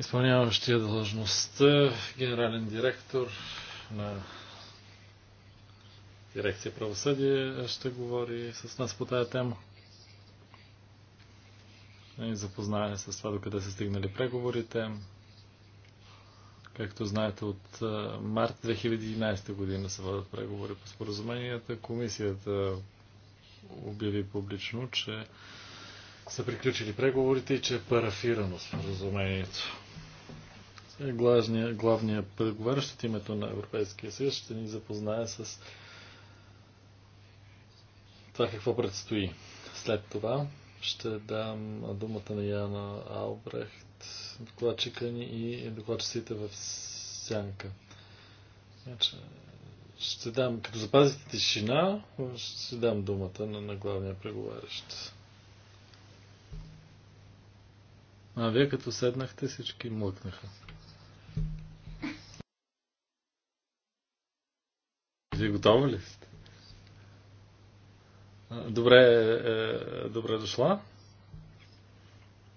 изпълняващия длъжността генерален директор на дирекция правосъдие ще говори с нас по тая тема. И запознаване с това, докъде са стигнали преговорите. Както знаете, от март 2011 година се водят преговори по споразуменията. Комисията обяви публично, че са приключили преговорите и че е парафирано споразумението. Е, Главният преговарящ от името на Европейския съюз ще ни запознае с това какво предстои. След това ще дам думата на Яна Албрехт, докладчика ни и докладчиците в Сянка. Значи, ще дам, като запазите тишина, ще дам думата на, на главния преговарящ. А вие като седнахте, всички млъкнаха. Вие готова ли сте? Добре, е, е, добре дошла.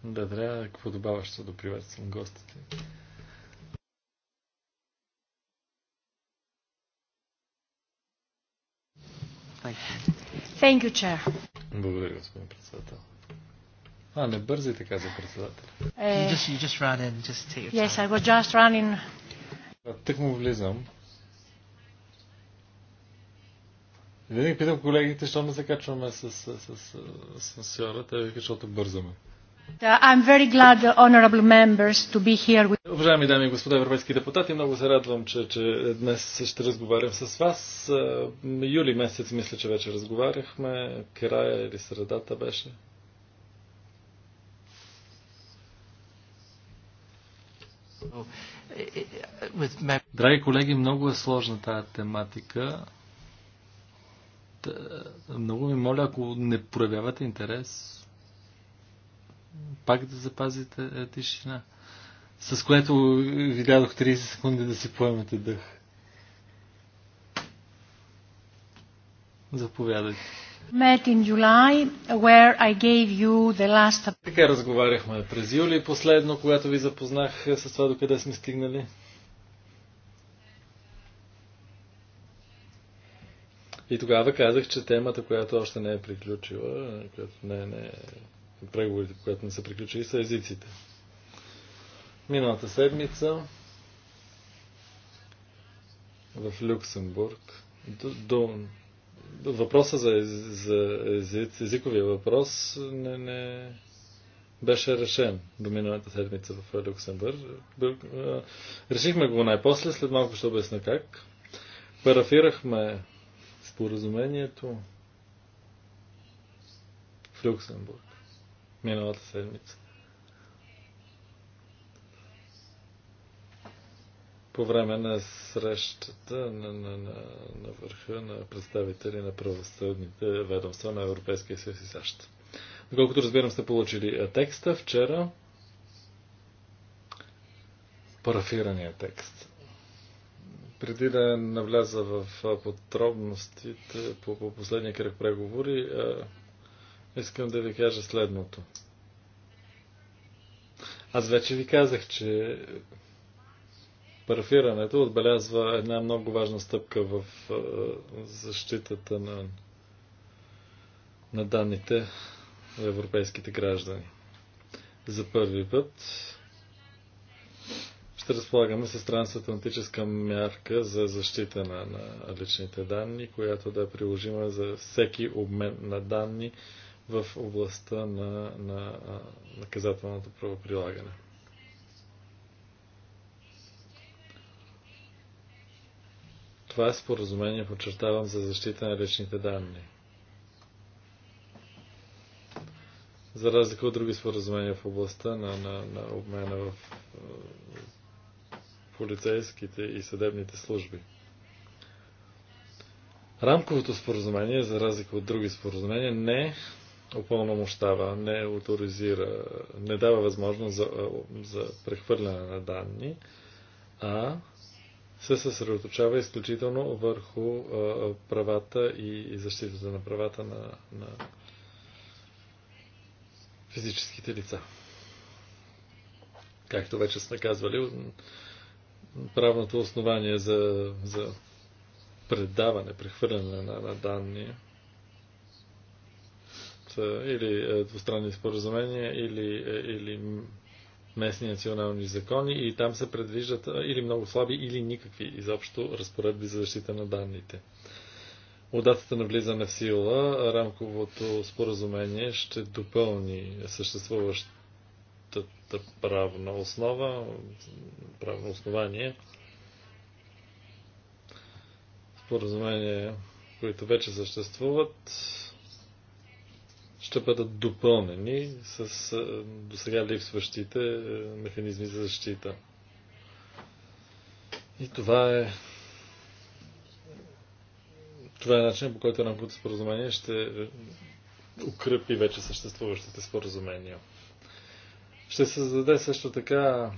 Да, трябва какво добаваш за да приветствам гостите. Thank you, Chair. Благодаря, господин председател. А, не бързи така за председател. Е, yes, I was just running. Тък му влизам. Винаги питам колегите, защо не закачваме с, с, с, с асансьора, те вика, защото бързаме. I'm very glad, honorable members, to be here with... Уважаеми дами и господа европейски депутати, много се радвам, че, че днес ще разговарям с вас. Юли месец мисля, че вече разговаряхме. Края или средата беше. Драги колеги, много е сложна тази тематика. Много ви моля, ако не проявявате интерес, пак да запазите е, тишина. С което ви дадох 30 секунди да си поемете дъх. Заповядайте. July, last... Така разговаряхме през юли последно, когато ви запознах е, с това докъде сме стигнали. И тогава казах, че темата, която още не е приключила, която не, не, преговорите, които не са приключили, са езиците. Миналата седмица в Люксембург до, до въпроса за, за езиковия въпрос не, не беше решен до миналата седмица в Люксембург. Решихме го най-после, след малко ще обясня как. Парафирахме споразумението в Люксембург миналата седмица. по време на срещата на, на, на, на върха на представители на правосъдните ведомства на Европейския съюз и САЩ. Доколкото разбирам, сте получили е, текста вчера. Парафирания текст. Преди да навляза в подробностите по, по последния кръг преговори, искам да ви кажа следното. Аз вече ви казах, че Парафирането отбелязва една много важна стъпка в защитата на, на данните на европейските граждани. За първи път ще разполагаме с трансатлантическа мярка за защита на, на личните данни, която да е приложима за всеки обмен на данни в областта на, на наказателното правоприлагане. това е споразумение, подчертавам, за защита на личните данни. За разлика от други споразумения в областта на, на, на обмена в е, полицейските и съдебните служби. Рамковото споразумение, за разлика от други споразумения, не опълномощава, не авторизира, не дава възможност за, е, за прехвърляне на данни, а се съсредоточава изключително върху правата и защитата на правата на, на физическите лица. Както вече сме казвали, правното основание за, за предаване, прехвърляне на, на данни са или двустранни споразумения, или, или местни национални закони и там се предвиждат или много слаби, или никакви изобщо разпоредби за защита на данните. От датата на влизане в сила рамковото споразумение ще допълни съществуващата правна основа, правно основание. Споразумение, които вече съществуват, ще бъдат допълнени с досега липсващите механизми за защита. И това е това е начинът по който рамковото споразумение ще укрепи вече съществуващите споразумения. Ще създаде също така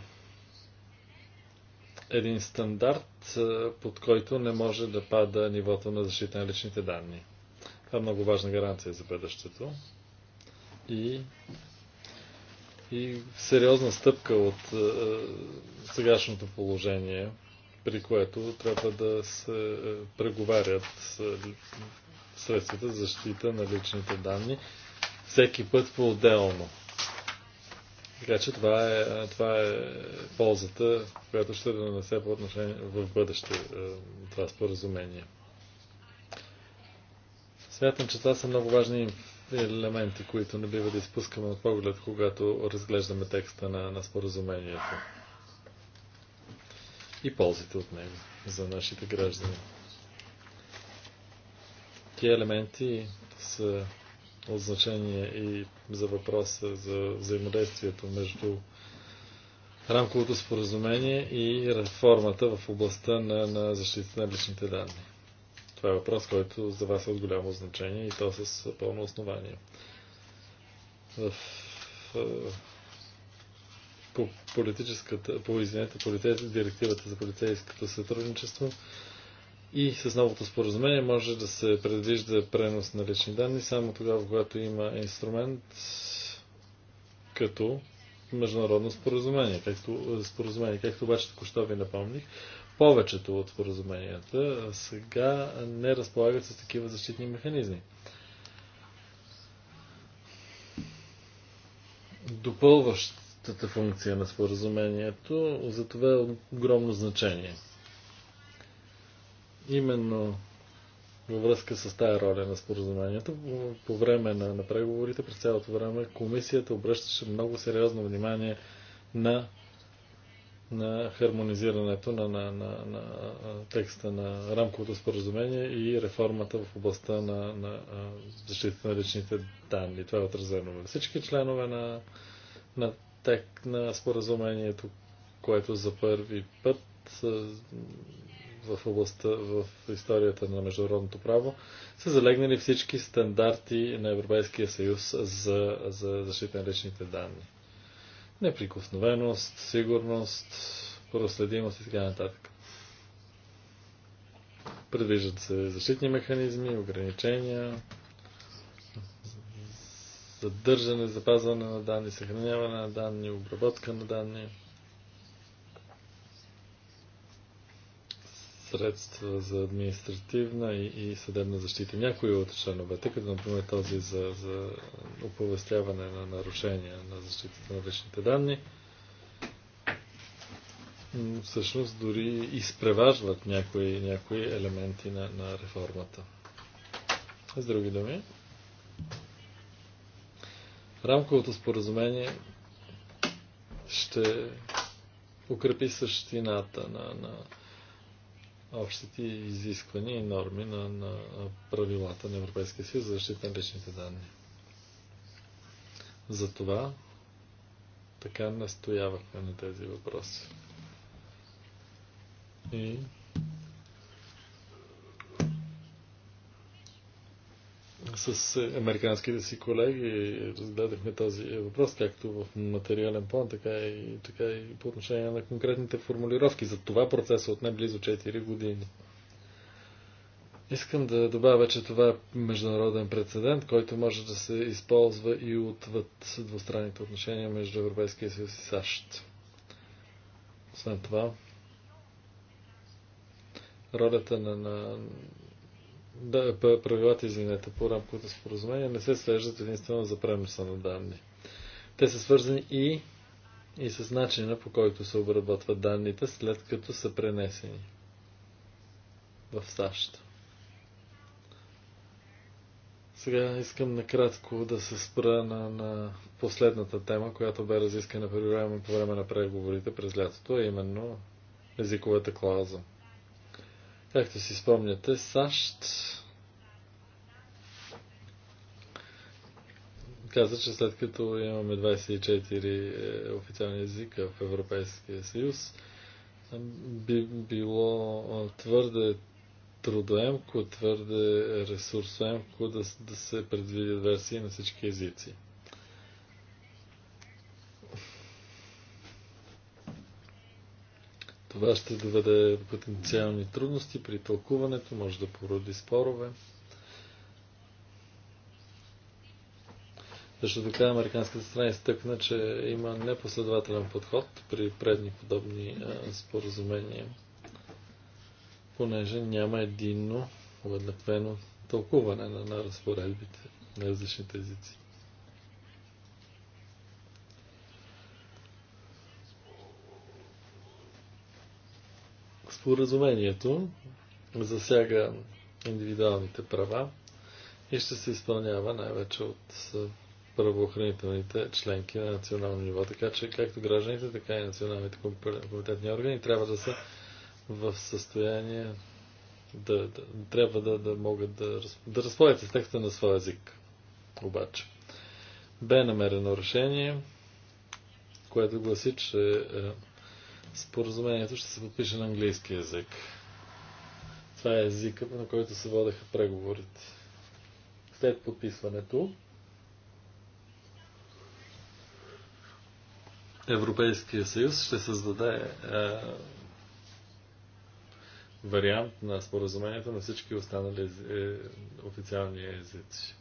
един стандарт, под който не може да пада нивото на защита на личните данни. Това е много важна гаранция за бъдещето и, и сериозна стъпка от е, сегашното положение, при което трябва да се е, преговарят с е, средствата за защита на личните данни всеки път по-отделно. Така че това е, това е ползата, която ще донесе по отношение в бъдеще е, това споразумение. Смятам, че това са много важни елементи, които не бива да изпускаме от поглед, когато разглеждаме текста на, на споразумението и ползите от него за нашите граждани. Тия елементи са от значение и за въпроса за взаимодействието между рамковото споразумение и реформата в областта на, на защита на личните данни. Това е въпрос, който за вас е от голямо значение и то с пълно основание. В, по политическата, по извинете, политическата директивата за полицейското сътрудничество и с новото споразумение може да се предвижда пренос на лични данни само тогава, когато има инструмент като международно споразумение, както, споразумение, както обаче току-що ви напомних повечето от споразуменията сега не разполагат с такива защитни механизми. Допълващата функция на споразумението за това е огромно значение. Именно във връзка с тая роля на споразумението, по време на, на преговорите, през цялото време, комисията обръщаше много сериозно внимание на на хармонизирането на, на, на, на текста на рамковото споразумение и реформата в областта на, на защита на личните данни. Това е отразено във всички членове на, на тек на споразумението, което за първи път в областта, в историята на международното право, са залегнали всички стандарти на Европейския съюз за, за защита на личните данни неприкосновеност, сигурност, проследимост и така нататък. Предвиждат се защитни механизми, ограничения, задържане, запазване на данни, съхраняване на данни, обработка на данни. средства за административна и, и съдебна защита. Някои от членовете, като например този за, за оповестяване на нарушения на защитата на личните данни, всъщност дори изпреважват някои, някои елементи на, на реформата. С други думи, рамковото споразумение ще укрепи същината на, на общите изисквания и норми на, на правилата на Европейския съюз за защита на личните данни. Затова така настоявахме на тези въпроси. И с е, американските си колеги разгледахме този въпрос, както в материален план, така и, така и по отношение на конкретните формулировки. За това процеса е отне близо 4 години. Искам да добавя, че това е международен прецедент, който може да се използва и отвъд двустранните отношения между Европейския съюз и САЩ. Освен това, ролята на, на да, е, правилата, извинете, по рамковото споразумение не се свеждат единствено за преноса на данни. Те са свързани и, и с начина по който се обработват данните след като са пренесени в САЩ. Сега искам накратко да се спра на, на последната тема, която бе разискана по време на преговорите през лятото, а именно езиковата клауза. Както си спомняте, САЩ каза, че след като имаме 24 е, официални езика в Европейския съюз, би било твърде трудоемко, твърде ресурсоемко да, да се предвидят версии на всички езици. Това ще доведе до потенциални трудности при тълкуването, може да породи спорове. Защото така американската страна е изтъкна, че има непоследователен подход при предни подобни а, споразумения, понеже няма единно уеднаквено тълкуване на, на разпоредбите на различните езици. Споразумението засяга индивидуалните права и ще се изпълнява най-вече от е, правоохранителните членки на национално ниво. Така че както гражданите, така и националните компетентни органи трябва да са в състояние да, да трябва да, да могат да, да разполагат с текста на своя език. Обаче. Бе намерено решение, което гласи, че е, Споразумението ще се подпише на английски язик. Това е езика, на който се водеха преговорите. След подписването Европейския съюз ще създаде е, вариант на споразумението на всички останали е, официални езици.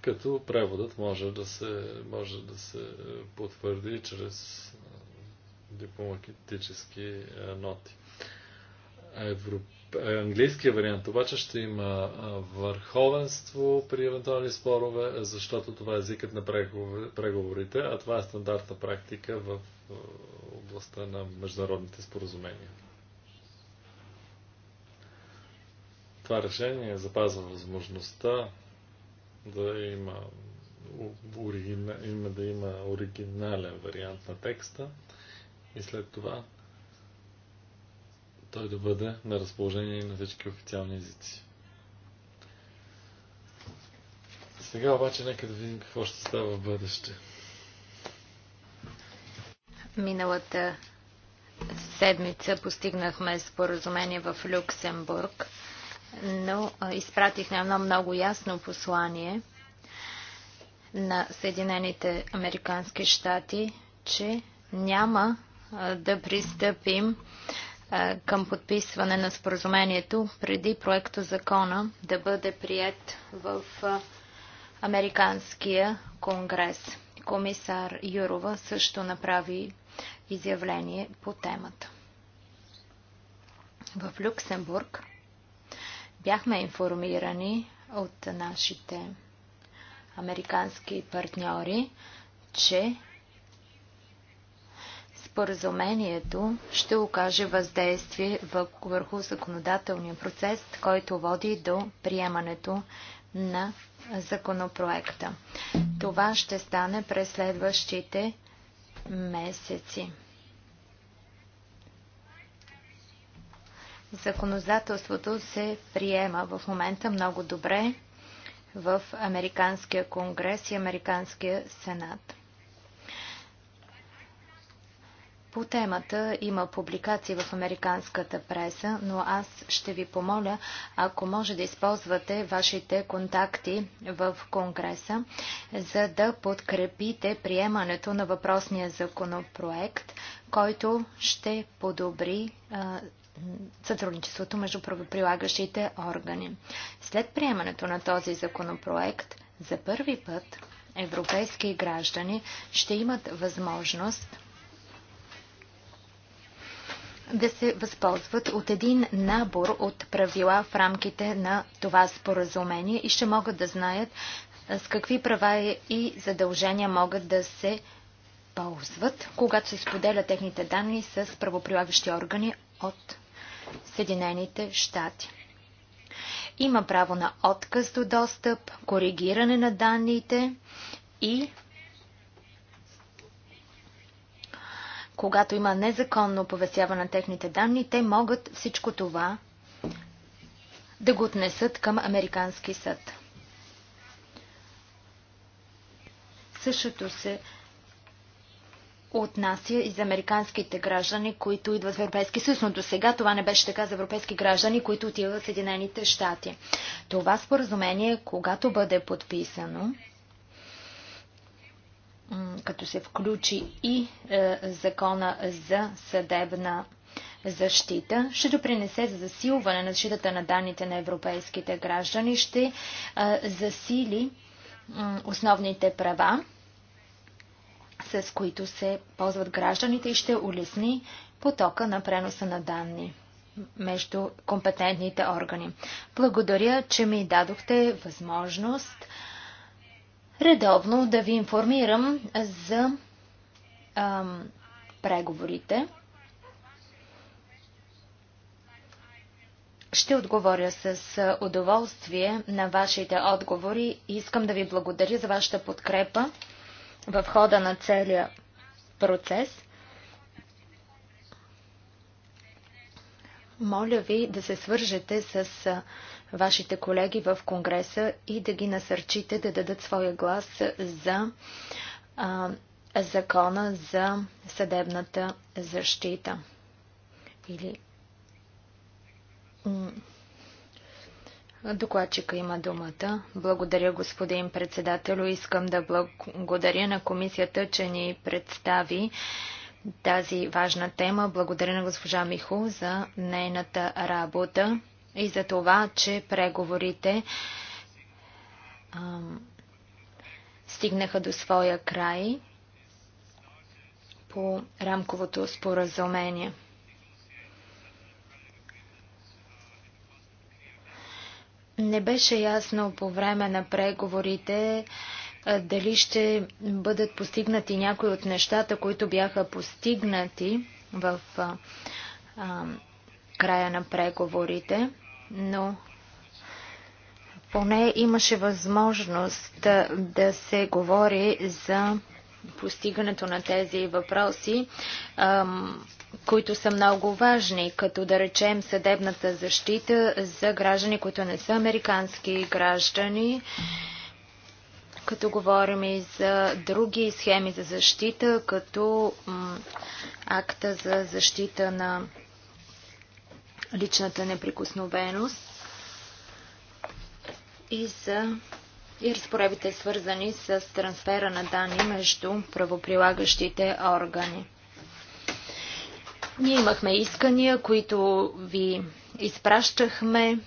Като преводът може да се, може да се е, потвърди чрез е, дипломатически е, ноти. Е, английския вариант обаче ще има е, върховенство при евентуални спорове, защото това е езикът на преговорите, а това е стандартна практика в областта на международните споразумения. Това решение запазва възможността да има, оригина, има да има оригинален вариант на текста и след това той да бъде на разположение на всички официални езици. Сега обаче нека да видим какво ще става в бъдеще. Миналата седмица постигнахме споразумение в Люксембург, но изпратихме едно много ясно послание на Съединените Американски щати, че няма да пристъпим към подписване на споразумението преди проекта закона да бъде прият в Американския конгрес. Комисар Юрова също направи изявление по темата. В Люксембург бяхме информирани от нашите американски партньори, че Споразумението ще окаже въздействие върху законодателния процес, който води до приемането на законопроекта. Това ще стане през следващите месеци. Законодателството се приема в момента много добре в Американския конгрес и Американския сенат. По темата има публикации в американската преса, но аз ще ви помоля, ако може да използвате вашите контакти в Конгреса, за да подкрепите приемането на въпросния законопроект, който ще подобри сътрудничеството между правоприлагащите органи. След приемането на този законопроект, за първи път европейски граждани ще имат възможност да се възползват от един набор от правила в рамките на това споразумение и ще могат да знаят с какви права и задължения могат да се ползват, когато се споделят техните данни с правоприлагащи органи от Съединените щати. Има право на отказ до достъп, коригиране на данните и когато има незаконно оповесяване на техните данни, те могат всичко това да го отнесат към Американски съд. Същото се отнася и за американските граждани, които идват в Европейски съюз, но до сега това не беше така за европейски граждани, които отиват в Съединените щати. Това споразумение, когато бъде подписано, като се включи и е, закона за съдебна защита, ще допринесе за засилване на защитата на данните на европейските граждани, ще е, засили е, основните права, с които се ползват гражданите и ще улесни потока на преноса на данни между компетентните органи. Благодаря, че ми дадохте възможност редовно да ви информирам за ам, преговорите. Ще отговоря с удоволствие на вашите отговори и искам да ви благодаря за вашата подкрепа в хода на целия процес. Моля ви да се свържете с вашите колеги в Конгреса и да ги насърчите да дадат своя глас за а, закона за съдебната защита. Или Докладчика има думата. Благодаря, господин председател, Искам да благодаря на комисията, че ни представи тази важна тема. Благодаря на госпожа Миху за нейната работа и за това, че преговорите ам, стигнаха до своя край по рамковото споразумение. Не беше ясно по време на преговорите дали ще бъдат постигнати някои от нещата, които бяха постигнати в а, края на преговорите но поне имаше възможност да, да се говори за постигането на тези въпроси, които са много важни, като да речем съдебната защита за граждани, които не са американски граждани, като говорим и за други схеми за защита, като акта за защита на личната неприкосновеност и за и разпоредбите свързани с трансфера на данни между правоприлагащите органи. Ние имахме искания, които ви изпращахме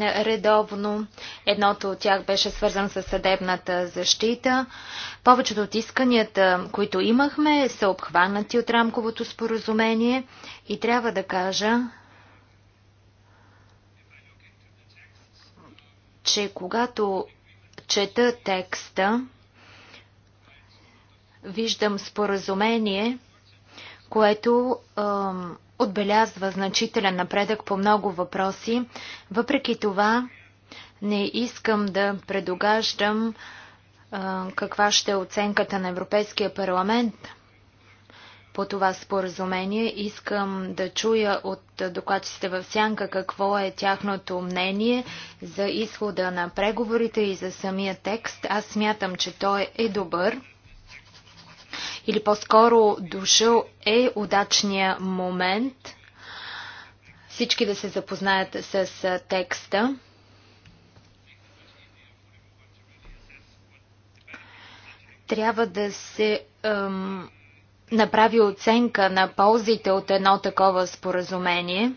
редовно. Едното от тях беше свързано с съдебната защита. Повечето от исканията, които имахме, са обхванати от рамковото споразумение и трябва да кажа, че когато чета текста, виждам споразумение, което е, отбелязва значителен напредък по много въпроси. Въпреки това, не искам да предугаждам е, каква ще е оценката на Европейския парламент по това споразумение. Искам да чуя от докладчиците в сянка какво е тяхното мнение за изхода на преговорите и за самия текст. Аз смятам, че той е добър или по-скоро дошъл е удачния момент всички да се запознаят с текста. Трябва да се направи оценка на ползите от едно такова споразумение.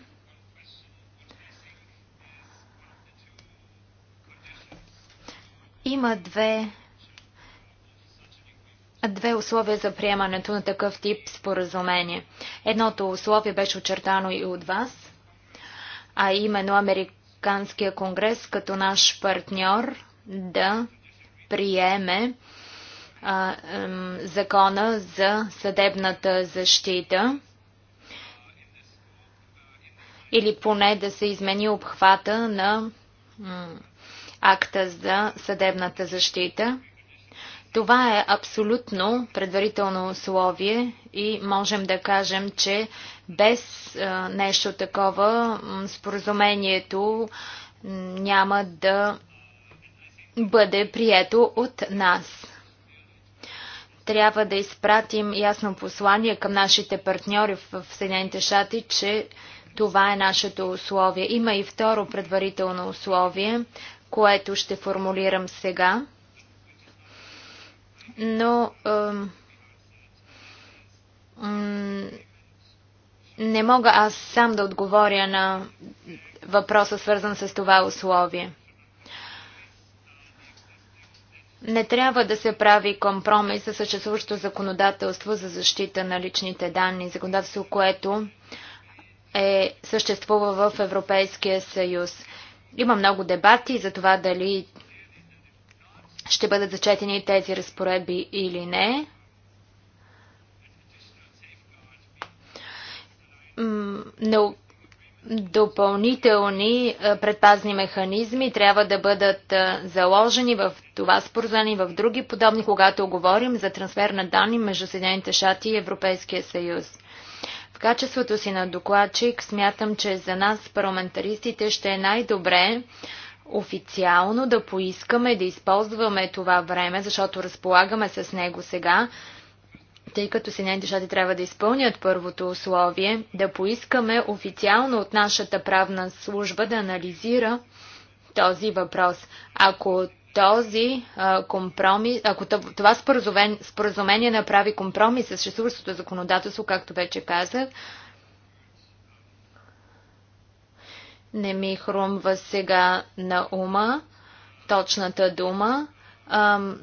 Има две, две условия за приемането на такъв тип споразумение. Едното условие беше очертано и от вас, а именно Американския конгрес като наш партньор да приеме закона за съдебната защита или поне да се измени обхвата на акта за съдебната защита. Това е абсолютно предварително условие и можем да кажем, че без нещо такова споразумението няма да бъде прието от нас. Трябва да изпратим ясно послание към нашите партньори в Съединените щати, че това е нашето условие. Има и второ предварително условие, което ще формулирам сега. Но не мога аз сам да отговоря на въпроса, свързан с това условие. Не трябва да се прави компромис за съществуващото законодателство за защита на личните данни, законодателство, което е, съществува в Европейския съюз. Има много дебати за това дали ще бъдат зачетени тези разпоредби или не. Но допълнителни предпазни механизми трябва да бъдат заложени в това споразумение и в други подобни, когато говорим за трансфер на данни между Съединените щати и Европейския съюз. В качеството си на докладчик смятам, че за нас парламентаристите ще е най-добре официално да поискаме да използваме това време, защото разполагаме с него сега, тъй като Съединените щати трябва да изпълнят първото условие, да поискаме официално от нашата правна служба да анализира този въпрос. Ако този а, компромис, ако това споразумение, споразумение направи компромис с съществуващото законодателство, както вече казах, не ми хрумва сега на ума точната дума. Ам,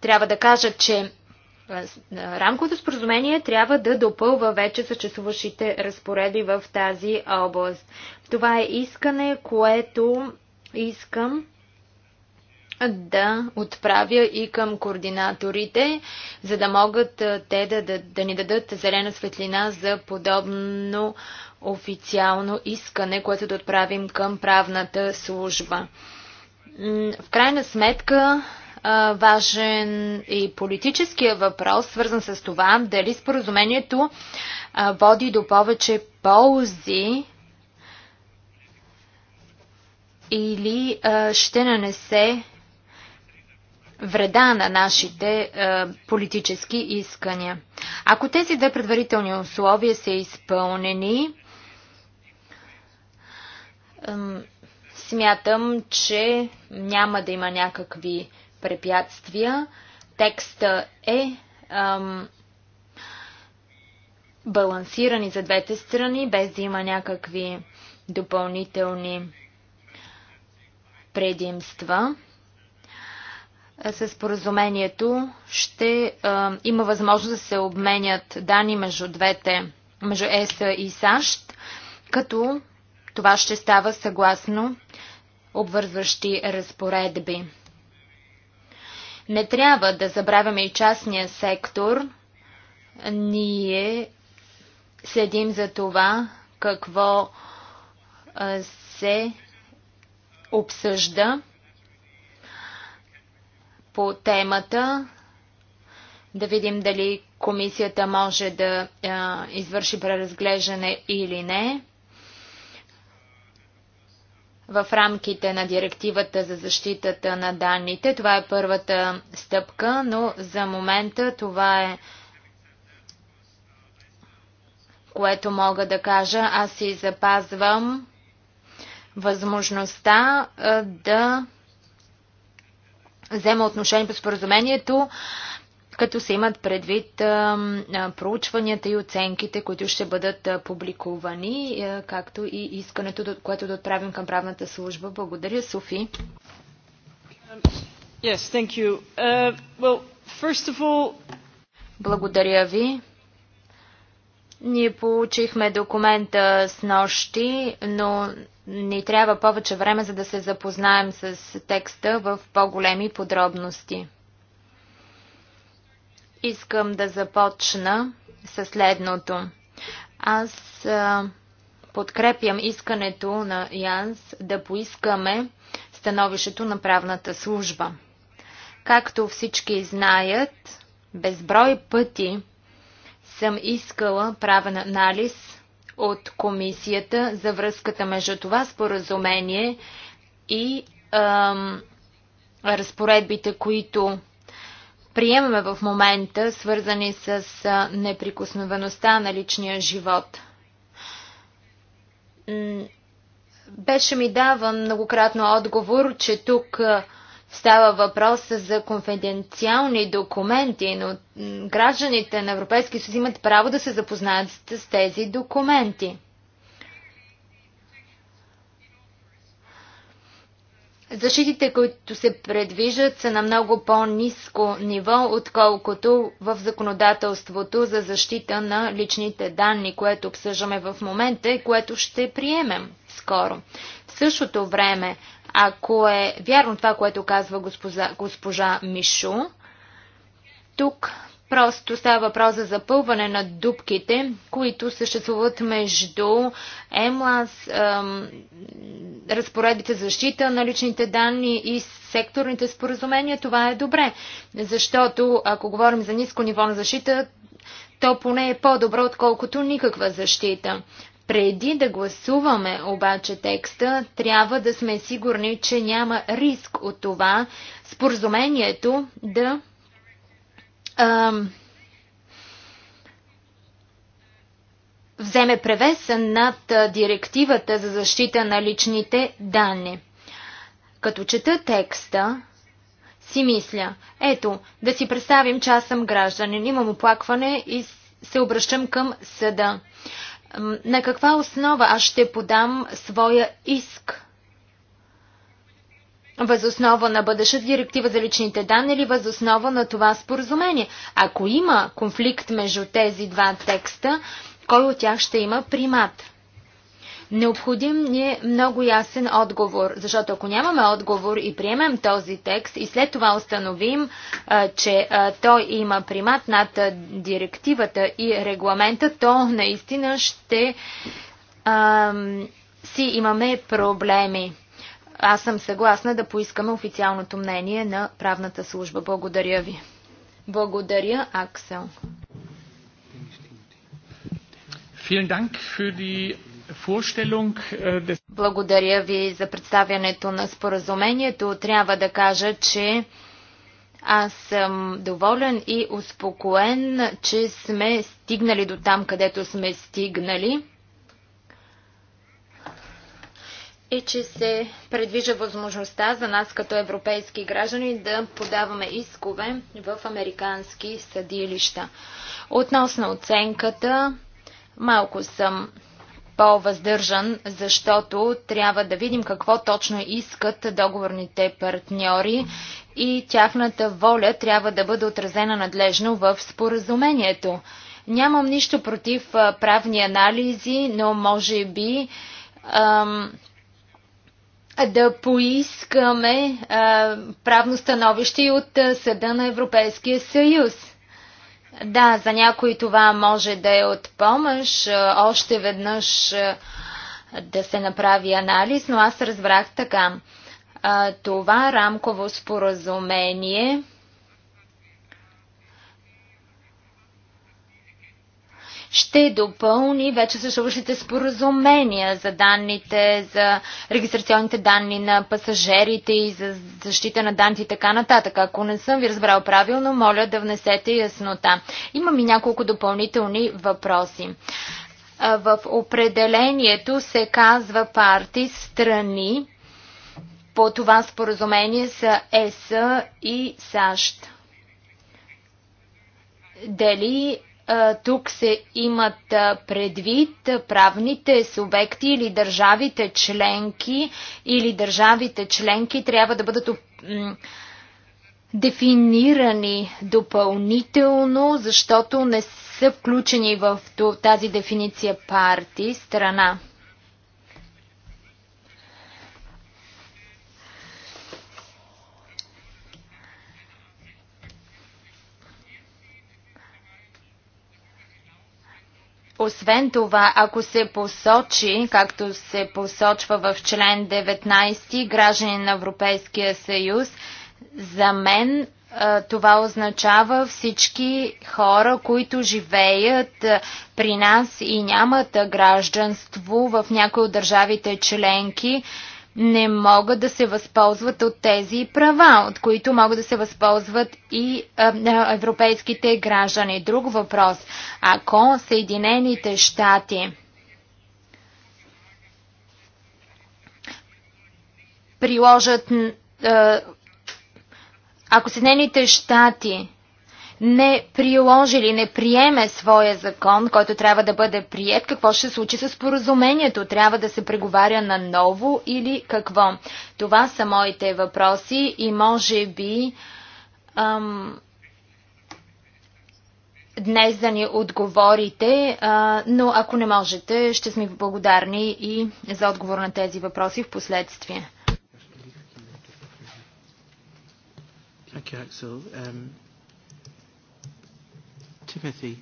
трябва да кажа, че рамковото споразумение трябва да допълва вече съществуващите разпореди в тази област. Това е искане, което искам да отправя и към координаторите, за да могат те да, да, да ни дадат зелена светлина за подобно официално искане, което да отправим към правната служба. В крайна сметка важен и политическия въпрос, свързан с това дали споразумението води до повече ползи или ще нанесе вреда на нашите политически искания. Ако тези две предварителни условия са изпълнени, смятам, че няма да има някакви препятствия. Текста е ам, балансиран и за двете страни, без да има някакви допълнителни предимства. С споразумението ще а, има възможност да се обменят данни между двете, между ЕС и САЩ, като това ще става съгласно обвързващи разпоредби. Не трябва да забравяме и частния сектор. Ние следим за това какво се обсъжда по темата. Да видим дали комисията може да извърши преразглеждане или не в рамките на директивата за защитата на данните. Това е първата стъпка, но за момента това е което мога да кажа. Аз си запазвам възможността да взема отношение по споразумението като се имат предвид проучванията и оценките, които ще бъдат публикувани, както и искането, което да отправим към правната служба. Благодаря, Софи. Yes, thank you. Uh, well, first of all... Благодаря ви. Ние получихме документа с нощи, но ни трябва повече време, за да се запознаем с текста в по-големи подробности. Искам да започна със следното. Аз а, подкрепям искането на Янс да поискаме становището на правната служба. Както всички знаят, безброй пъти съм искала правен анализ от комисията за връзката между това споразумение и ам, разпоредбите, които приемаме в момента, свързани с неприкосновеността на личния живот. Беше ми даван многократно отговор, че тук става въпрос за конфиденциални документи, но гражданите на Европейския съюз имат право да се запознаят с тези документи. Защитите, които се предвижат, са на много по-низко ниво, отколкото в законодателството за защита на личните данни, което обсъждаме в момента и което ще приемем скоро. В същото време, ако е вярно това, което казва госпожа, госпожа Мишу, тук Просто става въпрос за запълване на дубките, които съществуват между ЕМЛАС, ем, разпоредбите за защита на личните данни и секторните споразумения. Това е добре, защото ако говорим за ниско ниво на защита, то поне е по-добро, отколкото никаква защита. Преди да гласуваме обаче текста, трябва да сме сигурни, че няма риск от това споразумението да вземе превес над директивата за защита на личните данни. Като чета текста, си мисля, ето, да си представим, че аз съм гражданин, имам оплакване и се обръщам към съда. На каква основа аз ще подам своя иск? възоснова на бъдеща директива за личните данни или възоснова на това споразумение. Ако има конфликт между тези два текста, кой от тях ще има примат? Необходим ни е много ясен отговор, защото ако нямаме отговор и приемем този текст и след това установим, че той има примат над директивата и регламента, то наистина ще ам, си имаме проблеми. Аз съм съгласна да поискаме официалното мнение на правната служба. Благодаря ви. Благодаря, Аксел. Äh, Благодаря ви за представянето на споразумението. Трябва да кажа, че аз съм доволен и успокоен, че сме стигнали до там, където сме стигнали. е, че се предвижда възможността за нас като европейски граждани да подаваме искове в американски съдилища. Относно оценката, малко съм по-въздържан, защото трябва да видим какво точно искат договорните партньори и тяхната воля трябва да бъде отразена надлежно в споразумението. Нямам нищо против правни анализи, но може би ам, да поискаме а, правно становище от Съда на Европейския съюз. Да, за някои това може да е от помощ, още веднъж да се направи анализ, но аз разбрах така. Това рамково споразумение ще допълни вече съществуващите споразумения за данните, за регистрационните данни на пасажерите и за защита на данните и така нататък. Ако не съм ви разбрал правилно, моля да внесете яснота. Имам и няколко допълнителни въпроси. В определението се казва парти, страни, по това споразумение са ЕС и САЩ. Дали тук се имат предвид правните субекти или държавите членки или държавите членки трябва да бъдат дефинирани допълнително, защото не са включени в тази дефиниция партии страна. Освен това, ако се посочи, както се посочва в член 19, граждани на Европейския съюз, за мен това означава всички хора, които живеят при нас и нямат гражданство в някои от държавите членки, не могат да се възползват от тези права, от които могат да се възползват и а, европейските граждани. Друг въпрос. Ако Съединените щати приложат. А, ако Съединените щати не приложи или не приеме своя закон, който трябва да бъде прият, какво ще случи с споразумението? Трябва да се преговаря на ново или какво? Това са моите въпроси и може би ам, днес да ни отговорите, а, но ако не можете, ще сме благодарни и за отговор на тези въпроси в последствие. Okay, Axel. Um, Timothy.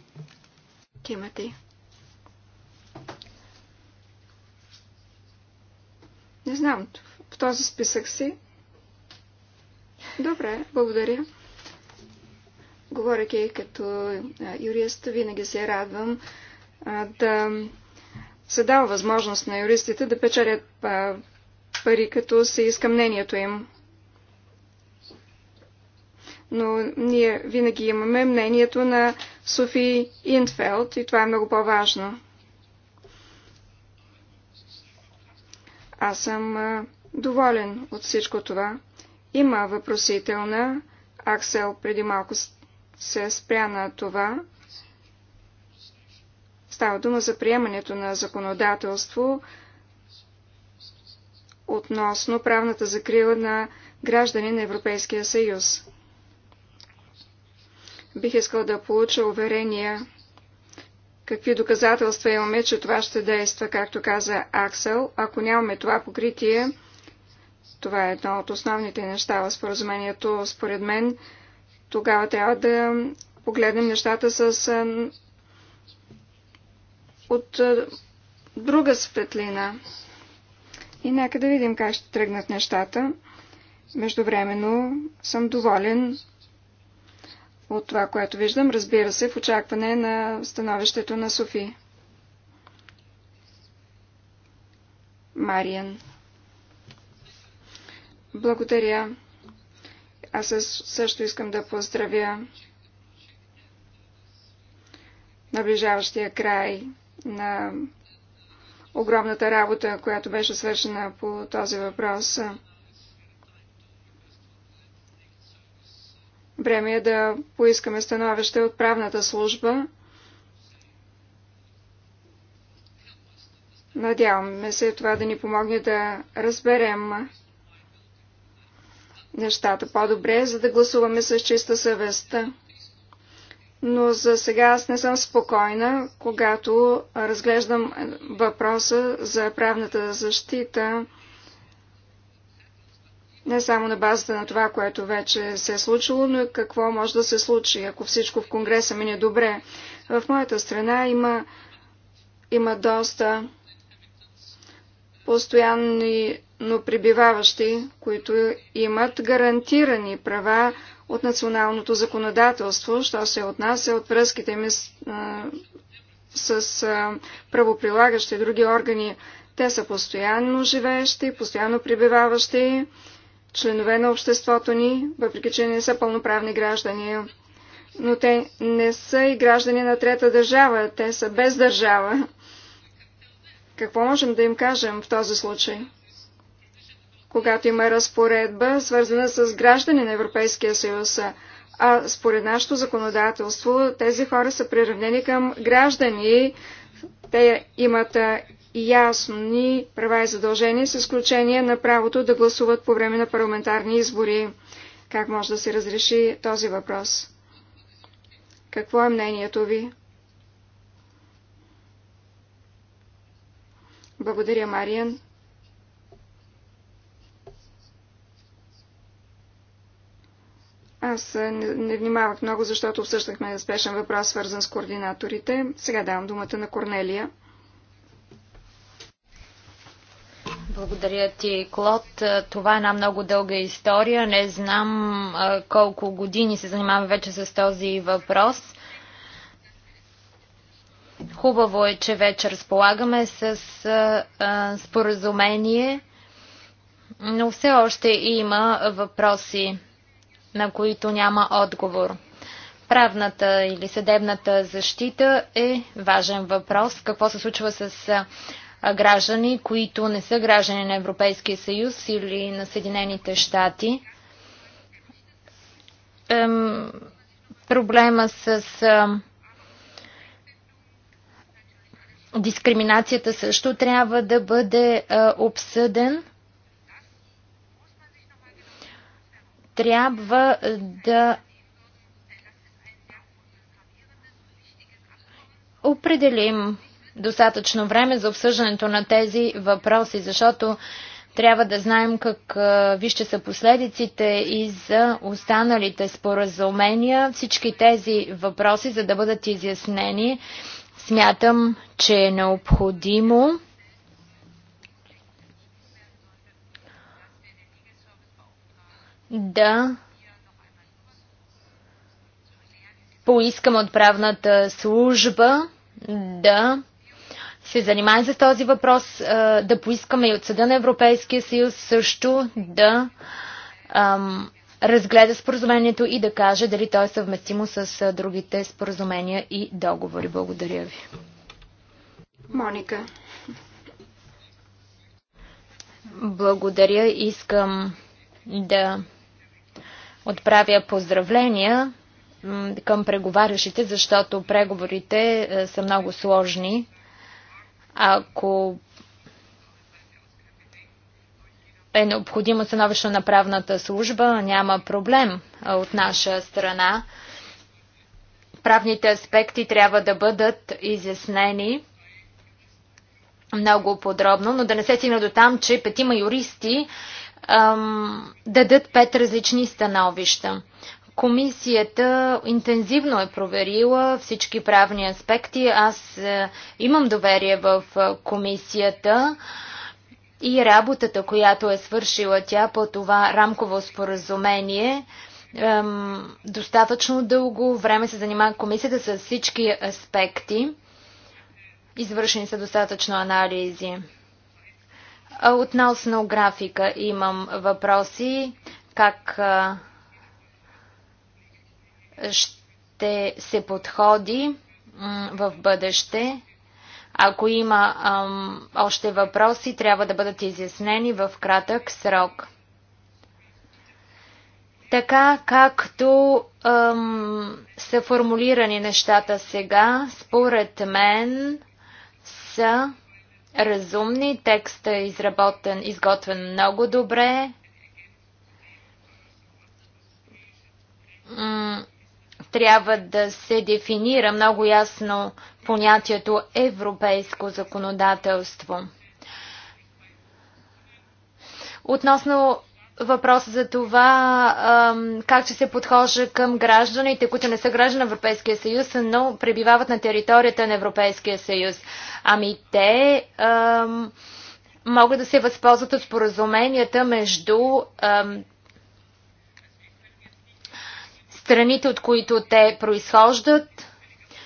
Timothy. Не знам, в този списък си. Добре, благодаря. Говоряки като юрист, винаги се радвам да се дава възможност на юристите да печелят пари, като се иска мнението им но ние винаги имаме мнението на Софи Интфелд и това е много по-важно. Аз съм доволен от всичко това. Има въпросителна. Аксел преди малко се спря на това. Става дума за приемането на законодателство относно правната закрила на граждани на Европейския съюз. Бих искал да получа уверения какви доказателства имаме, че това ще действа, както каза Аксел. Ако нямаме това покритие, това е едно от основните неща в споразумението, според мен, тогава трябва да погледнем нещата с от друга светлина. И нека да видим как ще тръгнат нещата. Междувременно съм доволен от това, което виждам, разбира се, в очакване на становището на Софи. Мариан. Благодаря. Аз също искам да поздравя наближаващия край на огромната работа, която беше свършена по този въпрос. Време е да поискаме становище от правната служба. Надяваме се това да ни помогне да разберем нещата по-добре, за да гласуваме с чиста съвест. Но за сега аз не съм спокойна, когато разглеждам въпроса за правната защита не само на базата на това, което вече се е случило, но и какво може да се случи, ако всичко в Конгреса мине добре. В моята страна има, има доста постоянни но прибиваващи, които имат гарантирани права от националното законодателство, що се отнася от връзките ми с, а, с а, правоприлагащи други органи. Те са постоянно живеещи, постоянно прибиваващи членове на обществото ни, въпреки че не са пълноправни граждани. Но те не са и граждани на трета държава, те са без държава. Какво можем да им кажем в този случай? Когато има разпоредба, свързана с граждани на Европейския съюз, а според нашето законодателство тези хора са приравнени към граждани, те имат ясни права и задължения, с изключение на правото да гласуват по време на парламентарни избори. Как може да се разреши този въпрос? Какво е мнението ви? Благодаря, Мариан. Аз е, не, внимавах много, защото обсъщахме спешен въпрос, свързан с координаторите. Сега давам думата на Корнелия. Благодаря ти, Клод. Това е една много дълга история. Не знам колко години се занимавам вече с този въпрос. Хубаво е, че вече разполагаме с споразумение, но все още има въпроси, на които няма отговор. Правната или съдебната защита е важен въпрос. Какво се случва с граждани, които не са граждани на Европейския съюз или на Съединените щати. проблема с дискриминацията също трябва да бъде обсъден. Трябва да определим достатъчно време за обсъждането на тези въпроси, защото трябва да знаем какви ще са последиците и за останалите споразумения. Всички тези въпроси, за да бъдат изяснени, смятам, че е необходимо да поискам от правната служба да се занимаем за този въпрос, да поискаме и от Съда на Европейския съюз също да ам, разгледа споразумението и да каже дали то е съвместимо с другите споразумения и договори. Благодаря ви. Моника. Благодаря. Искам да отправя поздравления към преговарящите, защото преговорите са много сложни. Ако е необходимо становище на правната служба, няма проблем от наша страна. Правните аспекти трябва да бъдат изяснени много подробно, но да не се стигне до там, че петима юристи дадат пет различни становища. Комисията интензивно е проверила всички правни аспекти. Аз е, имам доверие в е, комисията и работата, която е свършила тя по това рамково споразумение. достатъчно дълго време се занимава комисията с всички аспекти. Извършени са достатъчно анализи. Относно графика имам въпроси. Как е, ще се подходи в бъдеще. Ако има ам, още въпроси, трябва да бъдат изяснени в кратък срок. Така както ам, са формулирани нещата сега, според мен са разумни. Текстът е изработен, изготвен много добре. М трябва да се дефинира много ясно понятието европейско законодателство. Относно въпроса за това как ще се подхожа към гражданите, които не са граждани на Европейския съюз, но пребивават на територията на Европейския съюз. Ами те могат да се възползват от споразуменията между страните, от които те произхождат,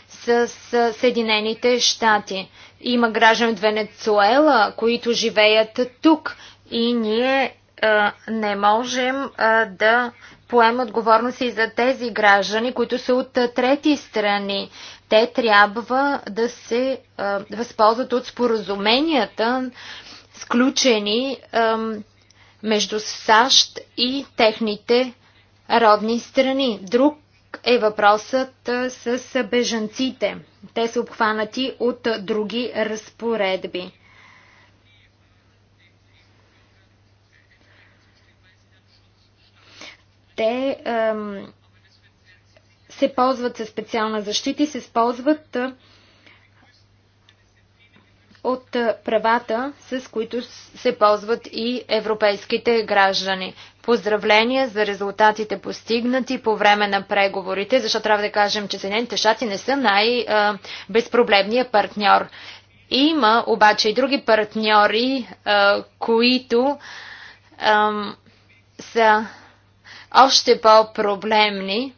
с Съединените щати. Има граждани от Венецуела, които живеят тук и ние а, не можем а, да поемем отговорност и за тези граждани, които са от а, трети страни. Те трябва да се а, възползват от споразуменията, сключени а, между САЩ и техните родни страни. Друг е въпросът с бежанците. Те са обхванати от други разпоредби. Те ем, се ползват със специална защита и се използват от е, правата, с които се ползват и европейските граждани. Поздравления за резултатите постигнати по време на преговорите, защото трябва да кажем, че Съединените щати не са най-безпроблемният партньор. Има обаче и други партньори, е, които са още по-проблемни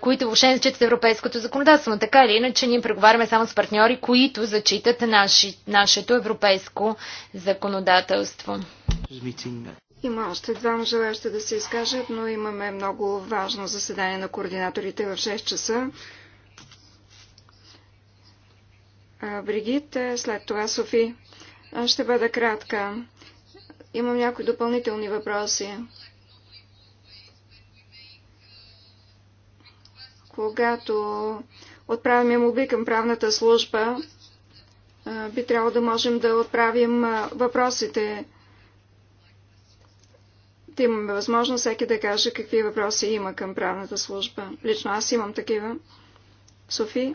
които въобще не зачитат европейското законодателство. Но така или иначе ние преговаряме само с партньори, които зачитат наши, нашето европейско законодателство. Има още двама желаящи да се изкажат, но имаме много важно заседание на координаторите в 6 часа. Бригит, след това Софи. Ще бъда кратка. Имам някои допълнителни въпроси. когато отправяме моби към правната служба, би трябвало да можем да отправим въпросите. Да имаме възможност всеки да каже какви въпроси има към правната служба. Лично аз имам такива. Софи?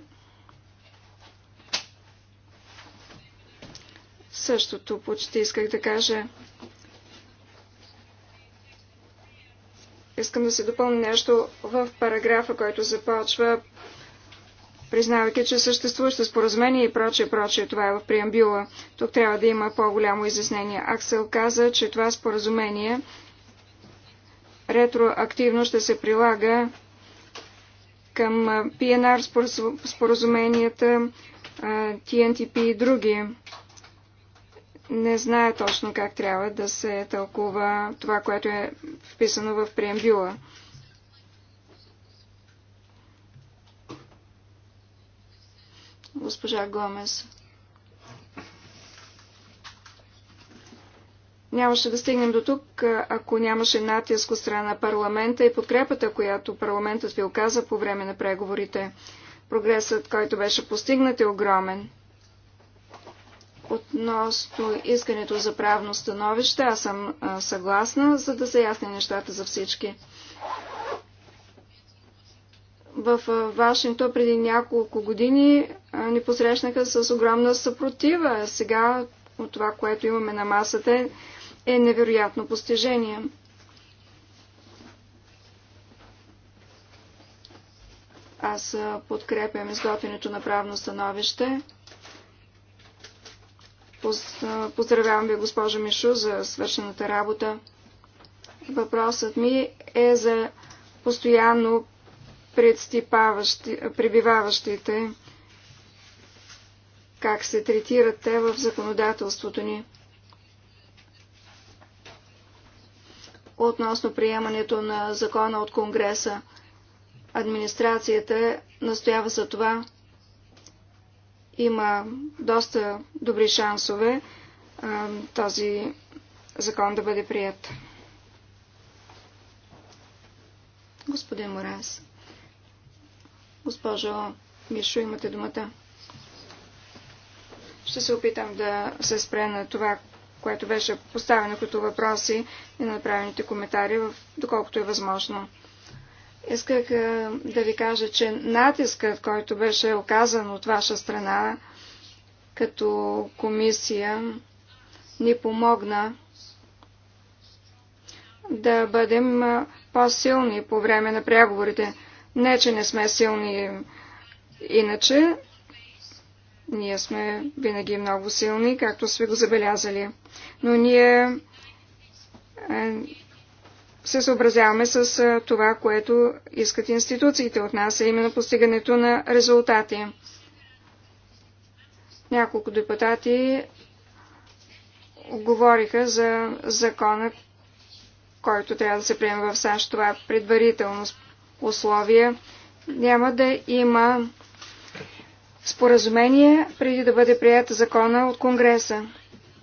Същото почти исках да кажа. Искам да се допълня нещо в параграфа, който започва признавайки, че съществуващо споразумение и прочее, прочее, това е в преамбюла. Тук трябва да има по-голямо изяснение. Аксел каза, че това споразумение ретроактивно ще се прилага към PNR споразуменията, TNTP и други не знае точно как трябва да се тълкува това, което е вписано в преембюла. Госпожа Гомес. Нямаше да стигнем до тук, ако нямаше натиск от страна на парламента и подкрепата, която парламентът ви оказа по време на преговорите. Прогресът, който беше постигнат, е огромен. Относно искането за правно становище, аз съм съгласна, за да се ясни нещата за всички. В Вашингтон преди няколко години ни посрещнаха с огромна съпротива. Сега от това, което имаме на масата, е невероятно постижение. Аз подкрепям изготвянето на правно становище. Поздравявам ви, госпожа Мишу, за свършената работа. Въпросът ми е за постоянно пребиваващите, как се третират те в законодателството ни. Относно приемането на закона от Конгреса, администрацията настоява за това има доста добри шансове а, този закон да бъде прият. Господин Морас, госпожо Мишо, имате думата. Ще се опитам да се спре на това, което беше поставено като въпроси и на направените коментари, доколкото е възможно. Исках е, да ви кажа, че натискът, който беше оказан от ваша страна като комисия, ни помогна да бъдем е, по-силни по време на преговорите. Не, че не сме силни иначе. Ние сме винаги много силни, както сме го забелязали. Но ние е, се съобразяваме с това, което искат институциите от нас, а именно постигането на резултати. Няколко депутати говориха за закона, който трябва да се приеме в САЩ. Това е предварително условие. Няма да има споразумение преди да бъде прият закона от Конгреса.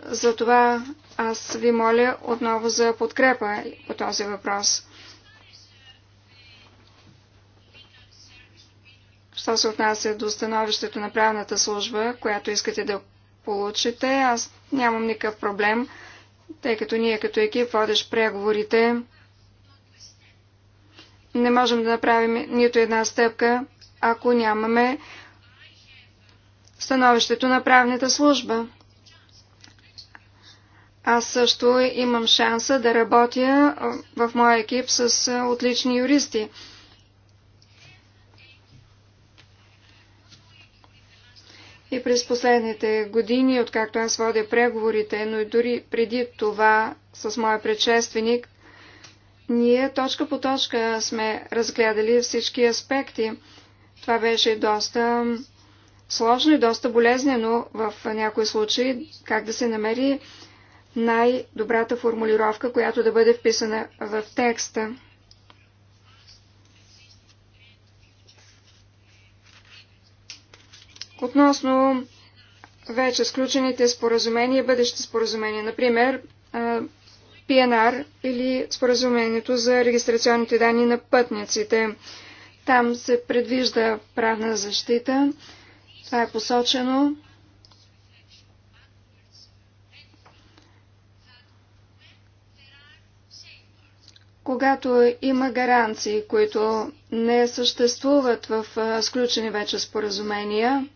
Затова аз ви моля отново за подкрепа по този въпрос. Що се отнася до становището на правната служба, която искате да получите, аз нямам никакъв проблем, тъй като ние като екип водиш преговорите. Не можем да направим нито една стъпка, ако нямаме становището на правната служба. Аз също имам шанса да работя в моя екип с отлични юристи. И през последните години, откакто аз водя преговорите, но и дори преди това с моя предшественик, ние точка по точка сме разгледали всички аспекти. Това беше доста сложно и доста болезнено в някои случаи, как да се намери най-добрата формулировка, която да бъде вписана в текста. Относно вече сключените споразумения, бъдещи споразумения, например ПНР или споразумението за регистрационните данни на пътниците. Там се предвижда правна защита. Това е посочено. когато има гаранции, които не съществуват в сключени вече споразумения,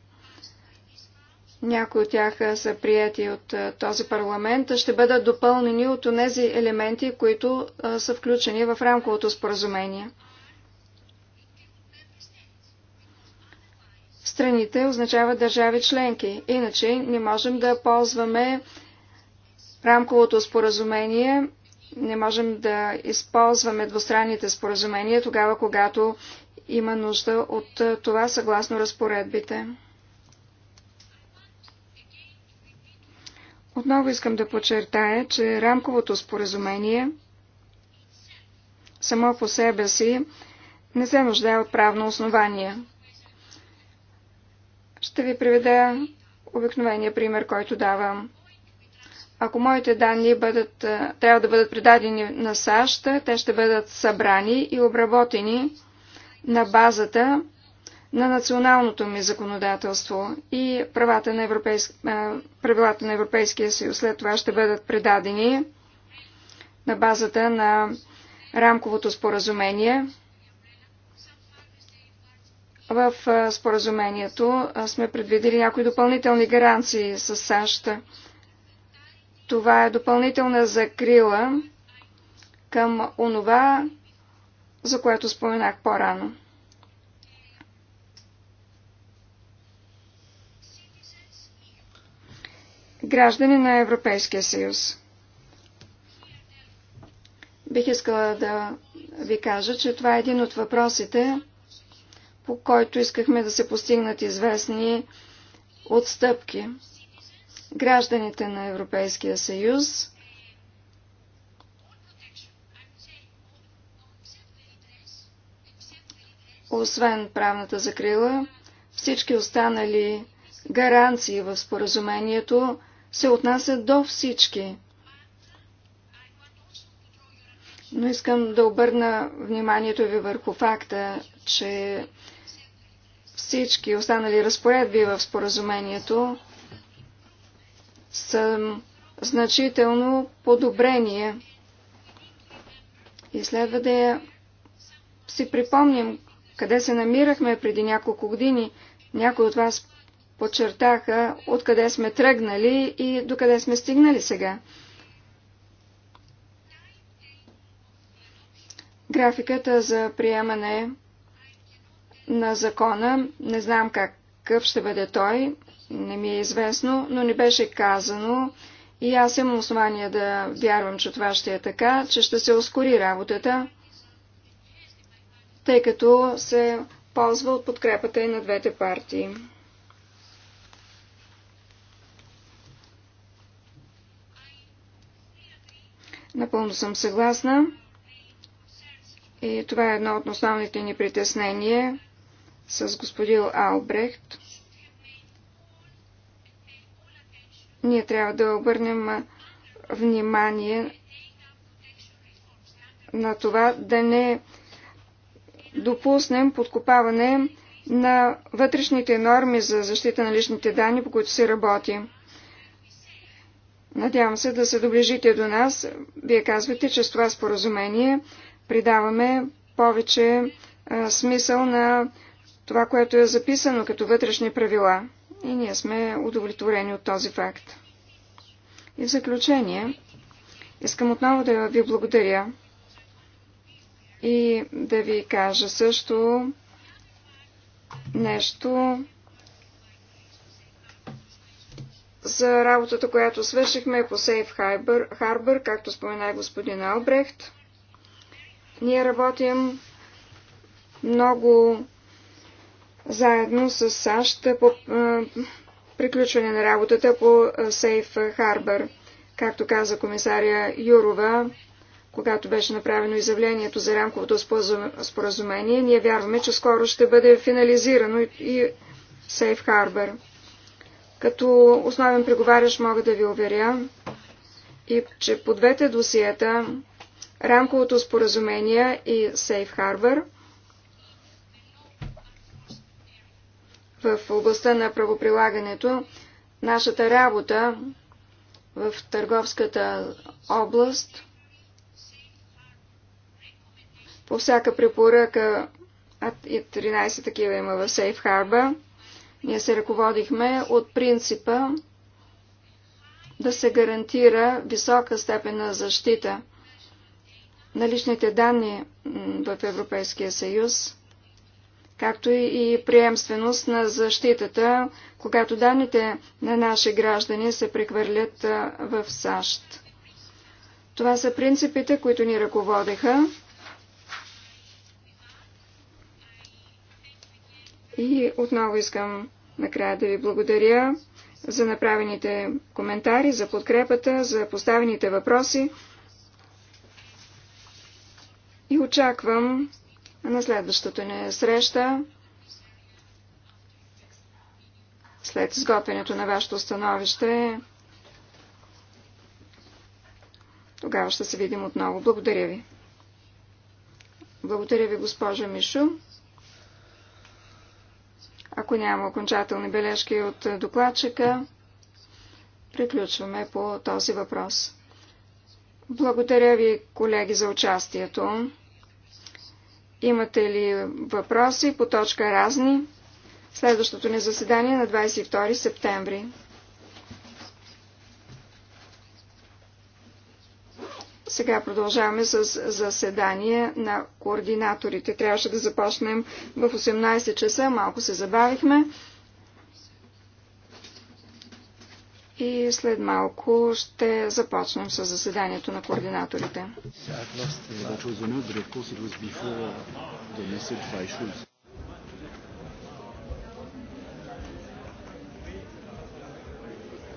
някои от тях са прияти от този парламент, ще бъдат допълнени от тези елементи, които са включени в рамковото споразумение. Страните означават държави членки, иначе не можем да ползваме рамковото споразумение не можем да използваме двустранните споразумения тогава, когато има нужда от това съгласно разпоредбите. Отново искам да подчертая, че рамковото споразумение само по себе си не се нуждае от правно основание. Ще ви приведа обикновения пример, който давам. Ако моите данни бъдат, е, трябва да бъдат предадени на САЩ, те ще бъдат събрани и обработени на базата на националното ми законодателство и правата на европейск... Е, правилата на Европейския съюз. След това ще бъдат предадени на базата на рамковото споразумение. В е, споразумението сме предвидели някои допълнителни гаранции с САЩ. Това е допълнителна закрила към онова, за което споменах по-рано. Граждани на Европейския съюз. Бих искала да ви кажа, че това е един от въпросите, по който искахме да се постигнат известни отстъпки гражданите на Европейския съюз. Освен правната закрила, всички останали гаранции в споразумението се отнасят до всички. Но искам да обърна вниманието ви върху факта, че всички останали разпоредби в споразумението са значително подобрение. И следва да я си припомним къде се намирахме преди няколко години. Някои от вас подчертаха откъде сме тръгнали и докъде сме стигнали сега. Графиката за приемане на закона, не знам какъв ще бъде той, не ми е известно, но не беше казано и аз имам основание да вярвам, че това ще е така, че ще се ускори работата, тъй като се ползва от подкрепата и на двете партии. Напълно съм съгласна. И това е едно от основните ни притеснения с господин Албрехт. Ние трябва да обърнем внимание на това да не допуснем подкопаване на вътрешните норми за защита на личните данни, по които се работи. Надявам се да се доближите до нас. Вие казвате, че с това споразумение придаваме повече а, смисъл на това, което е записано като вътрешни правила. И ние сме удовлетворени от този факт. И в заключение, искам отново да ви благодаря и да ви кажа също нещо за работата, която свършихме по Сейф Harbor, както спомена господин Албрехт. Ние работим много заедно с САЩ по приключване на работата по Сейф Харбър. Както каза комисаря Юрова, когато беше направено изявлението за рамковото споразумение, ние вярваме, че скоро ще бъде финализирано и Сейф Харбър. Като основен преговарящ мога да ви уверя, и че по двете досиета, рамковото споразумение и Сейф Харбър – в областта на правоприлагането, нашата работа в търговската област по всяка препоръка, а 13 такива има в Сейф Харба, ние се ръководихме от принципа да се гарантира висока степен на защита на личните данни в Европейския съюз както и приемственост на защитата, когато данните на наши граждани се прехвърлят в САЩ. Това са принципите, които ни ръководеха. И отново искам накрая да ви благодаря за направените коментари, за подкрепата, за поставените въпроси. И очаквам на следващата ни среща, след изготвянето на вашето становище, тогава ще се видим отново. Благодаря ви. Благодаря ви, госпожа Мишу. Ако няма окончателни бележки от докладчика, приключваме по този въпрос. Благодаря ви, колеги, за участието. Имате ли въпроси по точка разни? Следващото ни заседание е на 22 септември. Сега продължаваме с заседание на координаторите. Трябваше да започнем в 18 часа, малко се забавихме. и след малко ще започнем с заседанието на координаторите.